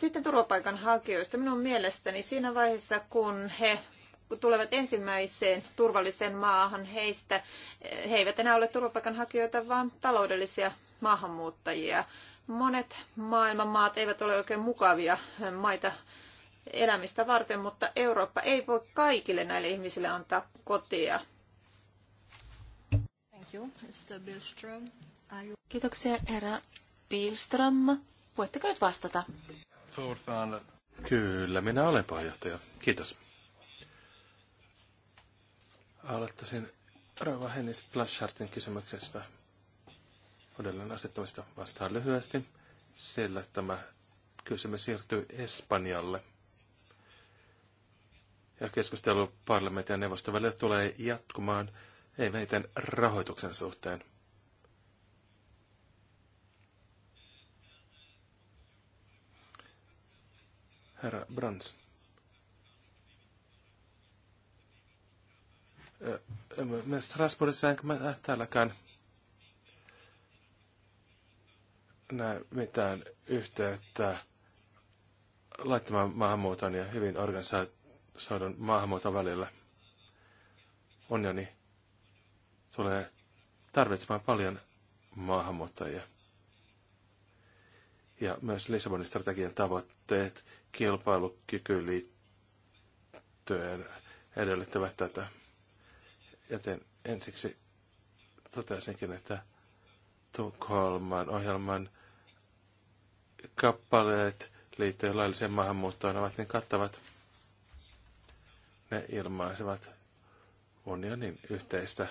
sitten turvapaikanhakijoista. Minun mielestäni siinä vaiheessa, kun he tulevat ensimmäiseen turvalliseen maahan, heistä he eivät enää ole turvapaikanhakijoita, vaan taloudellisia maahanmuuttajia. Monet maailman maat eivät ole oikein mukavia maita elämistä varten, mutta Eurooppa ei voi kaikille näille ihmisille antaa kotia. Thank you, Mr. Kiitoksia, herra Billström. Voitteko nyt vastata? Kyllä, minä olen puheenjohtaja. Kiitos. Aloittaisin Rova Hennis Blashartin kysymyksestä uudelleen asettamista vastaan lyhyesti, sillä tämä kysymys siirtyy Espanjalle. Ja keskustelu parlamentin ja neuvoston välillä tulee jatkumaan ei meidän rahoituksen suhteen. Herra Brans. Me Strasbourgissa enkä mä täälläkään näe mitään yhteyttä laittamaan maahanmuuton ja hyvin organisoidun maahanmuuton välillä. Unioni tulee tarvitsemaan paljon maahanmuuttajia ja myös Lissabonin strategian tavoitteet kilpailukykyyn liittyen edellyttävät tätä. Joten ensiksi totesinkin, että Tukholman ohjelman kappaleet liittyen lailliseen maahanmuuttoon ovat niin kattavat. Ne ilmaisevat unionin yhteistä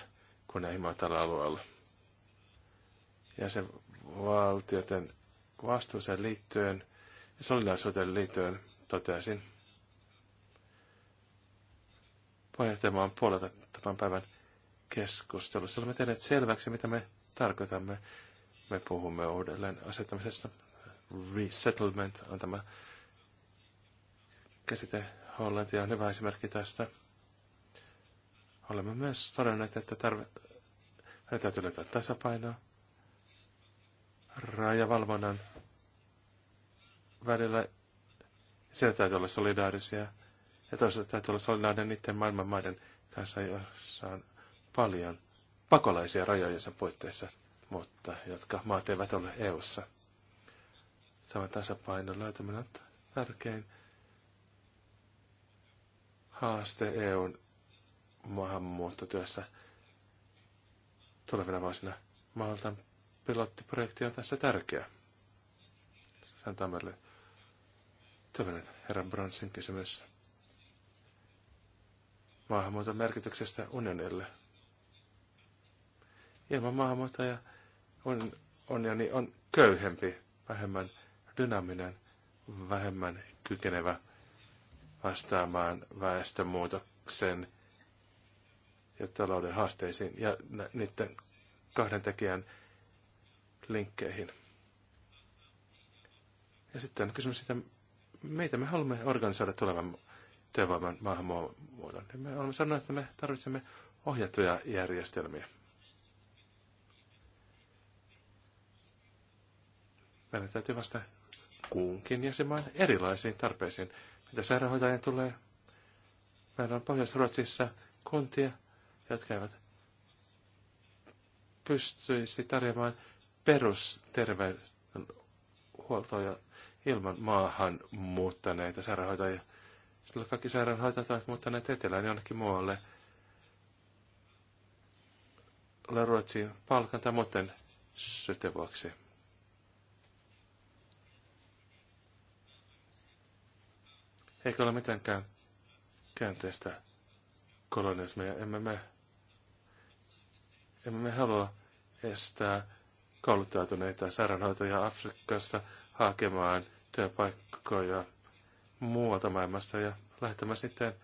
kunnianhimoa tällä alueella. ja valtioiden vastuuseen liittyen ja solidaarisuuteen liittyen toteaisin puheenjohtajamaan puolelta tämän päivän keskustelussa. Olemme tehneet selväksi, mitä me tarkoitamme. Me puhumme uudelleen asettamisesta. Resettlement on tämä käsite. Hollanti on hyvä esimerkki tästä. Olemme myös todenneet, että tarve... meidän täytyy löytää tasapainoa rajavalvonnan välillä siellä täytyy olla solidaarisia ja toisaalta täytyy olla solidaarinen niiden maailman maiden kanssa, joissa on paljon pakolaisia rajojensa puitteissa, mutta jotka maat eivät ole EU-ssa. Tämä tasapaino löytäminen on tärkein haaste EUn maahanmuuttotyössä tulevina vuosina. Maltan pilottiprojekti on tässä tärkeä. Sen Tammerille. tövenet herran Bronsin kysymys maahanmuuton merkityksestä unionille. Ilman maahanmuuttaja on, unioni on köyhempi, vähemmän dynaaminen, vähemmän kykenevä vastaamaan väestönmuutoksen ja talouden haasteisiin. Ja niiden kahden tekijän linkkeihin. Ja sitten on kysymys siitä, meitä me haluamme organisoida tulevan työvoiman maahanmuuton. Me olemme sanoneet, että me tarvitsemme ohjattuja järjestelmiä. Meidän täytyy vasta kuunkin jäsenmaan erilaisiin tarpeisiin. Mitä sairaanhoitajien tulee? Meillä on Pohjois-Ruotsissa kuntia, jotka eivät pystyisi tarjoamaan perusterveydenhuoltoa ja ilman maahan muuttaneita sairaanhoitajia. Sillä kaikki sairaanhoitajat ovat muuttaneet etelään jonnekin muualle. Ruotsiin palkan tai muuten syten vuoksi. ole mitenkään käänteistä kolonismia? Emme me, emme me halua estää kouluttautuneita sairaanhoitajia Afrikasta hakemaan työpaikkoja muualta maailmasta ja lähettämään sitten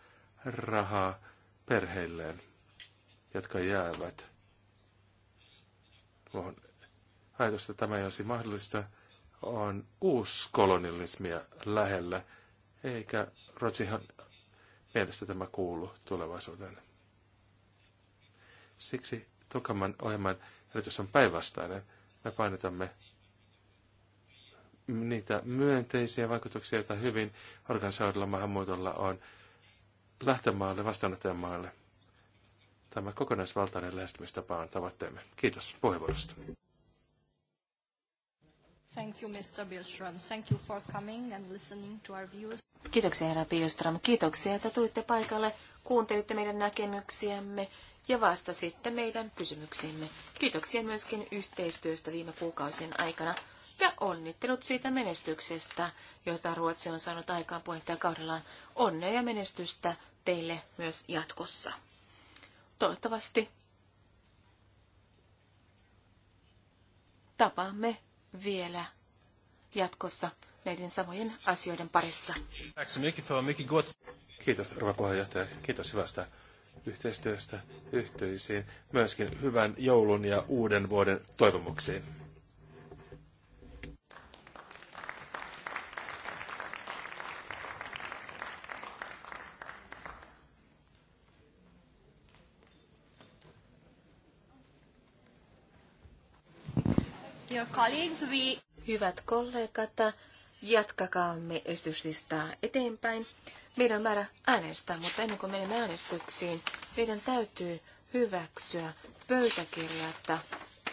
rahaa perheilleen, jotka jäävät. Mun ajatus, että tämä ei olisi mahdollista, on uuskolonialismia lähellä, eikä Rotsihan mielestä tämä kuulu tulevaisuuteen. Siksi Tokaman ohjelman yritys on päinvastainen – me painotamme niitä myönteisiä vaikutuksia, joita hyvin organisoidulla maahanmuutolla on lähtömaalle, vastaanottajamaalle. Tämä kokonaisvaltainen lähestymistapa on tavoitteemme. Kiitos puheenvuorosta. Thank you, Mr. Bilström. Thank you for coming and listening to our views. Kiitoksia, herra Bilström. Kiitoksia, että tulitte paikalle kuuntelitte meidän näkemyksiämme ja vastasitte meidän kysymyksiimme. Kiitoksia myöskin yhteistyöstä viime kuukausien aikana ja onnittelut siitä menestyksestä, jota Ruotsi on saanut aikaan puheenjohtajakaudellaan. Onnea ja menestystä teille myös jatkossa. Toivottavasti tapaamme vielä jatkossa näiden samojen asioiden parissa. Kiitos, rouva puheenjohtaja. Kiitos hyvästä yhteistyöstä yhteisiin. Myöskin hyvän joulun ja uuden vuoden toivomuksiin. Hyvät kollegat, jatkakaamme esityslistaa eteenpäin meidän on määrä äänestää, mutta ennen kuin menemme äänestyksiin, meidän täytyy hyväksyä pöytäkirjat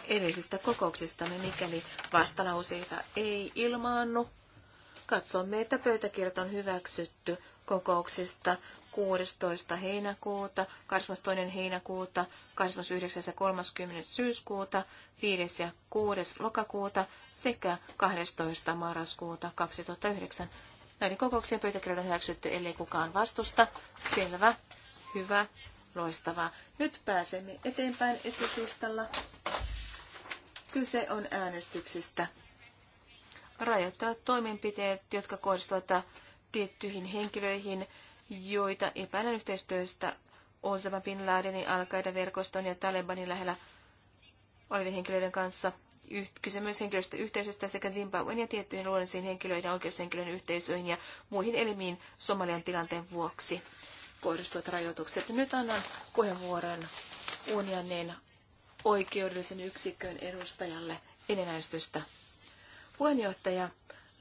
edellisistä kokouksistamme, mikäli vastalauseita ei ilmaannu. Katsomme, että pöytäkirjat on hyväksytty kokouksista 16. heinäkuuta, 22. heinäkuuta, 29. ja 30. syyskuuta, 5. ja 6. lokakuuta sekä 12. marraskuuta 2009. Näiden kokouksien pöytäkirjat on hyväksytty, ellei kukaan vastusta. Selvä. Hyvä. Loistavaa. Nyt pääsemme eteenpäin esityslistalla. Kyse on äänestyksistä. Rajoittaa toimenpiteet, jotka kohdistuvat tiettyihin henkilöihin, joita epäilen yhteistyöstä Osama Bin Ladenin al verkoston ja Talebanin lähellä olevien henkilöiden kanssa – kyse myös henkilöstä yhteisöstä sekä Zimbabwen ja tiettyjen luonnollisiin henkilöiden, oikeushenkilöiden yhteisöihin ja muihin elimiin Somalian tilanteen vuoksi kohdistuvat rajoitukset. Nyt annan puheenvuoron unionin oikeudellisen yksikön edustajalle enenäistystä. Puheenjohtaja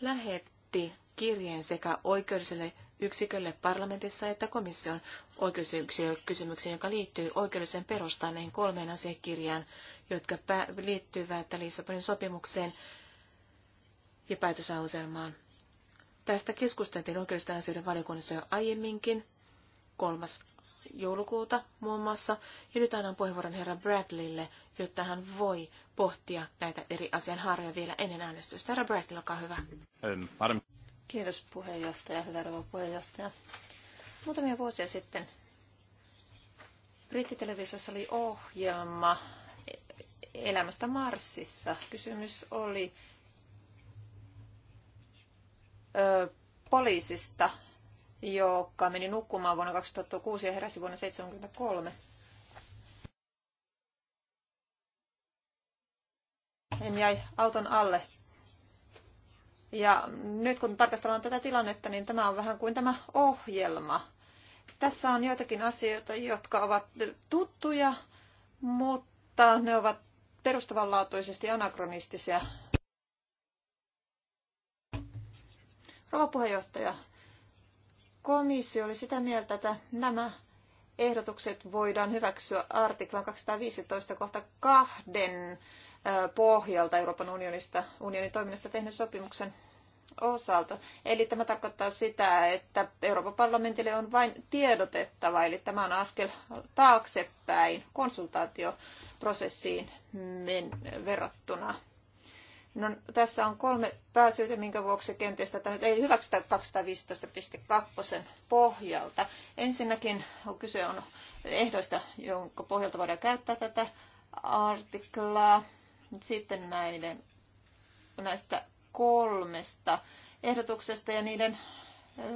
lähetti kirjeen sekä oikeudelliselle yksikölle parlamentissa että komission oikeusyksikön kysymykseen, joka liittyy oikeudelliseen perustaan näihin kolmeen asiakirjaan, jotka liittyvät Lissabonin sopimukseen ja päätösauselmaan. Tästä keskusteltiin oikeudellisten asioiden valiokunnassa jo aiemminkin, kolmas joulukuuta muun muassa, ja nyt annan puheenvuoron herra Bradleylle, jotta hän voi pohtia näitä eri asianhaaroja vielä ennen äänestystä. Herra Bradley, olkaa hyvä. Ähm, Kiitos puheenjohtaja, hyvä rouva puheenjohtaja. Muutamia vuosia sitten brittitelevisiossa oli ohjelma, elämästä Marsissa. Kysymys oli ö, poliisista, joka meni nukkumaan vuonna 2006 ja heräsi vuonna 1973. Hän jäi auton alle. Ja nyt kun tarkastellaan tätä tilannetta, niin tämä on vähän kuin tämä ohjelma. Tässä on joitakin asioita, jotka ovat tuttuja, mutta ne ovat perustavanlaatuisesti anakronistisia. Rouva puheenjohtaja, komissio oli sitä mieltä, että nämä ehdotukset voidaan hyväksyä artiklan 215 kohta kahden pohjalta Euroopan unionista, unionin toiminnasta tehdyn sopimuksen osalta. Eli tämä tarkoittaa sitä, että Euroopan parlamentille on vain tiedotettava, eli tämä on askel taaksepäin konsultaatioprosessiin verrattuna. No, tässä on kolme pääsyytä, minkä vuoksi kenties tätä nyt ei hyväksytä 215.2 pohjalta. Ensinnäkin on kyse on ehdoista, jonka pohjalta voidaan käyttää tätä artiklaa. Sitten näiden, näistä kolmesta ehdotuksesta ja niiden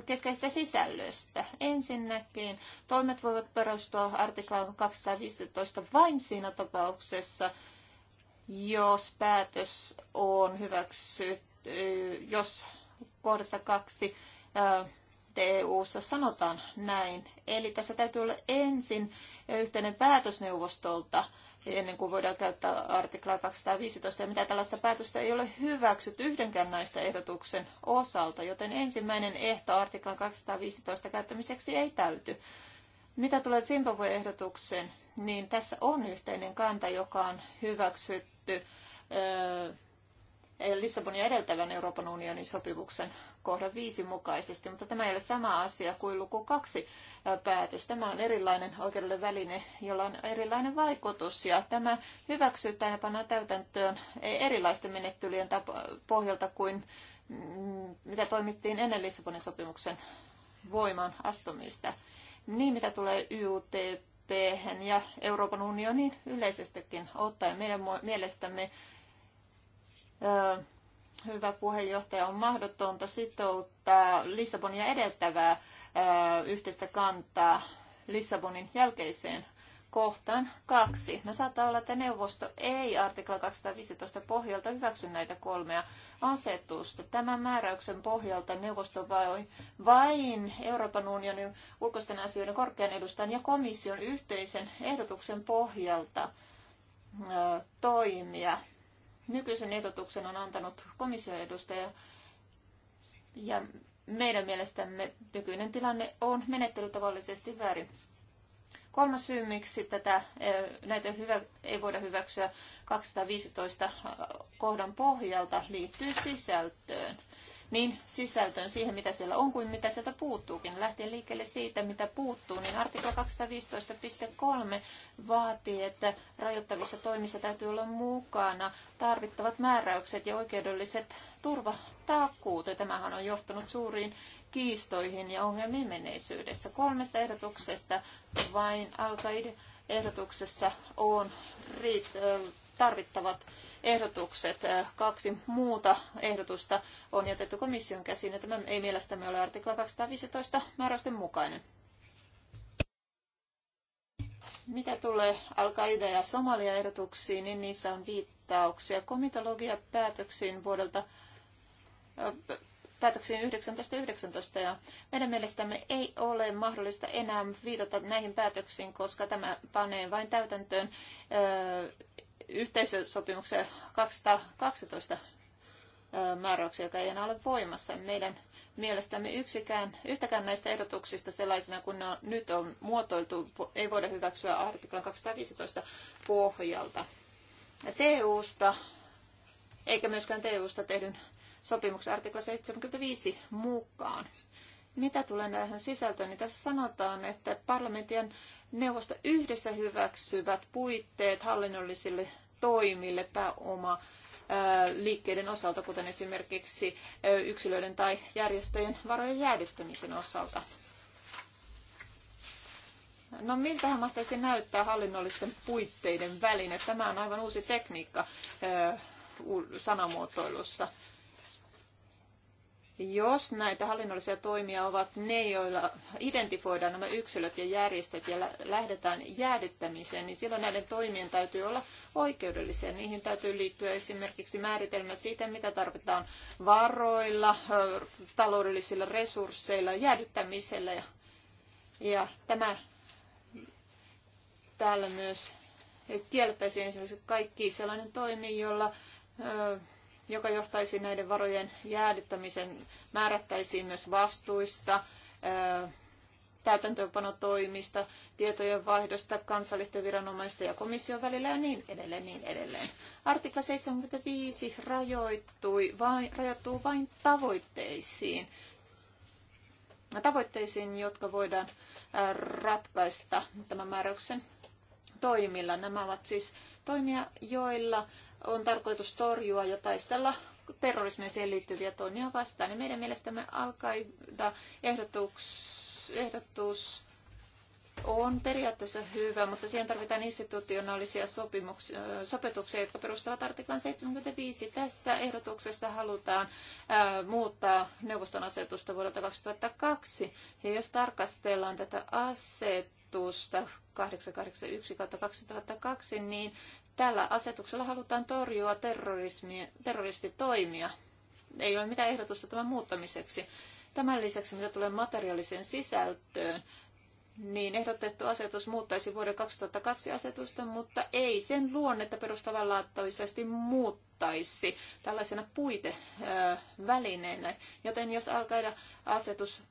keskeisestä sisällöstä. Ensinnäkin toimet voivat perustua artiklaan 215 vain siinä tapauksessa, jos päätös on hyväksytty, jos kohdassa kaksi EU-ssa e sanotaan näin. Eli tässä täytyy olla ensin yhteinen päätösneuvostolta ennen kuin voidaan käyttää artiklaa 215, ja mitä tällaista päätöstä ei ole hyväksytty yhdenkään näistä ehdotuksen osalta, joten ensimmäinen ehto artiklan 215 käyttämiseksi ei täyty. Mitä tulee Zimbabwe-ehdotukseen, niin tässä on yhteinen kanta, joka on hyväksytty Lissabonia edeltävän Euroopan unionin sopimuksen kohdan viisi mukaisesti, mutta tämä ei ole sama asia kuin luku kaksi päätös. Tämä on erilainen oikeudellinen väline, jolla on erilainen vaikutus ja tämä hyväksytään ja pannaan täytäntöön e- erilaisten menettelyjen pohjalta kuin mm, mitä toimittiin ennen Lissabonin sopimuksen voimaan astumista. Niin mitä tulee YUTP ja Euroopan unioniin yleisestikin ottaen meidän mielestämme hyvä puheenjohtaja, on mahdotonta sitouttaa Lissabonia edeltävää yhteistä kantaa Lissabonin jälkeiseen kohtaan kaksi. No saattaa olla, että neuvosto ei artikla 215 pohjalta hyväksy näitä kolmea asetusta. Tämän määräyksen pohjalta neuvosto voi vain Euroopan unionin ulkoisten asioiden korkean edustajan ja komission yhteisen ehdotuksen pohjalta toimia. Nykyisen ehdotuksen on antanut komission edustaja ja meidän mielestämme nykyinen tilanne on menettelytavallisesti väärin. Kolmas syy, miksi tätä, eh, näitä hyvä, ei voida hyväksyä 215 eh, kohdan pohjalta, liittyy sisältöön niin sisältöön siihen, mitä siellä on, kuin mitä sieltä puuttuukin. Lähtien liikkeelle siitä, mitä puuttuu, niin artikla 215.3 vaatii, että rajoittavissa toimissa täytyy olla mukana tarvittavat määräykset ja oikeudelliset turvatakuut. Ja tämähän on johtanut suuriin kiistoihin ja ongelmiin menneisyydessä. Kolmesta ehdotuksesta vain al ehdotuksessa on riittävä tarvittavat ehdotukset. Kaksi muuta ehdotusta on jätetty komission käsiin ja tämä ei mielestämme ole artikla 215 määräysten mukainen. Mitä tulee al ja Somalia-ehdotuksiin, niin niissä on viittauksia komitologiapäätöksiin vuodelta päätöksiin 1919 ja meidän mielestämme ei ole mahdollista enää viitata näihin päätöksiin, koska tämä panee vain täytäntöön yhteisösopimuksen 212 määräyksiä, joka ei enää ole voimassa. Meidän mielestämme yksikään, yhtäkään näistä ehdotuksista sellaisena kuin ne on, nyt on muotoiltu, ei voida hyväksyä artiklan 215 pohjalta. TU-sta eikä myöskään TU-sta tehdyn sopimuksen artikla 75 mukaan. Mitä tulee näihin sisältöön, niin tässä sanotaan, että parlamentin neuvosto yhdessä hyväksyvät puitteet hallinnollisille toimille pääoma liikkeiden osalta, kuten esimerkiksi yksilöiden tai järjestöjen varojen jäädyttämisen osalta. No miltähän mahtaisi näyttää hallinnollisten puitteiden väline? Tämä on aivan uusi tekniikka sanamuotoilussa. Jos näitä hallinnollisia toimia ovat ne, joilla identifioidaan nämä yksilöt ja järjestöt ja lähdetään jäädyttämiseen, niin silloin näiden toimien täytyy olla oikeudellisia. Niihin täytyy liittyä esimerkiksi määritelmä siitä, mitä tarvitaan varoilla, taloudellisilla resursseilla, jäädyttämisellä. Ja, ja tämä täällä myös kiellettäisiin esimerkiksi kaikki sellainen toimi, jolla joka johtaisi näiden varojen jäädyttämisen, määrättäisiin myös vastuista, täytäntöönpanotoimista, tietojen kansallisten viranomaisten ja komission välillä ja niin edelleen, niin edelleen. Artikla 75 rajoittui vain, rajoittuu vain tavoitteisiin, tavoitteisiin, jotka voidaan ratkaista tämän määräyksen toimilla. Nämä ovat siis toimia, joilla on tarkoitus torjua ja taistella terrorismiin siihen liittyviä toimia vastaan. Ja niin meidän mielestämme al ehdotus, ehdotus on periaatteessa hyvä, mutta siihen tarvitaan institutionaalisia sopimuksia, sopetuksia, jotka perustuvat artiklan 75. Tässä ehdotuksessa halutaan ää, muuttaa neuvoston asetusta vuodelta 2002. Ja jos tarkastellaan tätä asetusta 881-2002, niin Tällä asetuksella halutaan torjua terroristitoimia. Ei ole mitään ehdotusta tämän muuttamiseksi. Tämän lisäksi, mitä tulee materiaaliseen sisältöön, niin ehdotettu asetus muuttaisi vuoden 2002 asetusta, mutta ei sen luonnetta perustavanlaatuisesti muuttaisi tällaisena puitevälineenä. Joten jos alkaida asetus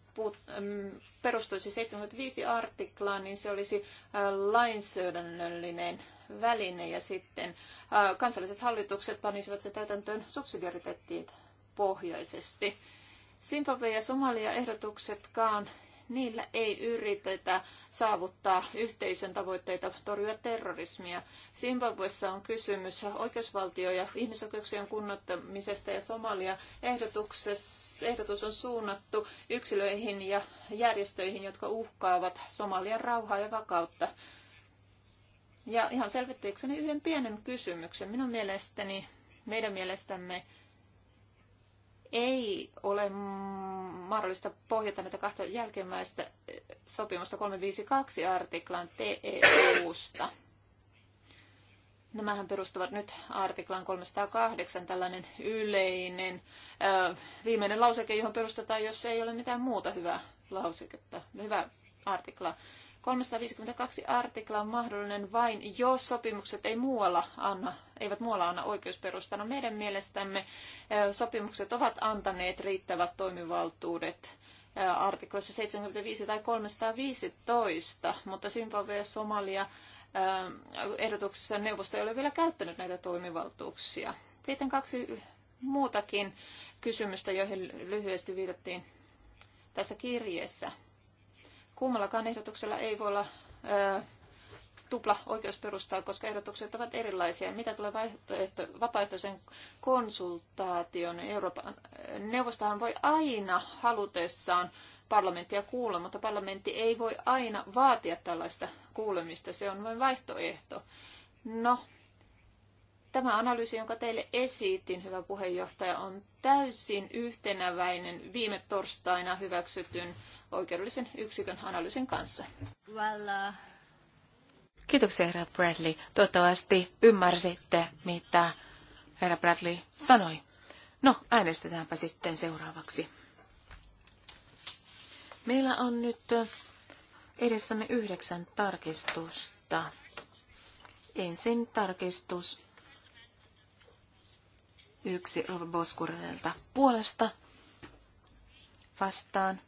mm, perustuisi 75 artiklaan, niin se olisi äh, lainsäädännöllinen väline ja sitten kansalliset hallitukset panisivat se täytäntöön subsidiariteettiin pohjaisesti. Zimbabwe ja Somalia ehdotuksetkaan, niillä ei yritetä saavuttaa yhteisön tavoitteita torjua terrorismia. Simbabwessa on kysymys oikeusvaltio- ja ihmisoikeuksien kunnottamisesta ja Somalia ehdotus on suunnattu yksilöihin ja järjestöihin, jotka uhkaavat Somalian rauhaa ja vakautta. Ja ihan selvittääkseni yhden pienen kysymyksen. Minun mielestäni, meidän mielestämme ei ole mahdollista pohjata näitä kahta jälkimmäistä eh, sopimusta 352 artiklan TEUsta. Nämähän perustuvat nyt artiklaan 308 tällainen yleinen ö, eh, viimeinen lauseke, johon perustetaan, jos ei ole mitään muuta hyvää lauseketta, hyvää artiklaa. 352 artikla on mahdollinen vain, jos sopimukset ei muualla anna, eivät muualla anna oikeusperustana. Meidän mielestämme sopimukset ovat antaneet riittävät toimivaltuudet artikloissa 75 tai 315, mutta Zimbabwe ja Somalia ehdotuksessa neuvosto ei ole vielä käyttänyt näitä toimivaltuuksia. Sitten kaksi muutakin kysymystä, joihin lyhyesti viitattiin tässä kirjeessä. Kummallakaan ehdotuksella ei voi olla ö, tupla oikeusperustaa, koska ehdotukset ovat erilaisia. Mitä tulee vaihtoehto, vapaaehtoisen konsultaation, niin Euroopan neuvostohan voi aina halutessaan parlamenttia kuulla, mutta parlamentti ei voi aina vaatia tällaista kuulemista. Se on vain vaihtoehto. No, tämä analyysi, jonka teille esitin, hyvä puheenjohtaja, on täysin yhtenäväinen viime torstaina hyväksytyn oikeudellisen yksikön analyysin kanssa. Well, uh... Kiitoksia, herra Bradley. Toivottavasti ymmärsitte, mitä herra Bradley sanoi. No, äänestetäänpä sitten seuraavaksi. Meillä on nyt edessämme yhdeksän tarkistusta. Ensin tarkistus yksi Rova Boskurelta puolesta vastaan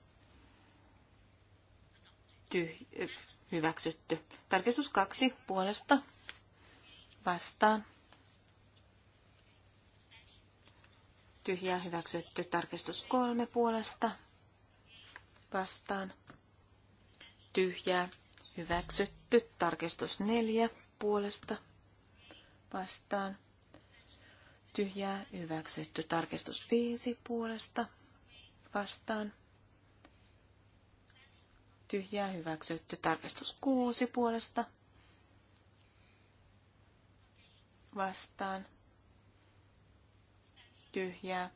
tyh- hyväksytty. Tarkistus kaksi puolesta vastaan. tyhjä hyväksytty. Tarkistus kolme puolesta vastaan. tyhjä hyväksytty. Tarkistus neljä puolesta vastaan. Tyhjää hyväksytty. Tarkistus viisi puolesta vastaan tyhjää hyväksytty. Tarkistus kuusi puolesta vastaan tyhjää.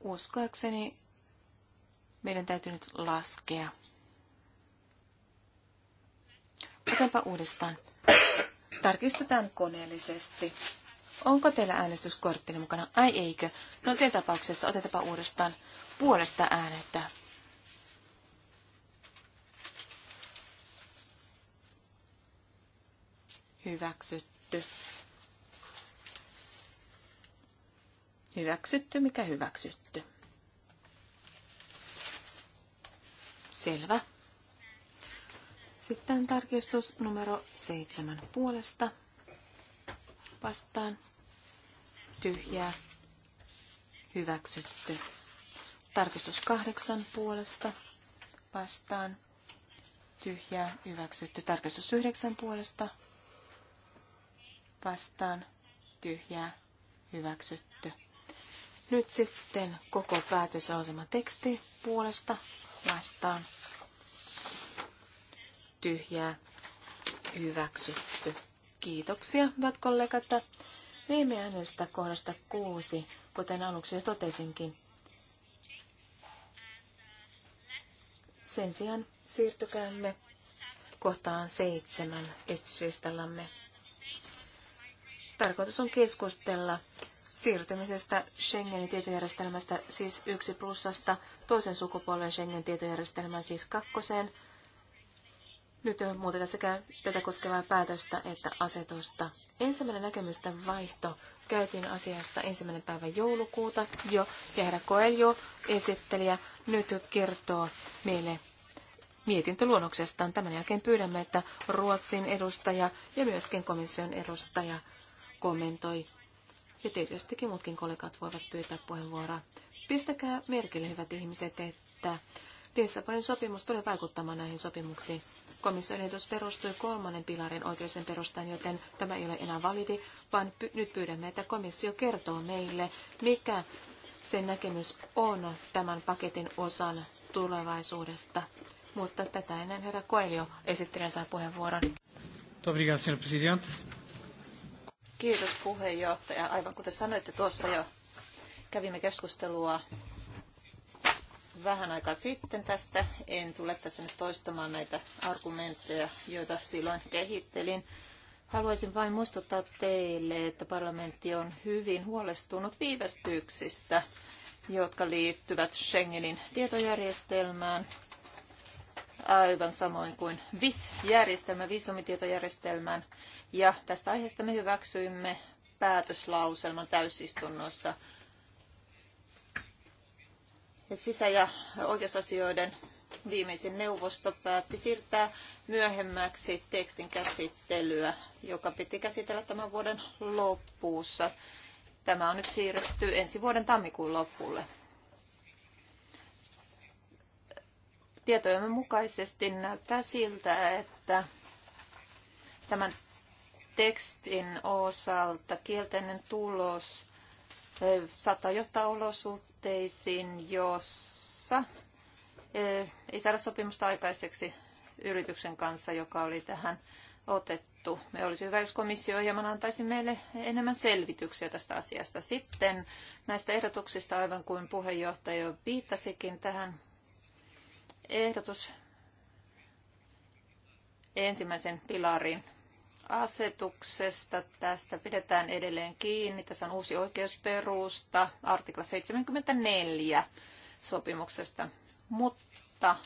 Uskoakseni meidän täytyy nyt laskea. Otetaanpa uudestaan. Tarkistetaan koneellisesti. Onko teillä äänestyskorttini mukana? Ai eikö? No sen tapauksessa otetaanpa uudestaan puolesta äänettä. Hyväksytty. Hyväksytty, mikä hyväksytty. Selvä. Sitten tarkistus numero seitsemän puolesta. Vastaan. Tyhjää. Hyväksytty. Tarkistus kahdeksan puolesta vastaan. Tyhjää hyväksytty. Tarkistus yhdeksän puolesta vastaan. Tyhjää hyväksytty. Nyt sitten koko päätösasema teksti puolesta vastaan. Tyhjää hyväksytty. Kiitoksia, hyvät kollegat. Viime äänestä kohdasta kuusi, kuten aluksi jo totesinkin, Sen sijaan siirtykäämme kohtaan seitsemän esityslistallamme. Tarkoitus on keskustella siirtymisestä Schengenin tietojärjestelmästä, siis yksi plussasta, toisen sukupolven Schengen tietojärjestelmään, siis kakkoseen – nyt muutetaan sekä tätä koskevaa päätöstä että asetusta. Ensimmäinen näkemysten vaihto käytiin asiasta ensimmäinen päivä joulukuuta jo. Ja herra Koeljo, esittelijä, nyt kertoo meille mietintöluonnoksestaan. Tämän jälkeen pyydämme, että Ruotsin edustaja ja myöskin komission edustaja kommentoi. Ja tietystikin muutkin kollegat voivat pyytää puheenvuoroa. Pistäkää merkille, hyvät ihmiset, että Lissabonin sopimus tulee vaikuttamaan näihin sopimuksiin. Komission ehdotus perustui kolmannen pilarin oikeuden perustaan, joten tämä ei ole enää validi, vaan py- nyt pyydämme, että komissio kertoo meille, mikä sen näkemys on tämän paketin osan tulevaisuudesta. Mutta tätä ennen herra Koelio esittelee saa puheenvuoron. Kiitos puheenjohtaja. Aivan kuten sanoitte tuossa jo, kävimme keskustelua vähän aikaa sitten tästä. En tule tässä nyt toistamaan näitä argumentteja, joita silloin kehittelin. Haluaisin vain muistuttaa teille, että parlamentti on hyvin huolestunut viivästyksistä, jotka liittyvät Schengenin tietojärjestelmään, aivan samoin kuin VIS-järjestelmä, visumitietojärjestelmään. Ja tästä aiheesta me hyväksyimme päätöslauselman täysistunnossa sisä- ja oikeusasioiden viimeisin neuvosto päätti siirtää myöhemmäksi tekstin käsittelyä, joka piti käsitellä tämän vuoden loppuussa. Tämä on nyt siirretty ensi vuoden tammikuun lopulle. Tietojemme mukaisesti näyttää siltä, että tämän tekstin osalta kielteinen tulos saattaa johtaa olosuhteisiin, jossa ei saada sopimusta aikaiseksi yrityksen kanssa, joka oli tähän otettu. Me olisi hyvä, jos komissio hieman antaisi meille enemmän selvityksiä tästä asiasta. Sitten näistä ehdotuksista, aivan kuin puheenjohtaja jo viittasikin tähän, ehdotus ensimmäisen pilarin asetuksesta. Tästä pidetään edelleen kiinni. Tässä on uusi oikeusperusta, artikla 74 sopimuksesta. Mutta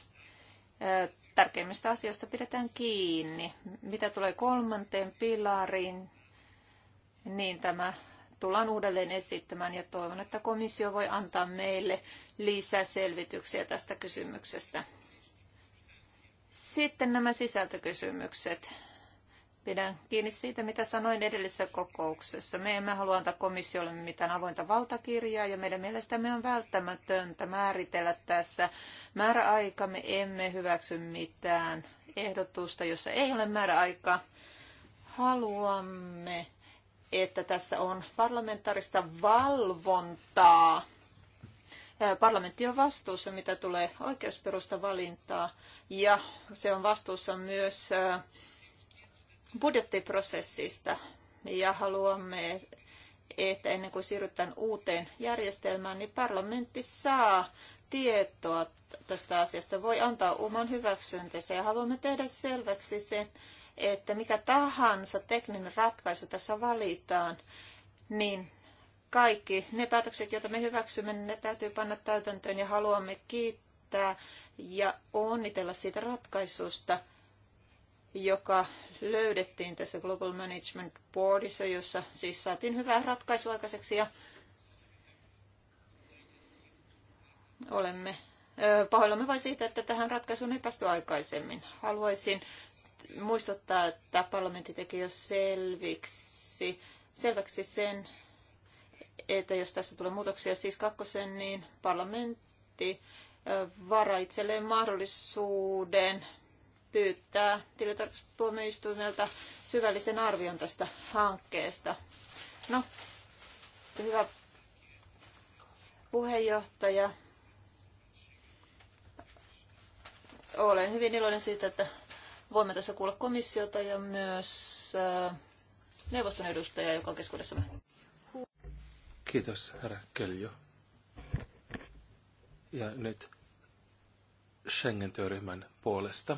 tärkeimmistä asioista pidetään kiinni. Mitä tulee kolmanteen pilariin, niin tämä tullaan uudelleen esittämään ja toivon, että komissio voi antaa meille lisää selvityksiä tästä kysymyksestä. Sitten nämä sisältökysymykset pidän kiinni siitä, mitä sanoin edellisessä kokouksessa. Me emme halua antaa komissiolle mitään avointa valtakirjaa ja meidän mielestämme on välttämätöntä määritellä tässä määräaika. Me emme hyväksy mitään ehdotusta, jossa ei ole määräaikaa. Haluamme, että tässä on parlamentaarista valvontaa. Parlamentti on vastuussa, mitä tulee oikeusperusta valintaa, ja se on vastuussa myös budjettiprosessista ja haluamme, että ennen kuin siirrytään uuteen järjestelmään, niin parlamentti saa tietoa tästä asiasta, voi antaa oman hyväksyntänsä ja haluamme tehdä selväksi sen, että mikä tahansa tekninen ratkaisu tässä valitaan, niin kaikki ne päätökset, joita me hyväksymme, ne täytyy panna täytäntöön ja haluamme kiittää ja onnitella siitä ratkaisusta, joka löydettiin tässä Global Management Boardissa, jossa siis saatiin hyvää ratkaisua aikaiseksi ja olemme pahoillamme vain siitä, että tähän ratkaisuun ei päästy aikaisemmin. Haluaisin muistuttaa, että parlamentti teki jo selviksi, selväksi sen, että jos tässä tulee muutoksia siis kakkosen, niin parlamentti varaa itselleen mahdollisuuden pyytää tilintarkastustuomioistuimelta syvällisen arvion tästä hankkeesta. No, hyvä puheenjohtaja. Olen hyvin iloinen siitä, että voimme tässä kuulla komissiota ja myös äh, neuvoston edustajaa, joka on keskuudessamme. Kiitos, herra Keljo. Ja nyt Schengen-työryhmän puolesta.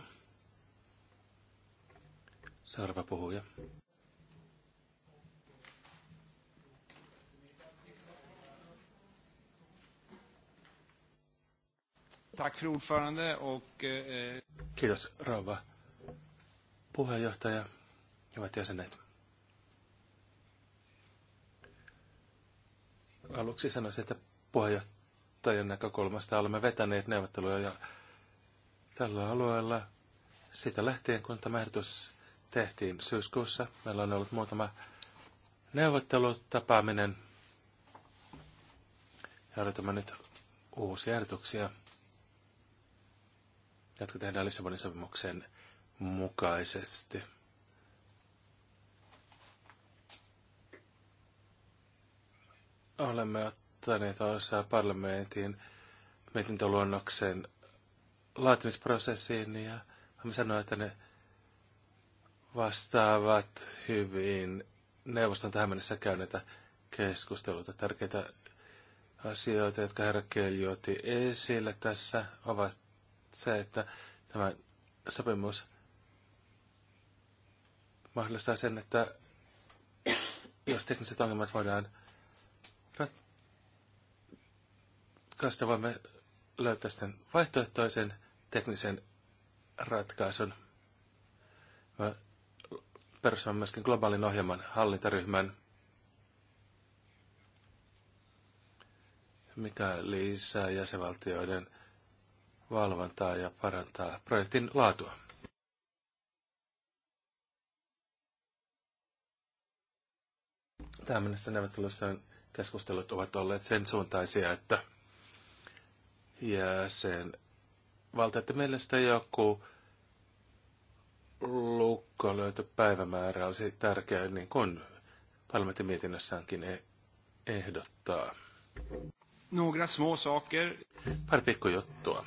Sarva puhuja. Tack för ordförande och... Eh, eh... Kiitos rouva puheenjohtaja, hyvät jäsenet. Aluksi sanoisin, että puheenjohtajan näkökulmasta olemme vetäneet neuvotteluja ja tällä alueella siitä lähtien, kun tämä ehdotus tehtiin syyskuussa. Meillä on ollut muutama neuvottelutapaaminen. Ja odotamme nyt uusia ehdotuksia, jotka tehdään Lissabonin sopimuksen mukaisesti. Olemme ottaneet osaa parlamentin mietintöluonnoksen laatimisprosessiin ja olemme sanoneet, että ne vastaavat hyvin neuvoston tähän mennessä käyneitä keskusteluita. Tärkeitä asioita, jotka herra Kelly otti esille tässä, ovat se, että tämä sopimus mahdollistaa sen, että jos tekniset ongelmat voidaan ratkaista, voimme löytää sitten vaihtoehtoisen teknisen ratkaisun. Mä perustaa myöskin globaalin ohjelman hallintaryhmän, mikä lisää jäsenvaltioiden valvontaa ja parantaa projektin laatua. Tähän mennessä neuvottelussa keskustelut ovat olleet sen suuntaisia, että jäsenvaltioiden mielestä joku lukkoon löytö päivämäärä olisi tärkeä, niin kuin parlamentin mietinnössäänkin ehdottaa. Några små saker. Pari pikkujuttua.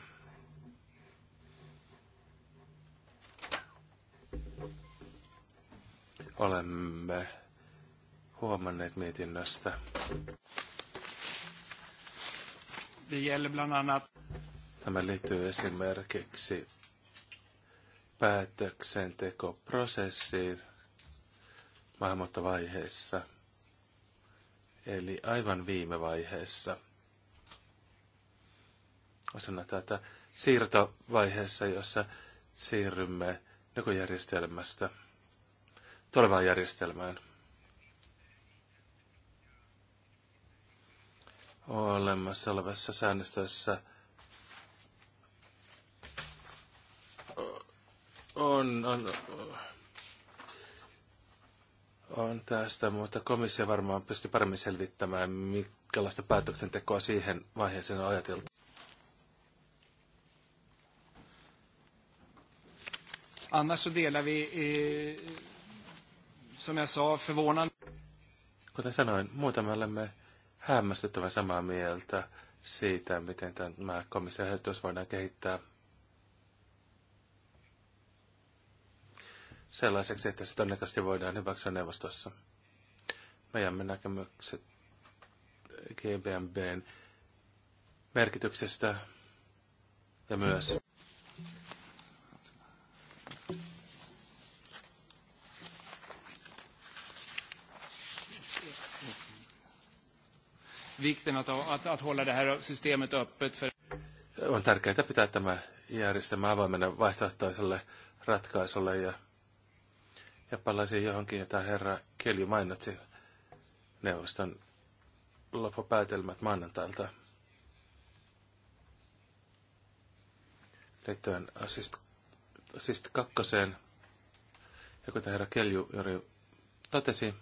Olemme huomanneet mietinnöstä. Det gäller bland annat... Tämä liittyy esimerkiksi päätöksentekoprosessiin maahanmuuttovaiheessa, eli aivan viime vaiheessa. Osana tätä siirtovaiheessa, jossa siirrymme nykyjärjestelmästä tulevaan järjestelmään. Olemassa olevassa säännöstössä – on, on, on tästä, mutta komissio varmaan pystyy paremmin selvittämään, minkälaista päätöksentekoa siihen vaiheeseen on ajateltu. Annars så delar vi, eh, som jag sa, förvånande... Kuten sanoin, me olemme hämmästyttävän samaa mieltä siitä, miten tämä komissio voidaan kehittää – sellaiseksi, että se todennäköisesti voidaan hyväksyä neuvostossa. Me jäämme näkemykset GBMBn merkityksestä ja myös vikten att, att, att hålla det här systemet öppet för... On tärkeää pitää tämä järjestelmä avoimena vaihtoehtoiselle ratkaisulle ja ja palasi johonkin, jota herra Kelju mainitsi neuvoston loppupäätelmät maanantailta. Liittyen assist, assist kakkoseen, ja kuten herra Kelju juuri totesi,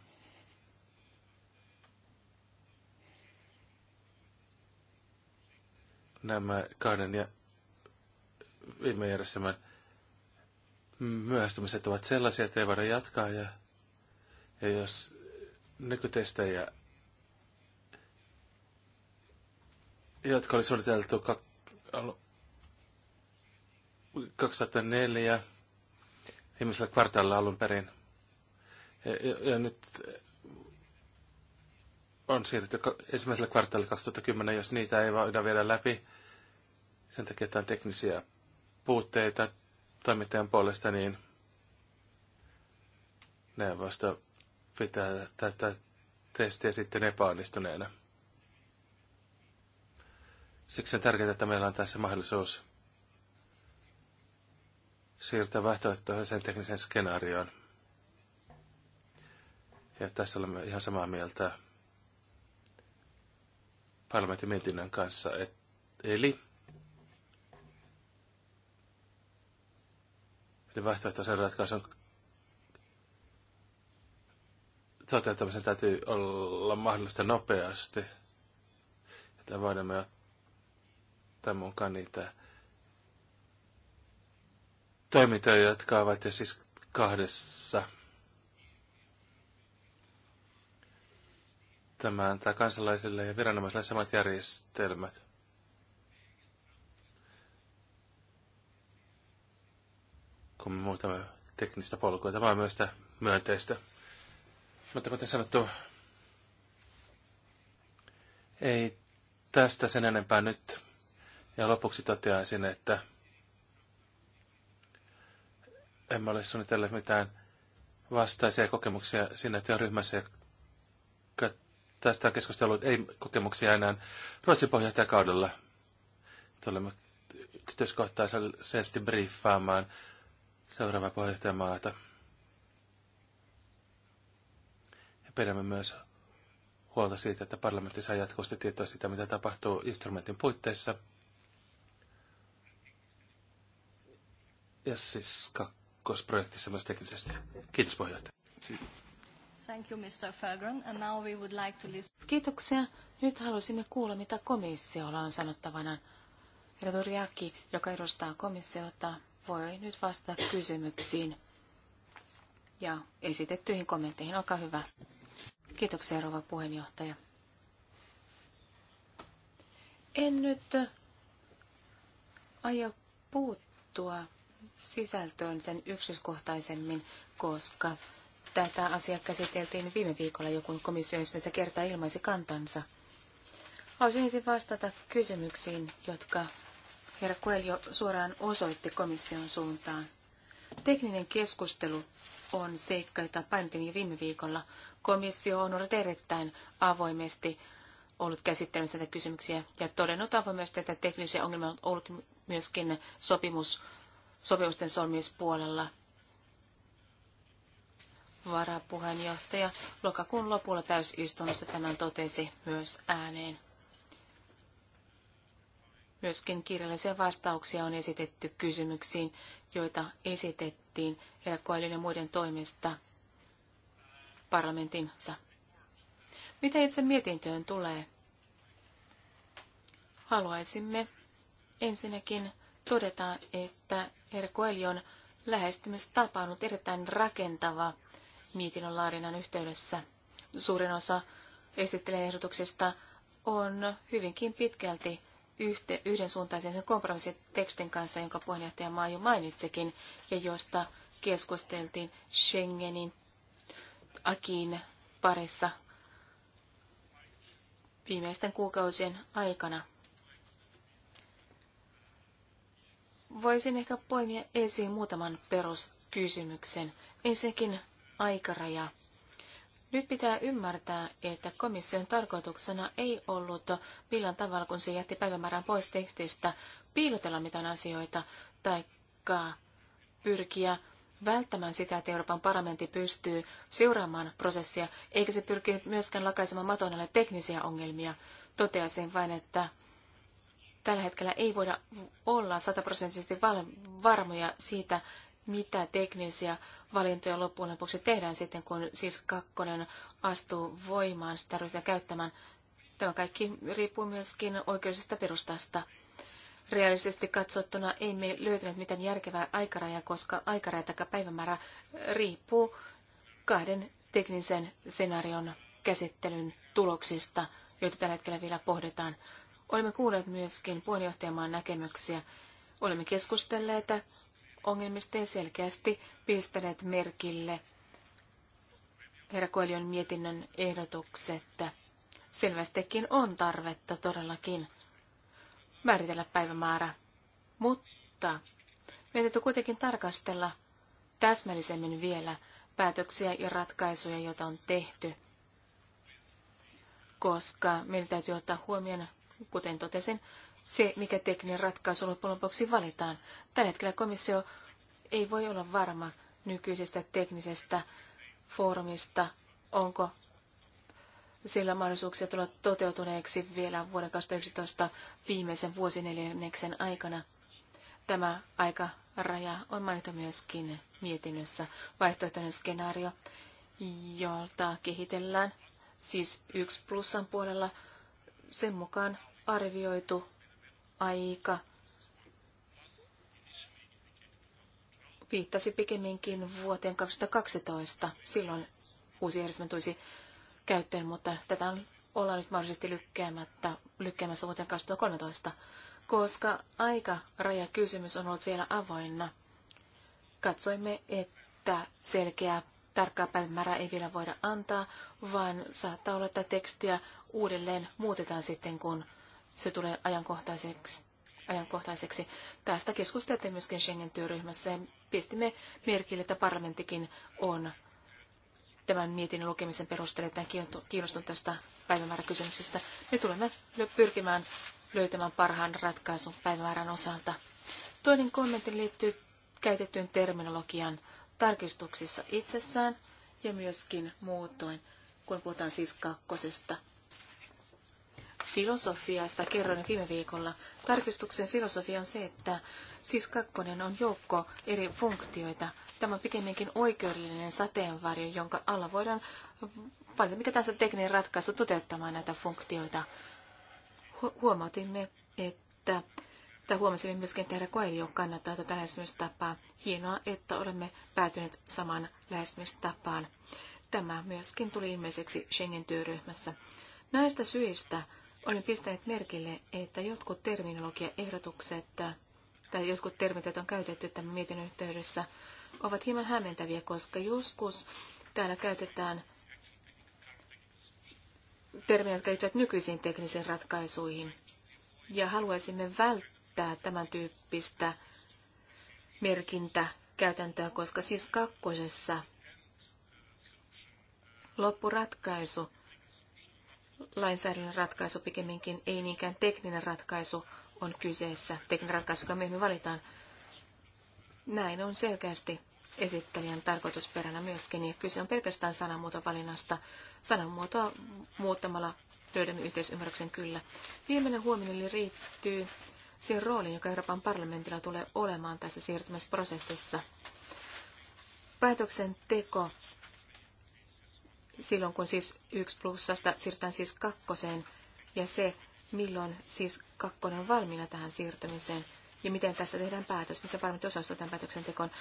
nämä kahden ja viime järjestelmän myöhästymiset ovat sellaisia, että ei voida jatkaa. Ja, ja jos nykytestejä, jotka oli suunniteltu 2004 viimeisellä kvartaalilla alun perin, ja, ja nyt on siirretty ensimmäisellä kvartaalille 2010, jos niitä ei voida viedä läpi sen takia, että on teknisiä puutteita toimittajan puolesta, niin neuvosto pitää tätä testiä sitten epäonnistuneena. Siksi on tärkeää, että meillä on tässä mahdollisuus siirtää vaihtoehtoiseen tekniseen skenaarioon. Ja tässä olemme ihan samaa mieltä parlamentin mietinnön kanssa. Et, eli Eli vaihtoehtoisen ratkaisun toteuttamisen täytyy olla mahdollista nopeasti. Että voidaan ottaa mukaan niitä toimintoja, jotka ovat ja siis kahdessa. Tämä antaa kansalaisille ja viranomaisille samat järjestelmät. kuin muutama teknistä polkua. Tämä on myös myönteistä. Mutta kuten sanottu, ei tästä sen enempää nyt. Ja lopuksi toteaisin, että en ole suunnitellut mitään vastaisia kokemuksia siinä työryhmässä, joka tästä on keskustellut, ei kokemuksia enää Ruotsin pohjoittajakaudella. Tulemme yksityiskohtaisesti briefaamaan Seuraava puheenjohtajamaata. Ja pidämme myös huolta siitä, että parlamentti saa jatkuvasti tietoa siitä, mitä tapahtuu instrumentin puitteissa. Ja siis kakkosprojektissa myös teknisesti. Kiitos puheenjohtaja. Thank you, Mr. Fergren. And now we would like to listen... Kiitoksia. Nyt haluaisimme kuulla, mitä komissiolla on sanottavana. Redoriaki, joka edustaa komissiota, voi nyt vastata kysymyksiin ja esitettyihin kommentteihin. Olkaa hyvä. Kiitoksia, rouva puheenjohtaja. En nyt aio puuttua sisältöön sen yksityiskohtaisemmin, koska tätä asiaa käsiteltiin viime viikolla, joku komissio ensimmäistä kertaa ilmaisi kantansa. Haluaisin ensin vastata kysymyksiin, jotka herra Coelho suoraan osoitti komission suuntaan. Tekninen keskustelu on seikka, jota painotin jo viime viikolla. Komissio on ollut erittäin avoimesti ollut käsittelemässä näitä kysymyksiä ja todennut avoimesti, että teknisiä ongelmia on ollut myöskin sopimus, sopimusten solmimispuolella. Varapuheenjohtaja lokakuun lopulla täysistunnossa tämän totesi myös ääneen. Myöskin kirjallisia vastauksia on esitetty kysymyksiin, joita esitettiin eläkkoilun ja muiden toimesta parlamentinsa. Mitä itse mietintöön tulee? Haluaisimme ensinnäkin todeta, että on lähestymistapa on ollut erittäin rakentava mietinnön laadinnan yhteydessä. Suurin osa esittelijän ehdotuksesta on hyvinkin pitkälti yhte, yhdensuuntaisen sen kompromissitekstin kanssa, jonka puheenjohtaja Maa jo mainitsikin, ja josta keskusteltiin Schengenin akiin parissa viimeisten kuukausien aikana. Voisin ehkä poimia esiin muutaman peruskysymyksen. Ensinnäkin aikaraja. Nyt pitää ymmärtää, että komission tarkoituksena ei ollut millään tavalla, kun se jätti päivämäärän pois tekstistä, piilotella mitään asioita tai pyrkiä välttämään sitä, että Euroopan parlamentti pystyy seuraamaan prosessia, eikä se pyrkinyt myöskään lakaisemaan maton teknisiä ongelmia. Toteaisin vain, että tällä hetkellä ei voida olla sataprosenttisesti varmoja siitä, mitä teknisiä valintoja loppujen lopuksi tehdään sitten, kun siis kakkonen astuu voimaan, sitä ryhtyä käyttämään. Tämä kaikki riippuu myöskin oikeudellisesta perustasta. Realistisesti katsottuna ei me löytynyt mitään järkevää aikaraja koska aikaraja tai päivämäärä riippuu kahden teknisen senaarion käsittelyn tuloksista, joita tällä hetkellä vielä pohditaan. Olemme kuulleet myöskin puheenjohtajamaan näkemyksiä. Olemme keskustelleet ongelmisten selkeästi pistäneet merkille herra Koelion mietinnön ehdotukset. Selvästikin on tarvetta todellakin määritellä päivämäärä, mutta meidän täytyy kuitenkin tarkastella täsmällisemmin vielä päätöksiä ja ratkaisuja, joita on tehty, koska meidän täytyy ottaa huomioon, kuten totesin, se, mikä tekninen ratkaisu loppujen lopuksi valitaan. Tällä hetkellä komissio ei voi olla varma nykyisestä teknisestä foorumista, onko sillä mahdollisuuksia tulla toteutuneeksi vielä vuoden 2011 viimeisen vuosineljänneksen aikana. Tämä aikaraja on mainittu myöskin mietinnössä vaihtoehtoinen skenaario, jolta kehitellään siis 1 plussan puolella sen mukaan arvioitu aika viittasi pikemminkin vuoteen 2012. Silloin uusi järjestelmä tulisi käyttöön, mutta tätä on ollaan nyt mahdollisesti lykkäämättä, lykkäämässä vuoteen 2013, koska aika kysymys on ollut vielä avoinna. Katsoimme, että selkeä tarkkaa päivämäärää ei vielä voida antaa, vaan saattaa olla, että tekstiä uudelleen muutetaan sitten, kun se tulee ajankohtaiseksi. ajankohtaiseksi. Tästä keskusteltiin myöskin Schengen-työryhmässä ja pistimme merkille, että parlamenttikin on tämän mietinnön lukemisen perusteella kiinnostunut tästä päivämääräkysymyksestä. Me tulemme pyrkimään löytämään parhaan ratkaisun päivämäärän osalta. Toinen kommentti liittyy käytettyyn terminologian tarkistuksissa itsessään ja myöskin muutoin, kun puhutaan siis kakkosesta – filosofiasta kerroin viime viikolla. Tarkistuksen filosofia on se, että siis kakkonen on joukko eri funktioita. Tämä on pikemminkin oikeudellinen sateenvarjo, jonka alla voidaan paljon. mikä tässä tekninen ratkaisu toteuttamaan näitä funktioita. Hu- huomautimme, että tai huomasimme myöskin tehdä koelio kannattaa tätä lähestymistapaa. Hienoa, että olemme päätyneet samaan lähestymistapaan. Tämä myöskin tuli ilmeiseksi Schengen-työryhmässä. Näistä syistä olen pistänyt merkille, että jotkut terminologiaehdotukset tai jotkut termit, joita on käytetty tämän mietinnön yhteydessä, ovat hieman hämmentäviä, koska joskus täällä käytetään termejä, jotka liittyvät nykyisiin teknisiin ratkaisuihin. Ja haluaisimme välttää tämän tyyppistä merkintäkäytäntöä, koska siis kakkosessa loppuratkaisu – lainsäädännön ratkaisu pikemminkin, ei niinkään tekninen ratkaisu on kyseessä. Tekninen ratkaisu, joka myöhemmin valitaan. Näin on selkeästi esittelijän tarkoitusperänä myöskin, ja kyse on pelkästään sanamuotovalinnasta. Sanamuotoa muuttamalla löydämme yhteisymmärryksen kyllä. Viimeinen huomio riittyy siihen rooliin, joka Euroopan parlamentilla tulee olemaan tässä siirtymisprosessissa. Päätöksenteko silloin kun siis 1 plussasta siirrytään siis kakkoseen ja se, milloin siis kakkonen on valmiina tähän siirtymiseen ja miten tästä tehdään päätös, miten parlamentti osallistuu tämän päätöksentekoon.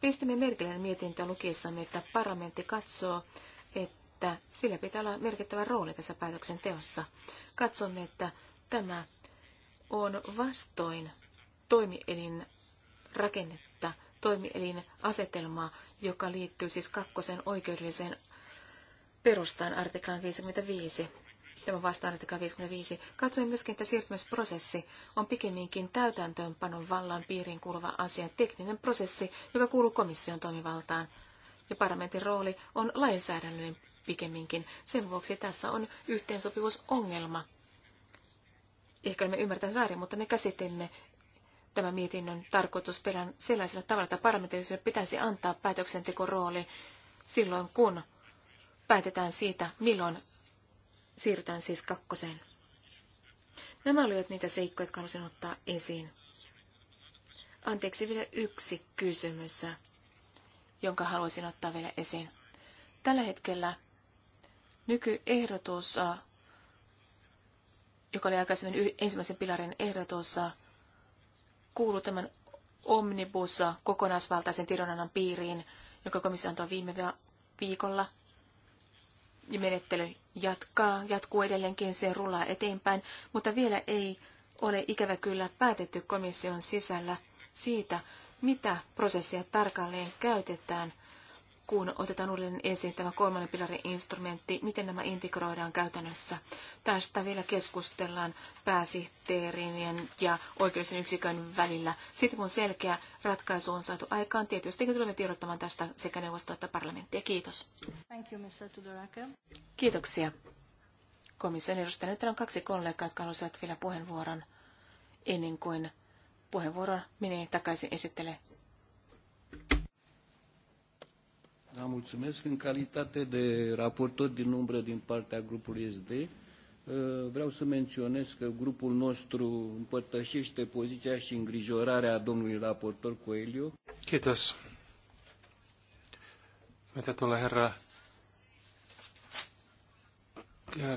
Pistimme merkille mietintöä lukiessamme, että parlamentti katsoo, että sillä pitää olla merkittävä rooli tässä päätöksenteossa. Katsomme, että tämä on vastoin toimielin rakennetta, toimielin asetelmaa, joka liittyy siis kakkosen oikeudelliseen perustaan artiklan 55. Tämä vastaan artikla 55. Katsoin myöskin, että siirtymisprosessi on pikemminkin täytäntöönpanon vallan piiriin kuuluva asia, tekninen prosessi, joka kuuluu komission toimivaltaan. Ja parlamentin rooli on lainsäädännöllinen pikemminkin. Sen vuoksi tässä on yhteensopivuusongelma. Ehkä me ymmärtämme väärin, mutta me käsitimme tämän mietinnön tarkoitusperän sellaisella tavalla, että parlamentille pitäisi antaa päätöksentekorooli silloin, kun päätetään siitä, milloin siirrytään siis kakkoseen. Nämä olivat niitä seikkoja, jotka halusin ottaa esiin. Anteeksi vielä yksi kysymys, jonka haluaisin ottaa vielä esiin. Tällä hetkellä nykyehdotus, joka oli aikaisemmin ensimmäisen pilarin ehdotus, kuuluu tämän omnibus kokonaisvaltaisen tiedonannan piiriin, joka komissio antoi viime viikolla – menettely jatkaa, jatkuu edelleenkin, se rullaa eteenpäin, mutta vielä ei ole ikävä kyllä päätetty komission sisällä siitä, mitä prosessia tarkalleen käytetään kun otetaan uudelleen esiin tämä kolmannen pilarin instrumentti, miten nämä integroidaan käytännössä. Tästä vielä keskustellaan pääsihteerien ja oikeuden yksikön välillä. Sitten kun selkeä ratkaisu on saatu aikaan, tietysti tulemme tiedottamaan tästä sekä neuvostoa että parlamenttia. Kiitos. Thank you, Mr. Kiitoksia. Komission edustaja, nyt on kaksi kollegaa, jotka haluaisivat vielä puheenvuoron ennen kuin puheenvuoro menee takaisin esittele Da, mulțumesc. În calitate de raportor din umbră din partea grupului SD, uh, vreau să menționez că grupul nostru împărtășește poziția și îngrijorarea domnului raportor Coelio. Kiitos. Mitä tulee herra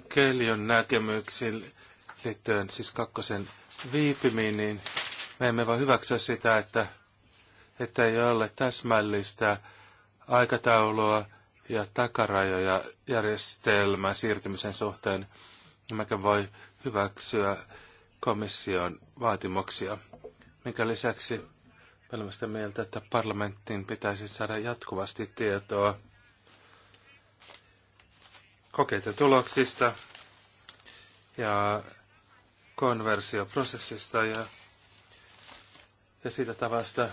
Kelion näkemyksiin liittyen siis kakkosen viipimiin, niin me emme voi hyväksyä sitä, että, että ei ole täsmällistä aikataulua ja takarajoja järjestelmän siirtymisen suhteen, mikä voi hyväksyä komission vaatimuksia. Minkä lisäksi olemme sitä mieltä, että parlamenttiin pitäisi saada jatkuvasti tietoa kokeita tuloksista ja konversioprosessista ja, ja siitä tavasta,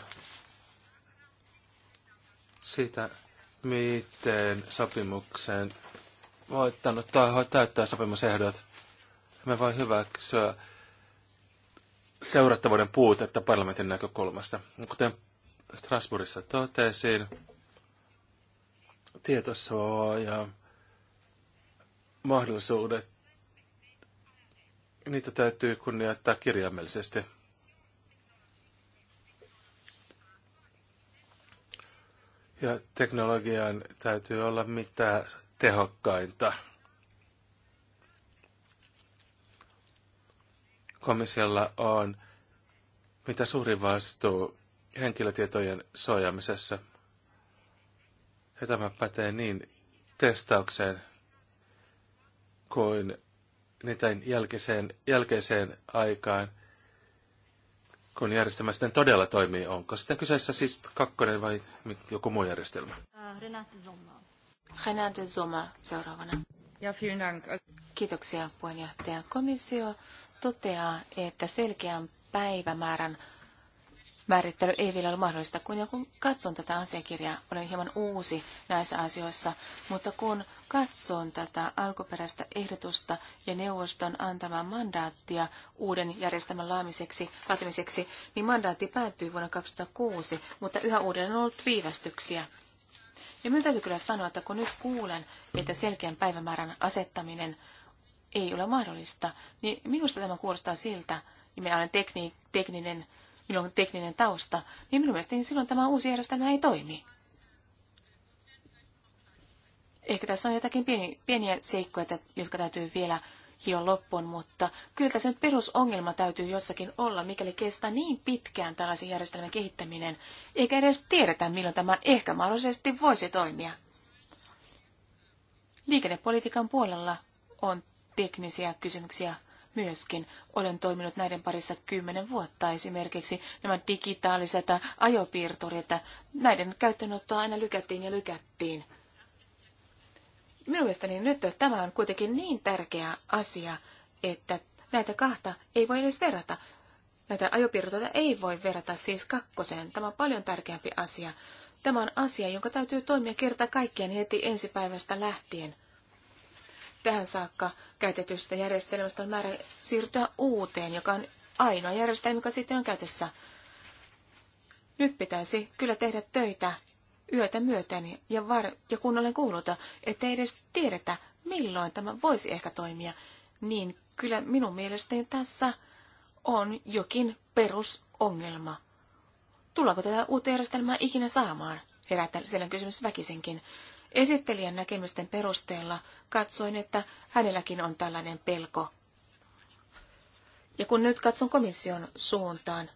siitä, miten sopimuksen voittanut tai täyttää sopimusehdot. Me voi hyväksyä seurattavuuden puutetta parlamentin näkökulmasta. Kuten Strasbourgissa totesin, tietosuoja, mahdollisuudet, niitä täytyy kunnioittaa kirjaimellisesti. Ja teknologian täytyy olla mitä tehokkainta. Komissiolla on mitä suuri vastuu henkilötietojen suojaamisessa. Ja tämä pätee niin testaukseen kuin niiden jälkeiseen, jälkeiseen aikaan kun järjestelmä sitten todella toimii. Onko sitten kyseessä siis kakkonen vai joku muu järjestelmä? Äh, Renate Zoma. Renate Zoma seuraavana. Ja vielen dank. Kiitoksia puheenjohtaja. Komissio toteaa, että selkeän päivämäärän määrittely ei vielä ole mahdollista. Kun joku katson tätä asiakirjaa, olen hieman uusi näissä asioissa, mutta kun katson tätä alkuperäistä ehdotusta ja neuvoston antamaa mandaattia uuden järjestelmän laamiseksi, laatimiseksi, niin mandaatti päättyi vuonna 2006, mutta yhä uudelleen on ollut viivästyksiä. Ja minun täytyy kyllä sanoa, että kun nyt kuulen, että selkeän päivämäärän asettaminen ei ole mahdollista, niin minusta tämä kuulostaa siltä, ja minä olen tekni, tekninen minulla on tekninen tausta, niin minun mielestäni silloin tämä uusi järjestelmä ei toimi. Ehkä tässä on jotakin pieni, pieniä seikkoja, jotka täytyy vielä hio loppuun, mutta kyllä tässä perusongelma täytyy jossakin olla, mikäli kestää niin pitkään tällaisen järjestelmän kehittäminen, eikä edes tiedetä, milloin tämä ehkä mahdollisesti voisi toimia. Liikennepolitiikan puolella on teknisiä kysymyksiä myöskin. Olen toiminut näiden parissa kymmenen vuotta esimerkiksi nämä digitaaliset ajopiirturit. Näiden käyttöönottoa aina lykättiin ja lykättiin. Minun mielestäni nyt tämä on kuitenkin niin tärkeä asia, että näitä kahta ei voi edes verrata. Näitä ajopiirtoja ei voi verrata siis kakkoseen. Tämä on paljon tärkeämpi asia. Tämä on asia, jonka täytyy toimia kerta kaikkien heti ensi päivästä lähtien tähän saakka käytetystä järjestelmästä on määrä siirtyä uuteen, joka on ainoa järjestelmä, joka sitten on käytössä. Nyt pitäisi kyllä tehdä töitä yötä myöten ja, var- ja kun olen kuullut, ei edes tiedetä, milloin tämä voisi ehkä toimia, niin kyllä minun mielestäni tässä on jokin perusongelma. Tullaanko tätä uutta järjestelmää ikinä saamaan? Herättää siellä kysymys väkisinkin. Esittelijän näkemysten perusteella katsoin, että hänelläkin on tällainen pelko. Ja kun nyt katson komission suuntaan,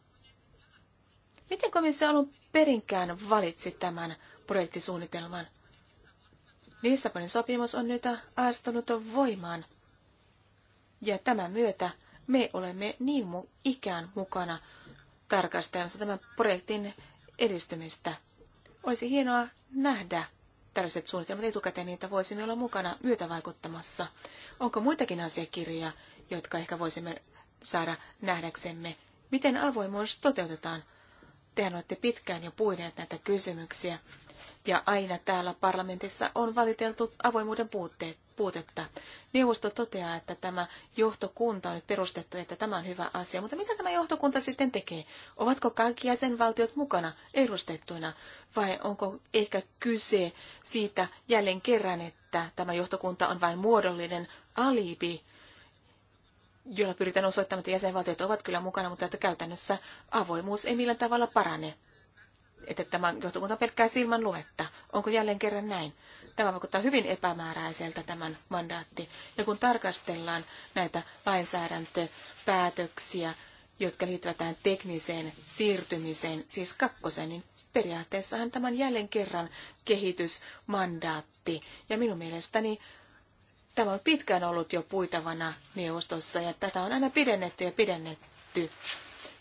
miten komissio alun perinkään valitsi tämän projektisuunnitelman? Lissabonin sopimus on nyt astunut voimaan. Ja tämän myötä me olemme niin mu- ikään mukana tarkastelemassa tämän projektin edistymistä. Olisi hienoa nähdä, tällaiset suunnitelmat etukäteen, niin että voisimme olla mukana myötävaikuttamassa. Onko muitakin asiakirjoja, jotka ehkä voisimme saada nähdäksemme? Miten avoimuus toteutetaan? Tehän olette pitkään jo puineet näitä kysymyksiä, ja aina täällä parlamentissa on valiteltu avoimuuden puutteet, puutetta. Neuvosto toteaa, että tämä johtokunta on nyt perustettu, että tämä on hyvä asia. Mutta mitä tämä johtokunta sitten tekee? Ovatko kaikki jäsenvaltiot mukana edustettuina vai onko ehkä kyse siitä jälleen kerran, että tämä johtokunta on vain muodollinen alibi, jolla pyritään osoittamaan, että jäsenvaltiot ovat kyllä mukana, mutta että käytännössä avoimuus ei millään tavalla parane että tämä johtokunta pelkkää silmän luetta. Onko jälleen kerran näin? Tämä vaikuttaa hyvin epämääräiseltä tämän mandaatti. Ja kun tarkastellaan näitä lainsäädäntöpäätöksiä, jotka liittyvät tähän tekniseen siirtymiseen, siis kakkosen, niin periaatteessahan tämän jälleen kerran kehitysmandaatti. Ja minun mielestäni tämä on pitkään ollut jo puitavana neuvostossa ja tätä on aina pidennetty ja pidennetty.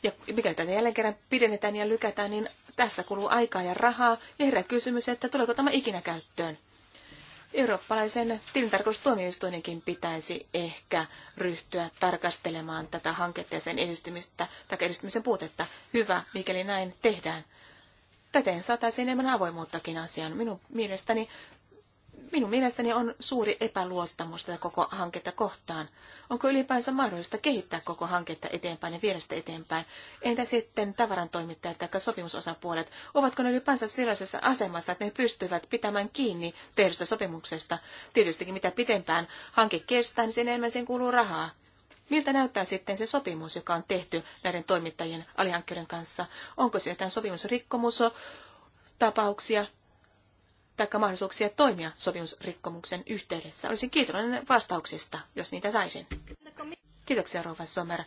Ja mikäli tätä jälleen kerran pidennetään ja lykätään, niin tässä kuluu aikaa ja rahaa ja herää kysymys, että tuleeko tämä ikinä käyttöön. Eurooppalaisen tilintarkastustuomioistuinenkin pitäisi ehkä ryhtyä tarkastelemaan tätä hanketta ja sen edistymistä tai edistymisen puutetta. Hyvä, mikäli näin tehdään. Täten saataisiin enemmän avoimuuttakin asiaan. Minun mielestäni Minun mielestäni on suuri epäluottamus tätä koko hanketta kohtaan. Onko ylipäänsä mahdollista kehittää koko hanketta eteenpäin ja viedä sitä eteenpäin? Entä sitten tavarantoimittajat tai sopimusosapuolet? Ovatko ne ylipäänsä sellaisessa asemassa, että ne pystyvät pitämään kiinni tehdystä sopimuksesta? Tietystikin mitä pitempään hanke kestää, niin sen enemmän siihen kuuluu rahaa. Miltä näyttää sitten se sopimus, joka on tehty näiden toimittajien alihankkeiden kanssa? Onko se jotain tapauksia? tai mahdollisuuksia toimia sopimusrikkomuksen yhteydessä. Olisin kiitollinen vastauksista, jos niitä saisin. Kiitoksia, Rova Sommer.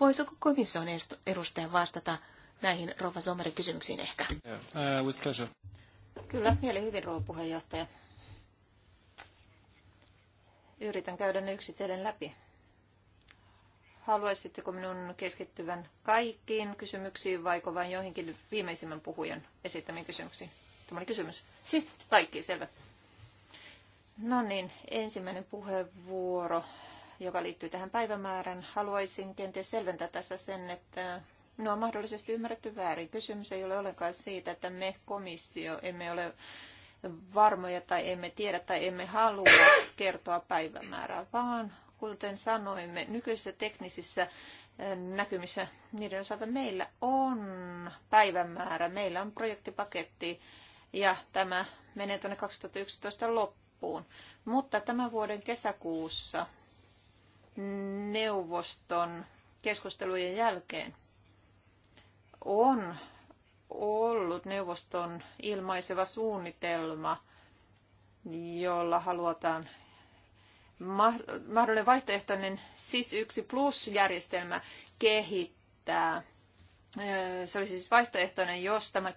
Voisiko komission edustaja vastata näihin Rova Sommerin kysymyksiin ehkä? Yeah, uh, with pleasure. Kyllä, mieli hyvin, Rova puheenjohtaja. Yritän käydä ne yksitellen läpi. Haluaisitteko minun keskittyvän kaikkiin kysymyksiin vaiko vain joihinkin viimeisimmän puhujan esittämiin kysymyksiin? Tämä oli kysymys. Siis kaikki selvä. No niin, ensimmäinen puheenvuoro, joka liittyy tähän päivämäärään, Haluaisin kenties selventää tässä sen, että minua on mahdollisesti ymmärretty väärin. Kysymys ei ole ollenkaan siitä, että me komissio emme ole varmoja tai emme tiedä tai emme halua kertoa päivämäärää, vaan kuten sanoimme, nykyisissä teknisissä eh, näkymissä niiden osalta meillä on päivämäärä, meillä on projektipaketti, ja tämä menee tuonne 2011 loppuun. Mutta tämän vuoden kesäkuussa neuvoston keskustelujen jälkeen on ollut neuvoston ilmaiseva suunnitelma, jolla halutaan mahdollinen vaihtoehtoinen SIS 1 Plus-järjestelmä kehittää. Se olisi siis vaihtoehtoinen, jos tämä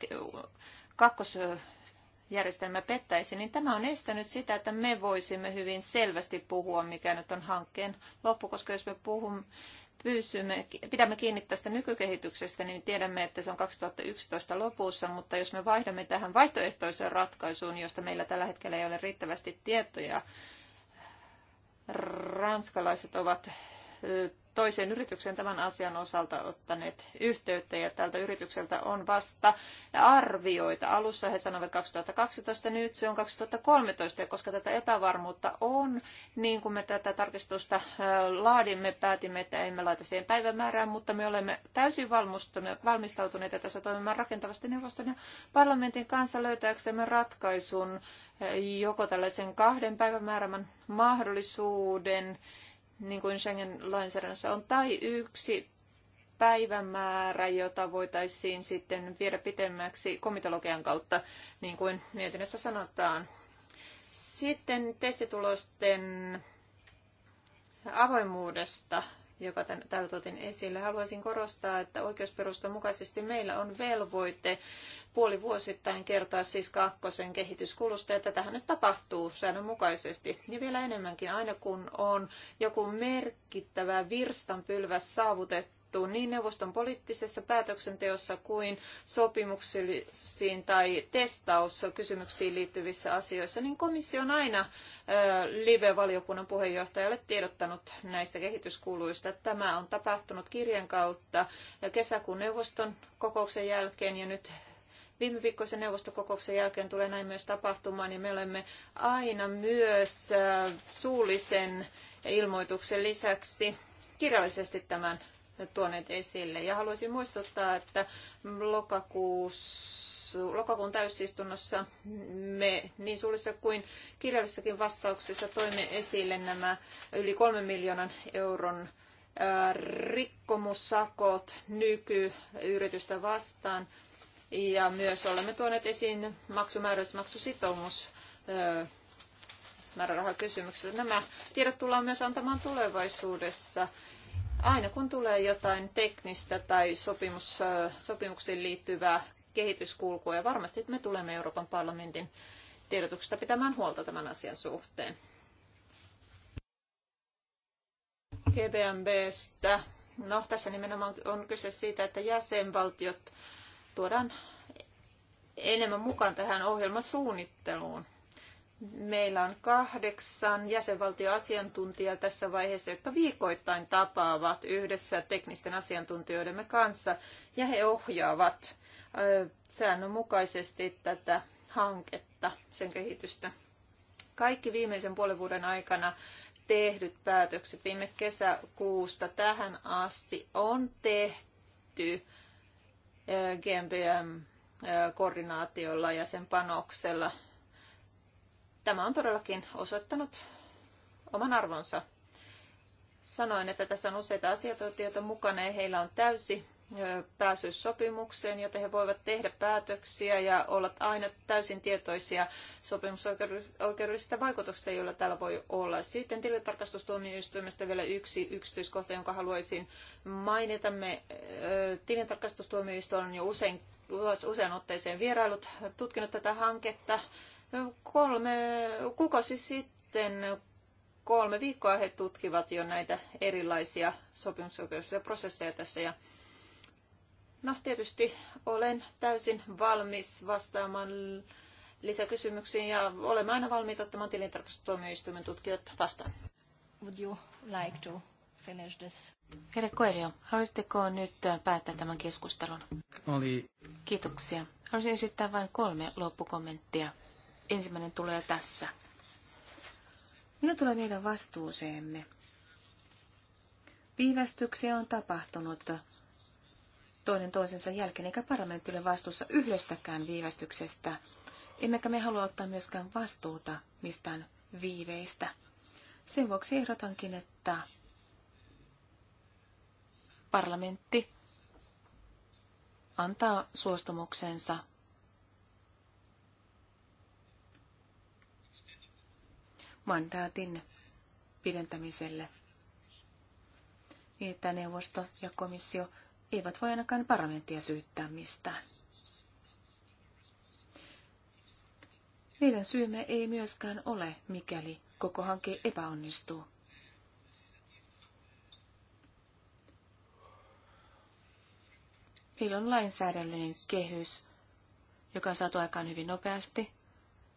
kakkosjärjestelmä pettäisi, niin tämä on estänyt sitä, että me voisimme hyvin selvästi puhua, mikä nyt on hankkeen loppu, koska jos me puhumme pysymme, pidämme kiinni tästä nykykehityksestä, niin tiedämme, että se on 2011 lopussa, mutta jos me vaihdamme tähän vaihtoehtoiseen ratkaisuun, josta meillä tällä hetkellä ei ole riittävästi tietoja, ranskalaiset ovat toiseen yritykseen tämän asian osalta ottaneet yhteyttä ja tältä yritykseltä on vasta arvioita. Alussa he sanoivat 2012, nyt se on 2013 ja koska tätä epävarmuutta on, niin kun me tätä tarkistusta laadimme, päätimme, että emme laita siihen päivämäärään, mutta me olemme täysin valmistautuneita tässä toimimaan rakentavasti neuvoston ja parlamentin kanssa löytääksemme ratkaisun joko tällaisen kahden päivämäärän mahdollisuuden niin kuin Schengen-lainsäädännössä on, tai yksi päivämäärä, jota voitaisiin sitten viedä pitemmäksi komitologian kautta, niin kuin mietinnössä sanotaan. Sitten testitulosten avoimuudesta, joka täällä otin esille. Haluaisin korostaa, että oikeusperustan mukaisesti meillä on velvoite puoli vuosittain kertaa siis kakkosen kehityskulusta, ja tätähän nyt tapahtuu säännönmukaisesti. Ja vielä enemmänkin, aina kun on joku merkittävä virstanpylväs saavutettu, niin neuvoston poliittisessa päätöksenteossa kuin sopimuksiin tai testauskysymyksiin liittyvissä asioissa, niin komissio on aina live-valiokunnan puheenjohtajalle tiedottanut näistä kehityskuluista. Tämä on tapahtunut kirjan kautta kesäkuun neuvoston kokouksen jälkeen ja nyt Viime viikkoisen neuvostokokouksen jälkeen tulee näin myös tapahtumaan, niin me olemme aina myös äh, suullisen ilmoituksen lisäksi kirjallisesti tämän tuoneet esille. Ja haluaisin muistuttaa, että lokakuussa, lokakuun täysistunnossa me niin suullisessa kuin kirjallisessakin vastauksessa toimme esille nämä yli kolmen miljoonan euron äh, rikkomussakot nykyyritystä vastaan – ja myös olemme tuoneet esiin maksumääräys, maksusitoumus määrärahakysymyksellä. Nämä tiedot tullaan myös antamaan tulevaisuudessa. Aina kun tulee jotain teknistä tai sopimus, sopimuksiin liittyvää kehityskulkua, ja varmasti me tulemme Euroopan parlamentin tiedotuksesta pitämään huolta tämän asian suhteen. GBMBstä. No, tässä nimenomaan on kyse siitä, että jäsenvaltiot tuodaan enemmän mukaan tähän ohjelmasuunnitteluun. Meillä on kahdeksan jäsenvaltioasiantuntijaa tässä vaiheessa, jotka viikoittain tapaavat yhdessä teknisten asiantuntijoidemme kanssa ja he ohjaavat säännönmukaisesti tätä hanketta, sen kehitystä. Kaikki viimeisen puolen vuoden aikana tehdyt päätökset viime kesäkuusta tähän asti on tehty GMBM-koordinaatiolla ja sen panoksella. Tämä on todellakin osoittanut oman arvonsa. Sanoin, että tässä on useita asiantuntijoita mukana ja heillä on täysi pääsyä sopimukseen, joten he voivat tehdä päätöksiä ja olla aina täysin tietoisia sopimusoikeudellisista vaikutuksista, joilla tällä voi olla. Sitten tilintarkastustuomioistuimesta vielä yksi yksityiskohta, jonka haluaisin mainita. Me tilintarkastustuomioistuin on jo usein, usein otteeseen vierailut, tutkinut tätä hanketta. Kolme kuukausi sitten kolme viikkoa he tutkivat jo näitä erilaisia sopimusoikeudellisia prosesseja tässä ja No tietysti olen täysin valmis vastaamaan lisäkysymyksiin ja olemme aina valmiita ottamaan tilintarkastustuomioistuimen tutkijat vastaan. Would you like to finish this? Fede Koelio, haluaisitteko nyt päättää tämän keskustelun? Oli. Kiitoksia. Haluaisin esittää vain kolme loppukommenttia. Ensimmäinen tulee tässä. Mitä tulee meidän vastuuseemme? Viivästyksiä on tapahtunut toinen toisensa jälkeen, eikä parlamentti ole vastuussa yhdestäkään viivästyksestä. Emmekä me halua ottaa myöskään vastuuta mistään viiveistä. Sen vuoksi ehdotankin, että parlamentti antaa suostumuksensa mandaatin pidentämiselle, niin että neuvosto ja komissio eivät voi ainakaan parlamenttia syyttää mistään. Meidän syymme ei myöskään ole, mikäli koko hanke epäonnistuu. Meillä on lainsäädännöllinen kehys, joka on saatu aikaan hyvin nopeasti.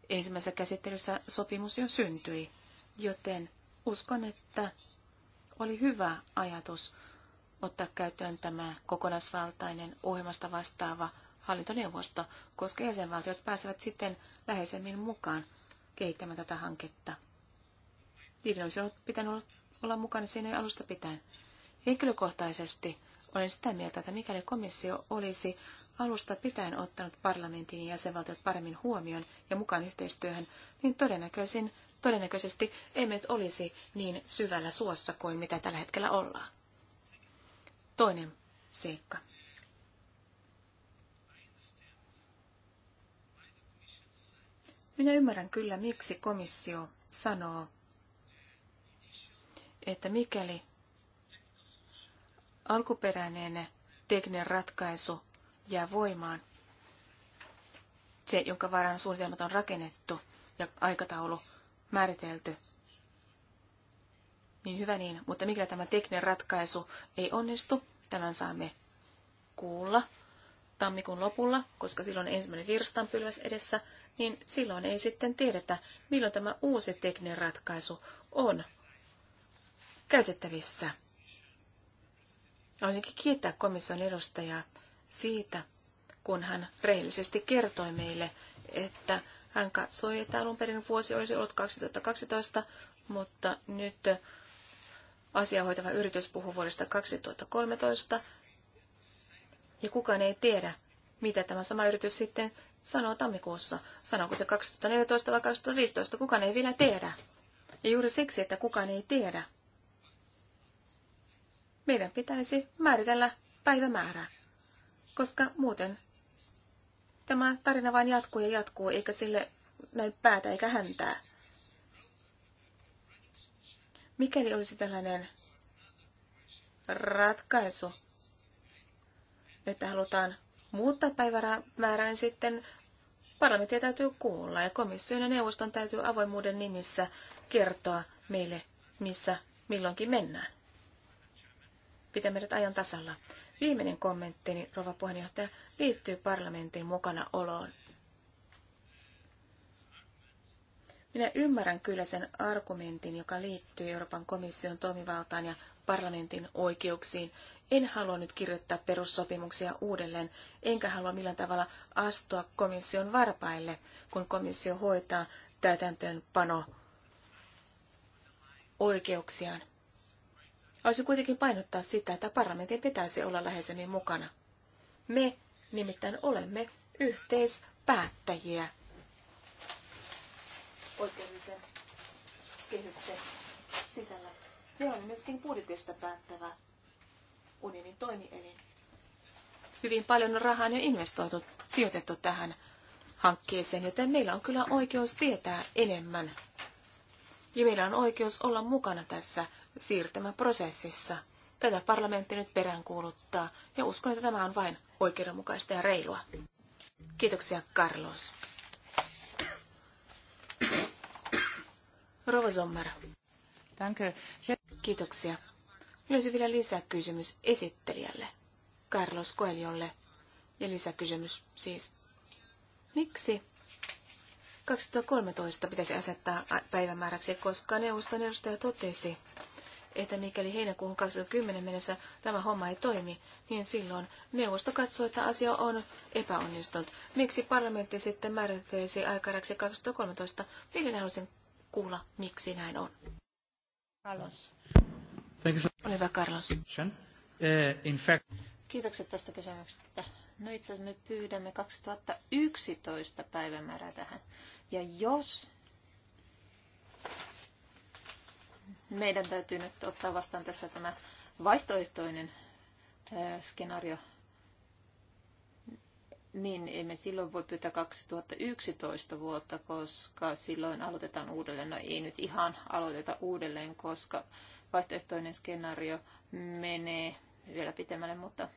Ensimmäisessä käsittelyssä sopimus jo syntyi, joten uskon, että oli hyvä ajatus ottaa käyttöön tämä kokonaisvaltainen ohjelmasta vastaava hallintoneuvosto, koska jäsenvaltiot pääsevät sitten läheisemmin mukaan kehittämään tätä hanketta. Niiden olisi ollut, pitänyt olla mukana siinä jo alusta pitäen. Henkilökohtaisesti olen sitä mieltä, että mikäli komissio olisi alusta pitäen ottanut parlamentin ja jäsenvaltiot paremmin huomioon ja mukaan yhteistyöhön, niin todennäköisin, todennäköisesti emme olisi niin syvällä suossa kuin mitä tällä hetkellä ollaan. Toinen seikka. Minä ymmärrän kyllä, miksi komissio sanoo, että mikäli alkuperäinen tekninen ratkaisu jää voimaan, se, jonka varan suunnitelmat on rakennettu ja aikataulu määritelty, niin hyvä niin. Mutta mikä tämä tekninen ratkaisu ei onnistu, tämän saamme kuulla tammikuun lopulla, koska silloin ensimmäinen pylväs edessä, niin silloin ei sitten tiedetä, milloin tämä uusi tekninen ratkaisu on käytettävissä. Olisinkin kiittää komission edustajaa siitä, kun hän rehellisesti kertoi meille, että hän katsoi, että alun perin vuosi olisi ollut 2012, mutta nyt asiaa hoitava yritys puhuu vuodesta 2013, ja kukaan ei tiedä, mitä tämä sama yritys sitten sanoo tammikuussa. Sanooko se 2014 vai 2015, kukaan ei vielä tiedä. Ja juuri siksi, että kukaan ei tiedä, meidän pitäisi määritellä päivämäärä, koska muuten tämä tarina vain jatkuu ja jatkuu, eikä sille näy päätä eikä häntää. Mikäli olisi tällainen ratkaisu, että halutaan muuttaa päivämäärää, niin sitten parlamenttia täytyy kuulla ja komission ja neuvoston täytyy avoimuuden nimissä kertoa meille, missä milloinkin mennään. Pitää meidät ajan tasalla. Viimeinen kommenttini, rova puheenjohtaja, liittyy parlamentin mukana oloon. Minä ymmärrän kyllä sen argumentin, joka liittyy Euroopan komission toimivaltaan ja parlamentin oikeuksiin. En halua nyt kirjoittaa perussopimuksia uudelleen, enkä halua millään tavalla astua komission varpaille, kun komissio hoitaa täytäntöönpano oikeuksiaan. Haluaisin kuitenkin painottaa sitä, että parlamentin pitäisi olla läheisemmin mukana. Me nimittäin olemme yhteispäättäjiä oikeudellisen kehyksen sisällä. Me olemme myöskin budjetista päättävä unionin toimielin. Hyvin paljon rahaa on jo investoitu, sijoitettu tähän hankkeeseen, joten meillä on kyllä oikeus tietää enemmän. Ja meillä on oikeus olla mukana tässä siirtymäprosessissa. Tätä parlamentti nyt peräänkuuluttaa, ja uskon, että tämä on vain oikeudenmukaista ja reilua. Kiitoksia, Carlos. Rova Sommer. Danke. Kiitoksia. Minulla olisi vielä lisäkysymys esittelijälle, Carlos Coeliolle. Ja lisäkysymys siis. Miksi 2013 pitäisi asettaa päivämääräksi, koska neuvoston edustaja totesi, että mikäli heinäkuuhun 2010 mennessä tämä homma ei toimi, niin silloin neuvosto katsoo, että asia on epäonnistunut. Miksi parlamentti sitten määrittelisi aikaraksi 2013? Minä haluaisin kuulla, miksi näin on. Carlos. Thank you. Ole hyvä, Carlos. Eh, in fact... Kiitokset tästä kysymyksestä. No itse asiassa me pyydämme 2011 päivämäärää tähän. Ja jos meidän täytyy nyt ottaa vastaan tässä tämä vaihtoehtoinen eh, skenaario niin emme silloin voi pyytää 2011 vuotta, koska silloin aloitetaan uudelleen. No ei nyt ihan aloiteta uudelleen, koska vaihtoehtoinen skenaario menee vielä pitemmälle, mutta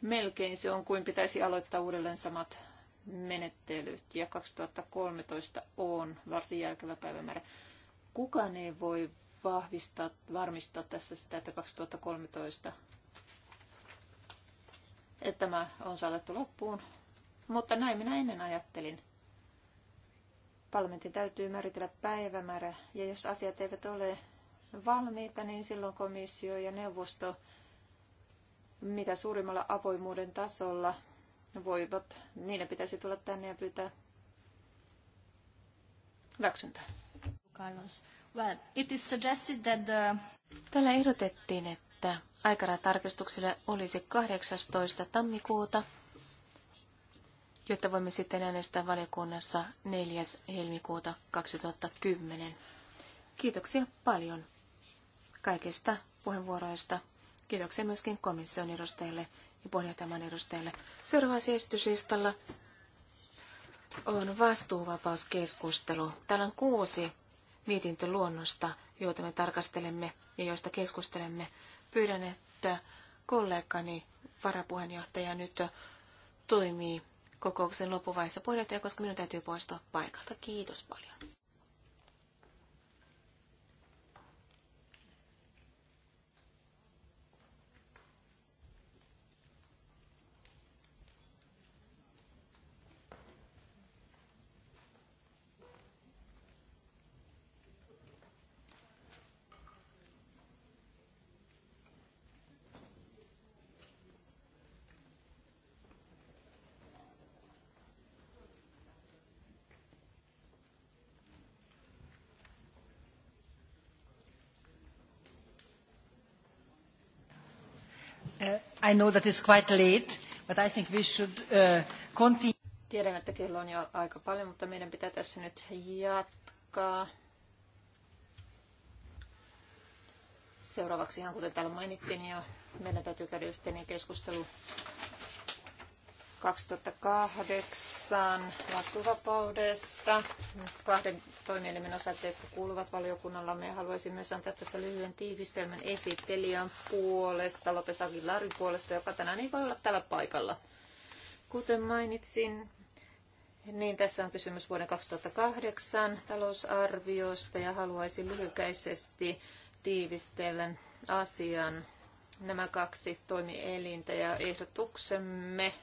melkein se on kuin pitäisi aloittaa uudelleen samat menettelyt. Ja 2013 on varsin järkevä päivämäärä. Kukaan ei voi vahvistaa, varmistaa tässä sitä, että 2013 että tämä on saatettu loppuun. Mutta näin minä ennen ajattelin. Parlamentin täytyy määritellä päivämäärä, ja jos asiat eivät ole valmiita, niin silloin komissio ja neuvosto mitä suurimmalla avoimuuden tasolla voivat, niiden pitäisi tulla tänne ja pyytää läksyntää. Carlos. Well, it is suggested that the... Täällä ehdotettiin, että että aikaratarkistukselle olisi 18. tammikuuta, jotta voimme sitten äänestää valiokunnassa 4. helmikuuta 2010. Kiitoksia paljon kaikista puheenvuoroista. Kiitoksia myöskin komission edustajille ja puheenjohtajan edustajille. Seuraavassa esityslistalla on vastuuvapauskeskustelu. Täällä on kuusi mietintöluonnosta, joita me tarkastelemme ja joista keskustelemme. Pyydän, että kollegani varapuheenjohtaja nyt toimii kokouksen loppuvaiheessa puheenjohtaja, koska minun täytyy poistua paikalta. Kiitos paljon. Uh, I know that it's quite late, but I think we should uh, continue. Tiedän, että kello on jo aika paljon, mutta meidän pitää tässä nyt jatkaa. Seuraavaksi, ihan kuten täällä mainittiin niin jo, meidän täytyy käydä yhteinen keskustelu 2008 vastuuvapaudesta. Kahden toimielimen osalta, jotka kuuluvat valiokunnallamme, haluaisin myös antaa tässä lyhyen tiivistelmän esittelijän puolesta, Lopes Aguilarin puolesta, joka tänään ei voi olla tällä paikalla. Kuten mainitsin, niin tässä on kysymys vuoden 2008 talousarviosta ja haluaisin lyhykäisesti tiivistellen asian nämä kaksi toimielintä ja ehdotuksemme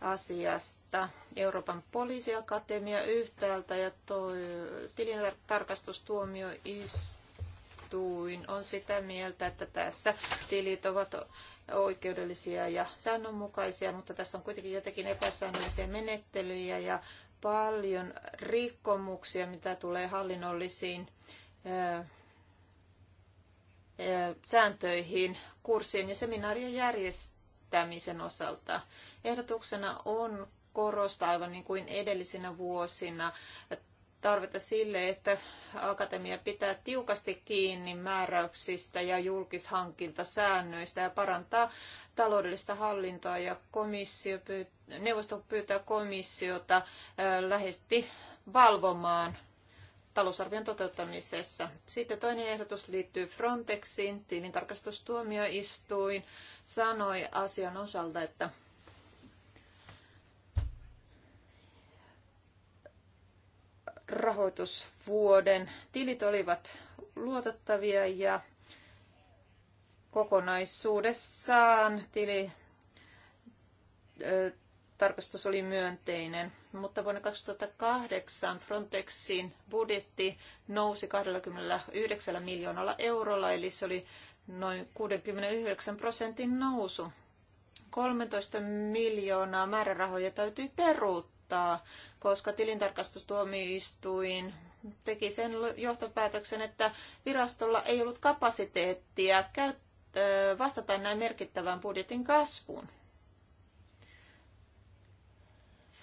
asiasta. Euroopan poliisiakatemia yhtäältä ja toi, tilintarkastustuomioistuin on sitä mieltä, että tässä tilit ovat oikeudellisia ja säännönmukaisia, mutta tässä on kuitenkin jotenkin epäsäännöllisiä menettelyjä ja paljon rikkomuksia, mitä tulee hallinnollisiin sääntöihin, kurssien ja seminaarien järjestämiseen kehittämisen osalta. Ehdotuksena on korostaa aivan niin kuin edellisinä vuosina tarvetta sille, että akatemia pitää tiukasti kiinni määräyksistä ja säännöistä ja parantaa taloudellista hallintoa ja komissio pyytää neuvosto pyytää komissiota lähesti valvomaan talousarvion toteuttamisessa. Sitten toinen ehdotus liittyy Frontexiin. Tilintarkastustuomioistuin sanoi asian osalta, että rahoitusvuoden tilit olivat luotettavia ja kokonaisuudessaan tili tarkastus oli myönteinen, mutta vuonna 2008 Frontexin budjetti nousi 29 miljoonalla eurolla, eli se oli noin 69 prosentin nousu. 13 miljoonaa määrärahoja täytyy peruuttaa, koska tilintarkastustuomioistuin teki sen johtopäätöksen, että virastolla ei ollut kapasiteettia vastata näin merkittävään budjetin kasvuun.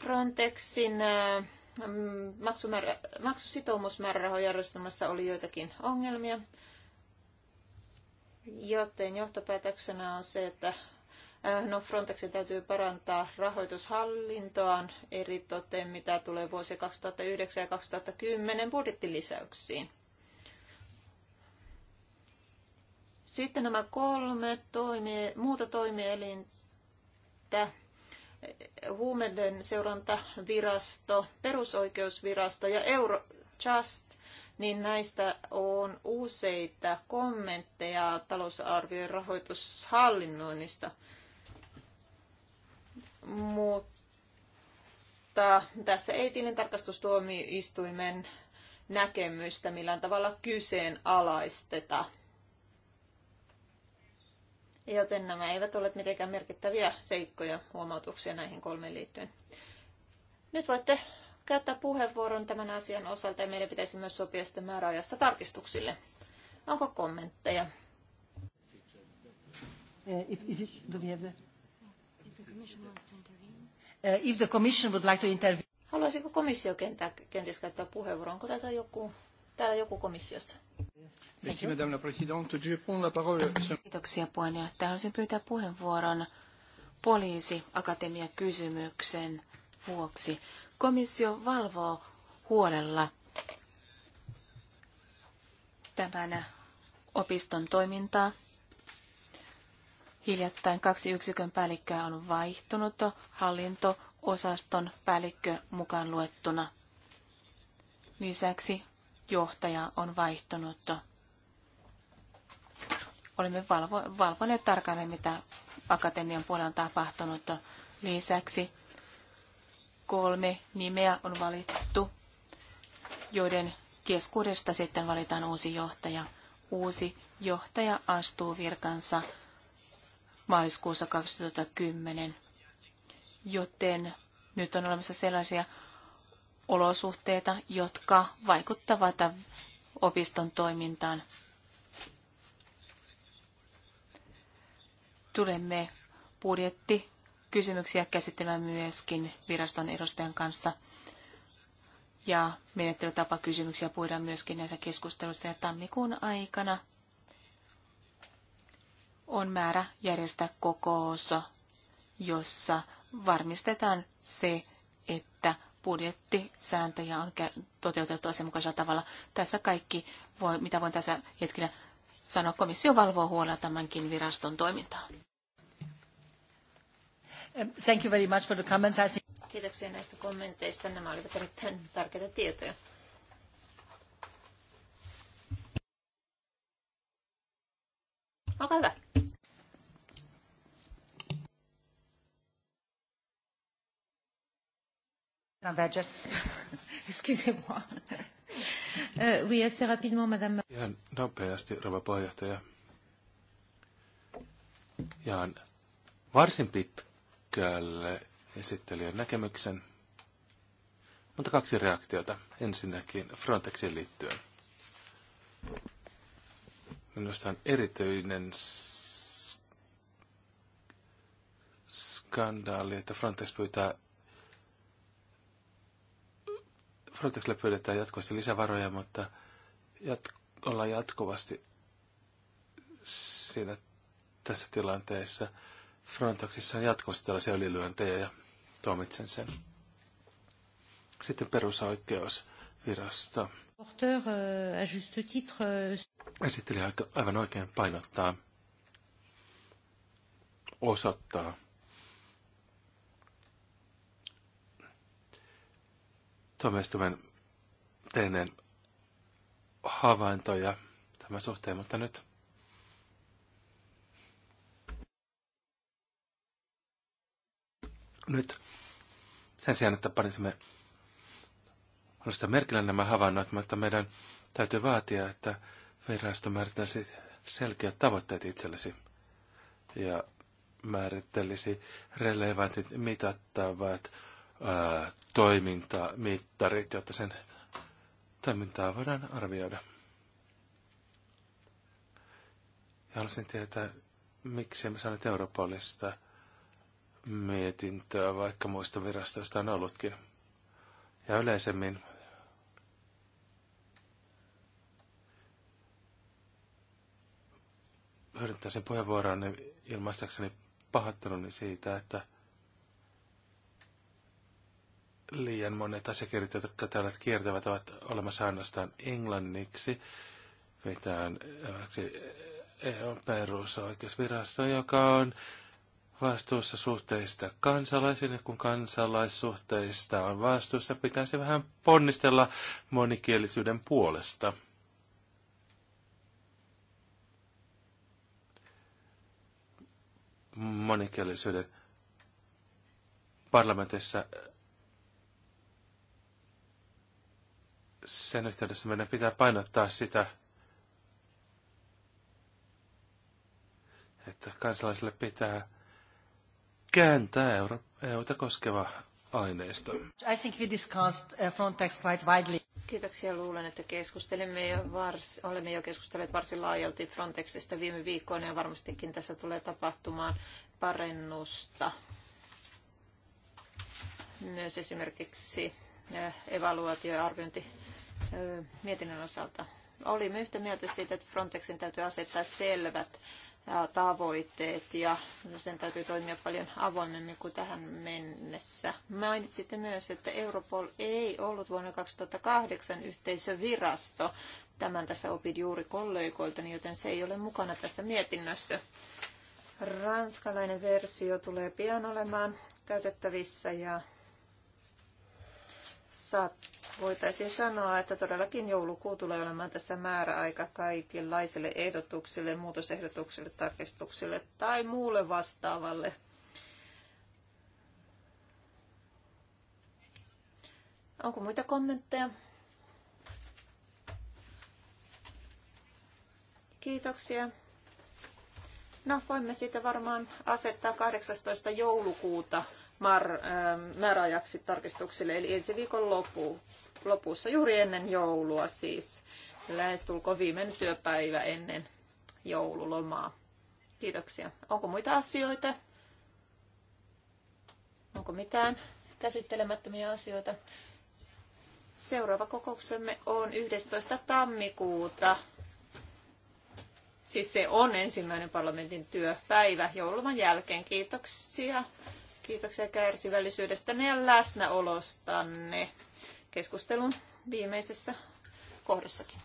Frontexin äh, mm, maksusitoumusmäärärahojärjestelmässä oli joitakin ongelmia, joten johtopäätöksenä on se, että äh, No Frontexin täytyy parantaa rahoitushallintoaan eri toteen, mitä tulee vuosi 2009 ja 2010 budjettilisäyksiin. Sitten nämä kolme toimi, muuta toimielintä huumeiden seurantavirasto, perusoikeusvirasto ja Eurojust, niin näistä on useita kommentteja talousarvion rahoitushallinnoinnista. Mutta tässä ei tilintarkastustuomioistuimen näkemystä millään tavalla kyseenalaisteta. Joten nämä eivät ole mitenkään merkittäviä seikkoja huomautuksia näihin kolmeen liittyen. Nyt voitte käyttää puheenvuoron tämän asian osalta ja meidän pitäisi myös sopia sitten määräajasta tarkistuksille. Onko kommentteja? Eh, eh, if the commission would like to intervene. Haluaisiko komissio kenties käyttää puheenvuoron? Onko joku, täällä joku komissiosta? Merci, madame la présidente. Je prends la parole. Kiitoksia puheenjohtaja. Haluaisin pyytää puheenvuoron poliisiakatemian kysymyksen vuoksi. Komissio valvoo huolella tämän opiston toimintaa. Hiljattain kaksi yksikön päällikköä on vaihtunut hallinto-osaston päällikkö mukaan luettuna. Lisäksi johtaja on vaihtunut. Olemme valvo, valvoneet tarkalleen, mitä akatemian puolella on tapahtunut. Lisäksi kolme nimeä on valittu, joiden keskuudesta sitten valitaan uusi johtaja. Uusi johtaja astuu virkansa maaliskuussa 2010, joten nyt on olemassa sellaisia olosuhteita, jotka vaikuttavat opiston toimintaan. Tulemme budjetti kysymyksiä käsittelemään myöskin viraston edustajan kanssa. Ja menettelytapa kysymyksiä puidaan myöskin näissä keskusteluissa ja tammikuun aikana on määrä järjestää kokous, jossa varmistetaan se, että budjettisääntöjä on toteutettu asianmukaisella tavalla. Tässä kaikki, voi, mitä voin tässä hetkellä sanoa, komissio valvoo huolella tämänkin viraston toimintaa. Um, thank you very much for the comments. think... Kiitoksia näistä kommenteista. Nämä olivat erittäin tärkeitä tietoja. Olkaa hyvä. Excusez-moi. Euh, oui, assez rapidement, madame. Ihan nopeasti, rouva puheenjohtaja. Jaan varsin pitkälle esittelijän näkemyksen, mutta kaksi reaktiota. Ensinnäkin Frontexin liittyen. Minusta on erityinen skandaali, että Frontex pyytää Frontexille pyydetään jatkuvasti lisävaroja, mutta jat- ollaan jatkuvasti siinä tässä tilanteessa. Frontexissa on jatkuvasti tällaisia ylilyöntejä ja tuomitsen sen. Sitten perusoikeusvirasto. Äh, äh, Esittelijä aivan oikein painottaa, osoittaa tuomioistuimen tehneen havaintoja tämän suhteen, mutta nyt nyt sen sijaan, että panisimme olisi merkillä nämä havainnot, mutta meidän täytyy vaatia, että virasto määrittäisi selkeät tavoitteet itsellesi ja määrittelisi relevantit mitattavat ää, toimintamittarit, jotta sen toimintaa voidaan arvioida. Ja haluaisin tietää, miksi emme saaneet Europolista mietintöä, vaikka muista virastoista on ollutkin. Ja yleisemmin hyödyntäisin puheenvuoroani ilmaistakseni pahoitteluni siitä, että liian monet asiakirjat, jotka täällä kiertävät, ovat olemassa ainoastaan englanniksi. Mitään äh, EUn eh, perusoikeusvirasto, joka on vastuussa suhteista kansalaisiin, ja kun kansalaissuhteista on vastuussa, pitäisi vähän ponnistella monikielisyyden puolesta. Monikielisyyden parlamentissa sen yhteydessä meidän pitää painottaa sitä, että kansalaisille pitää kääntää euro, EUta koskeva aineisto. I think we discussed uh, Frontex quite widely. Kiitoksia. Luulen, että keskustelimme jo vars, olemme jo keskustelleet varsin laajalti Frontexista viime viikkoina ja varmastikin tässä tulee tapahtumaan parennusta. Myös esimerkiksi uh, evaluaatio- ja arviointi mietinnön osalta. Olimme yhtä mieltä siitä, että Frontexin täytyy asettaa selvät tavoitteet ja sen täytyy toimia paljon avoimemmin kuin tähän mennessä. Mainitsitte myös, että Europol ei ollut vuonna 2008 yhteisövirasto. Tämän tässä opin juuri kollegoiltani, joten se ei ole mukana tässä mietinnössä. Ranskalainen versio tulee pian olemaan käytettävissä ja saattaa voitaisiin sanoa, että todellakin joulukuu tulee olemaan tässä määräaika kaikenlaisille ehdotuksille, muutosehdotuksille, tarkistuksille tai muulle vastaavalle. Onko muita kommentteja? Kiitoksia. No, voimme siitä varmaan asettaa 18. joulukuuta mar, määräajaksi tarkistuksille, eli ensi viikon loppuun lopussa, juuri ennen joulua siis. Lähestulkoon viimeinen työpäivä ennen joululomaa. Kiitoksia. Onko muita asioita? Onko mitään käsittelemättömiä asioita? Seuraava kokouksemme on 11. tammikuuta. Siis se on ensimmäinen parlamentin työpäivä jouluman jälkeen. Kiitoksia. Kiitoksia kärsivällisyydestä ja läsnäolostanne keskustelun viimeisessä kohdassakin.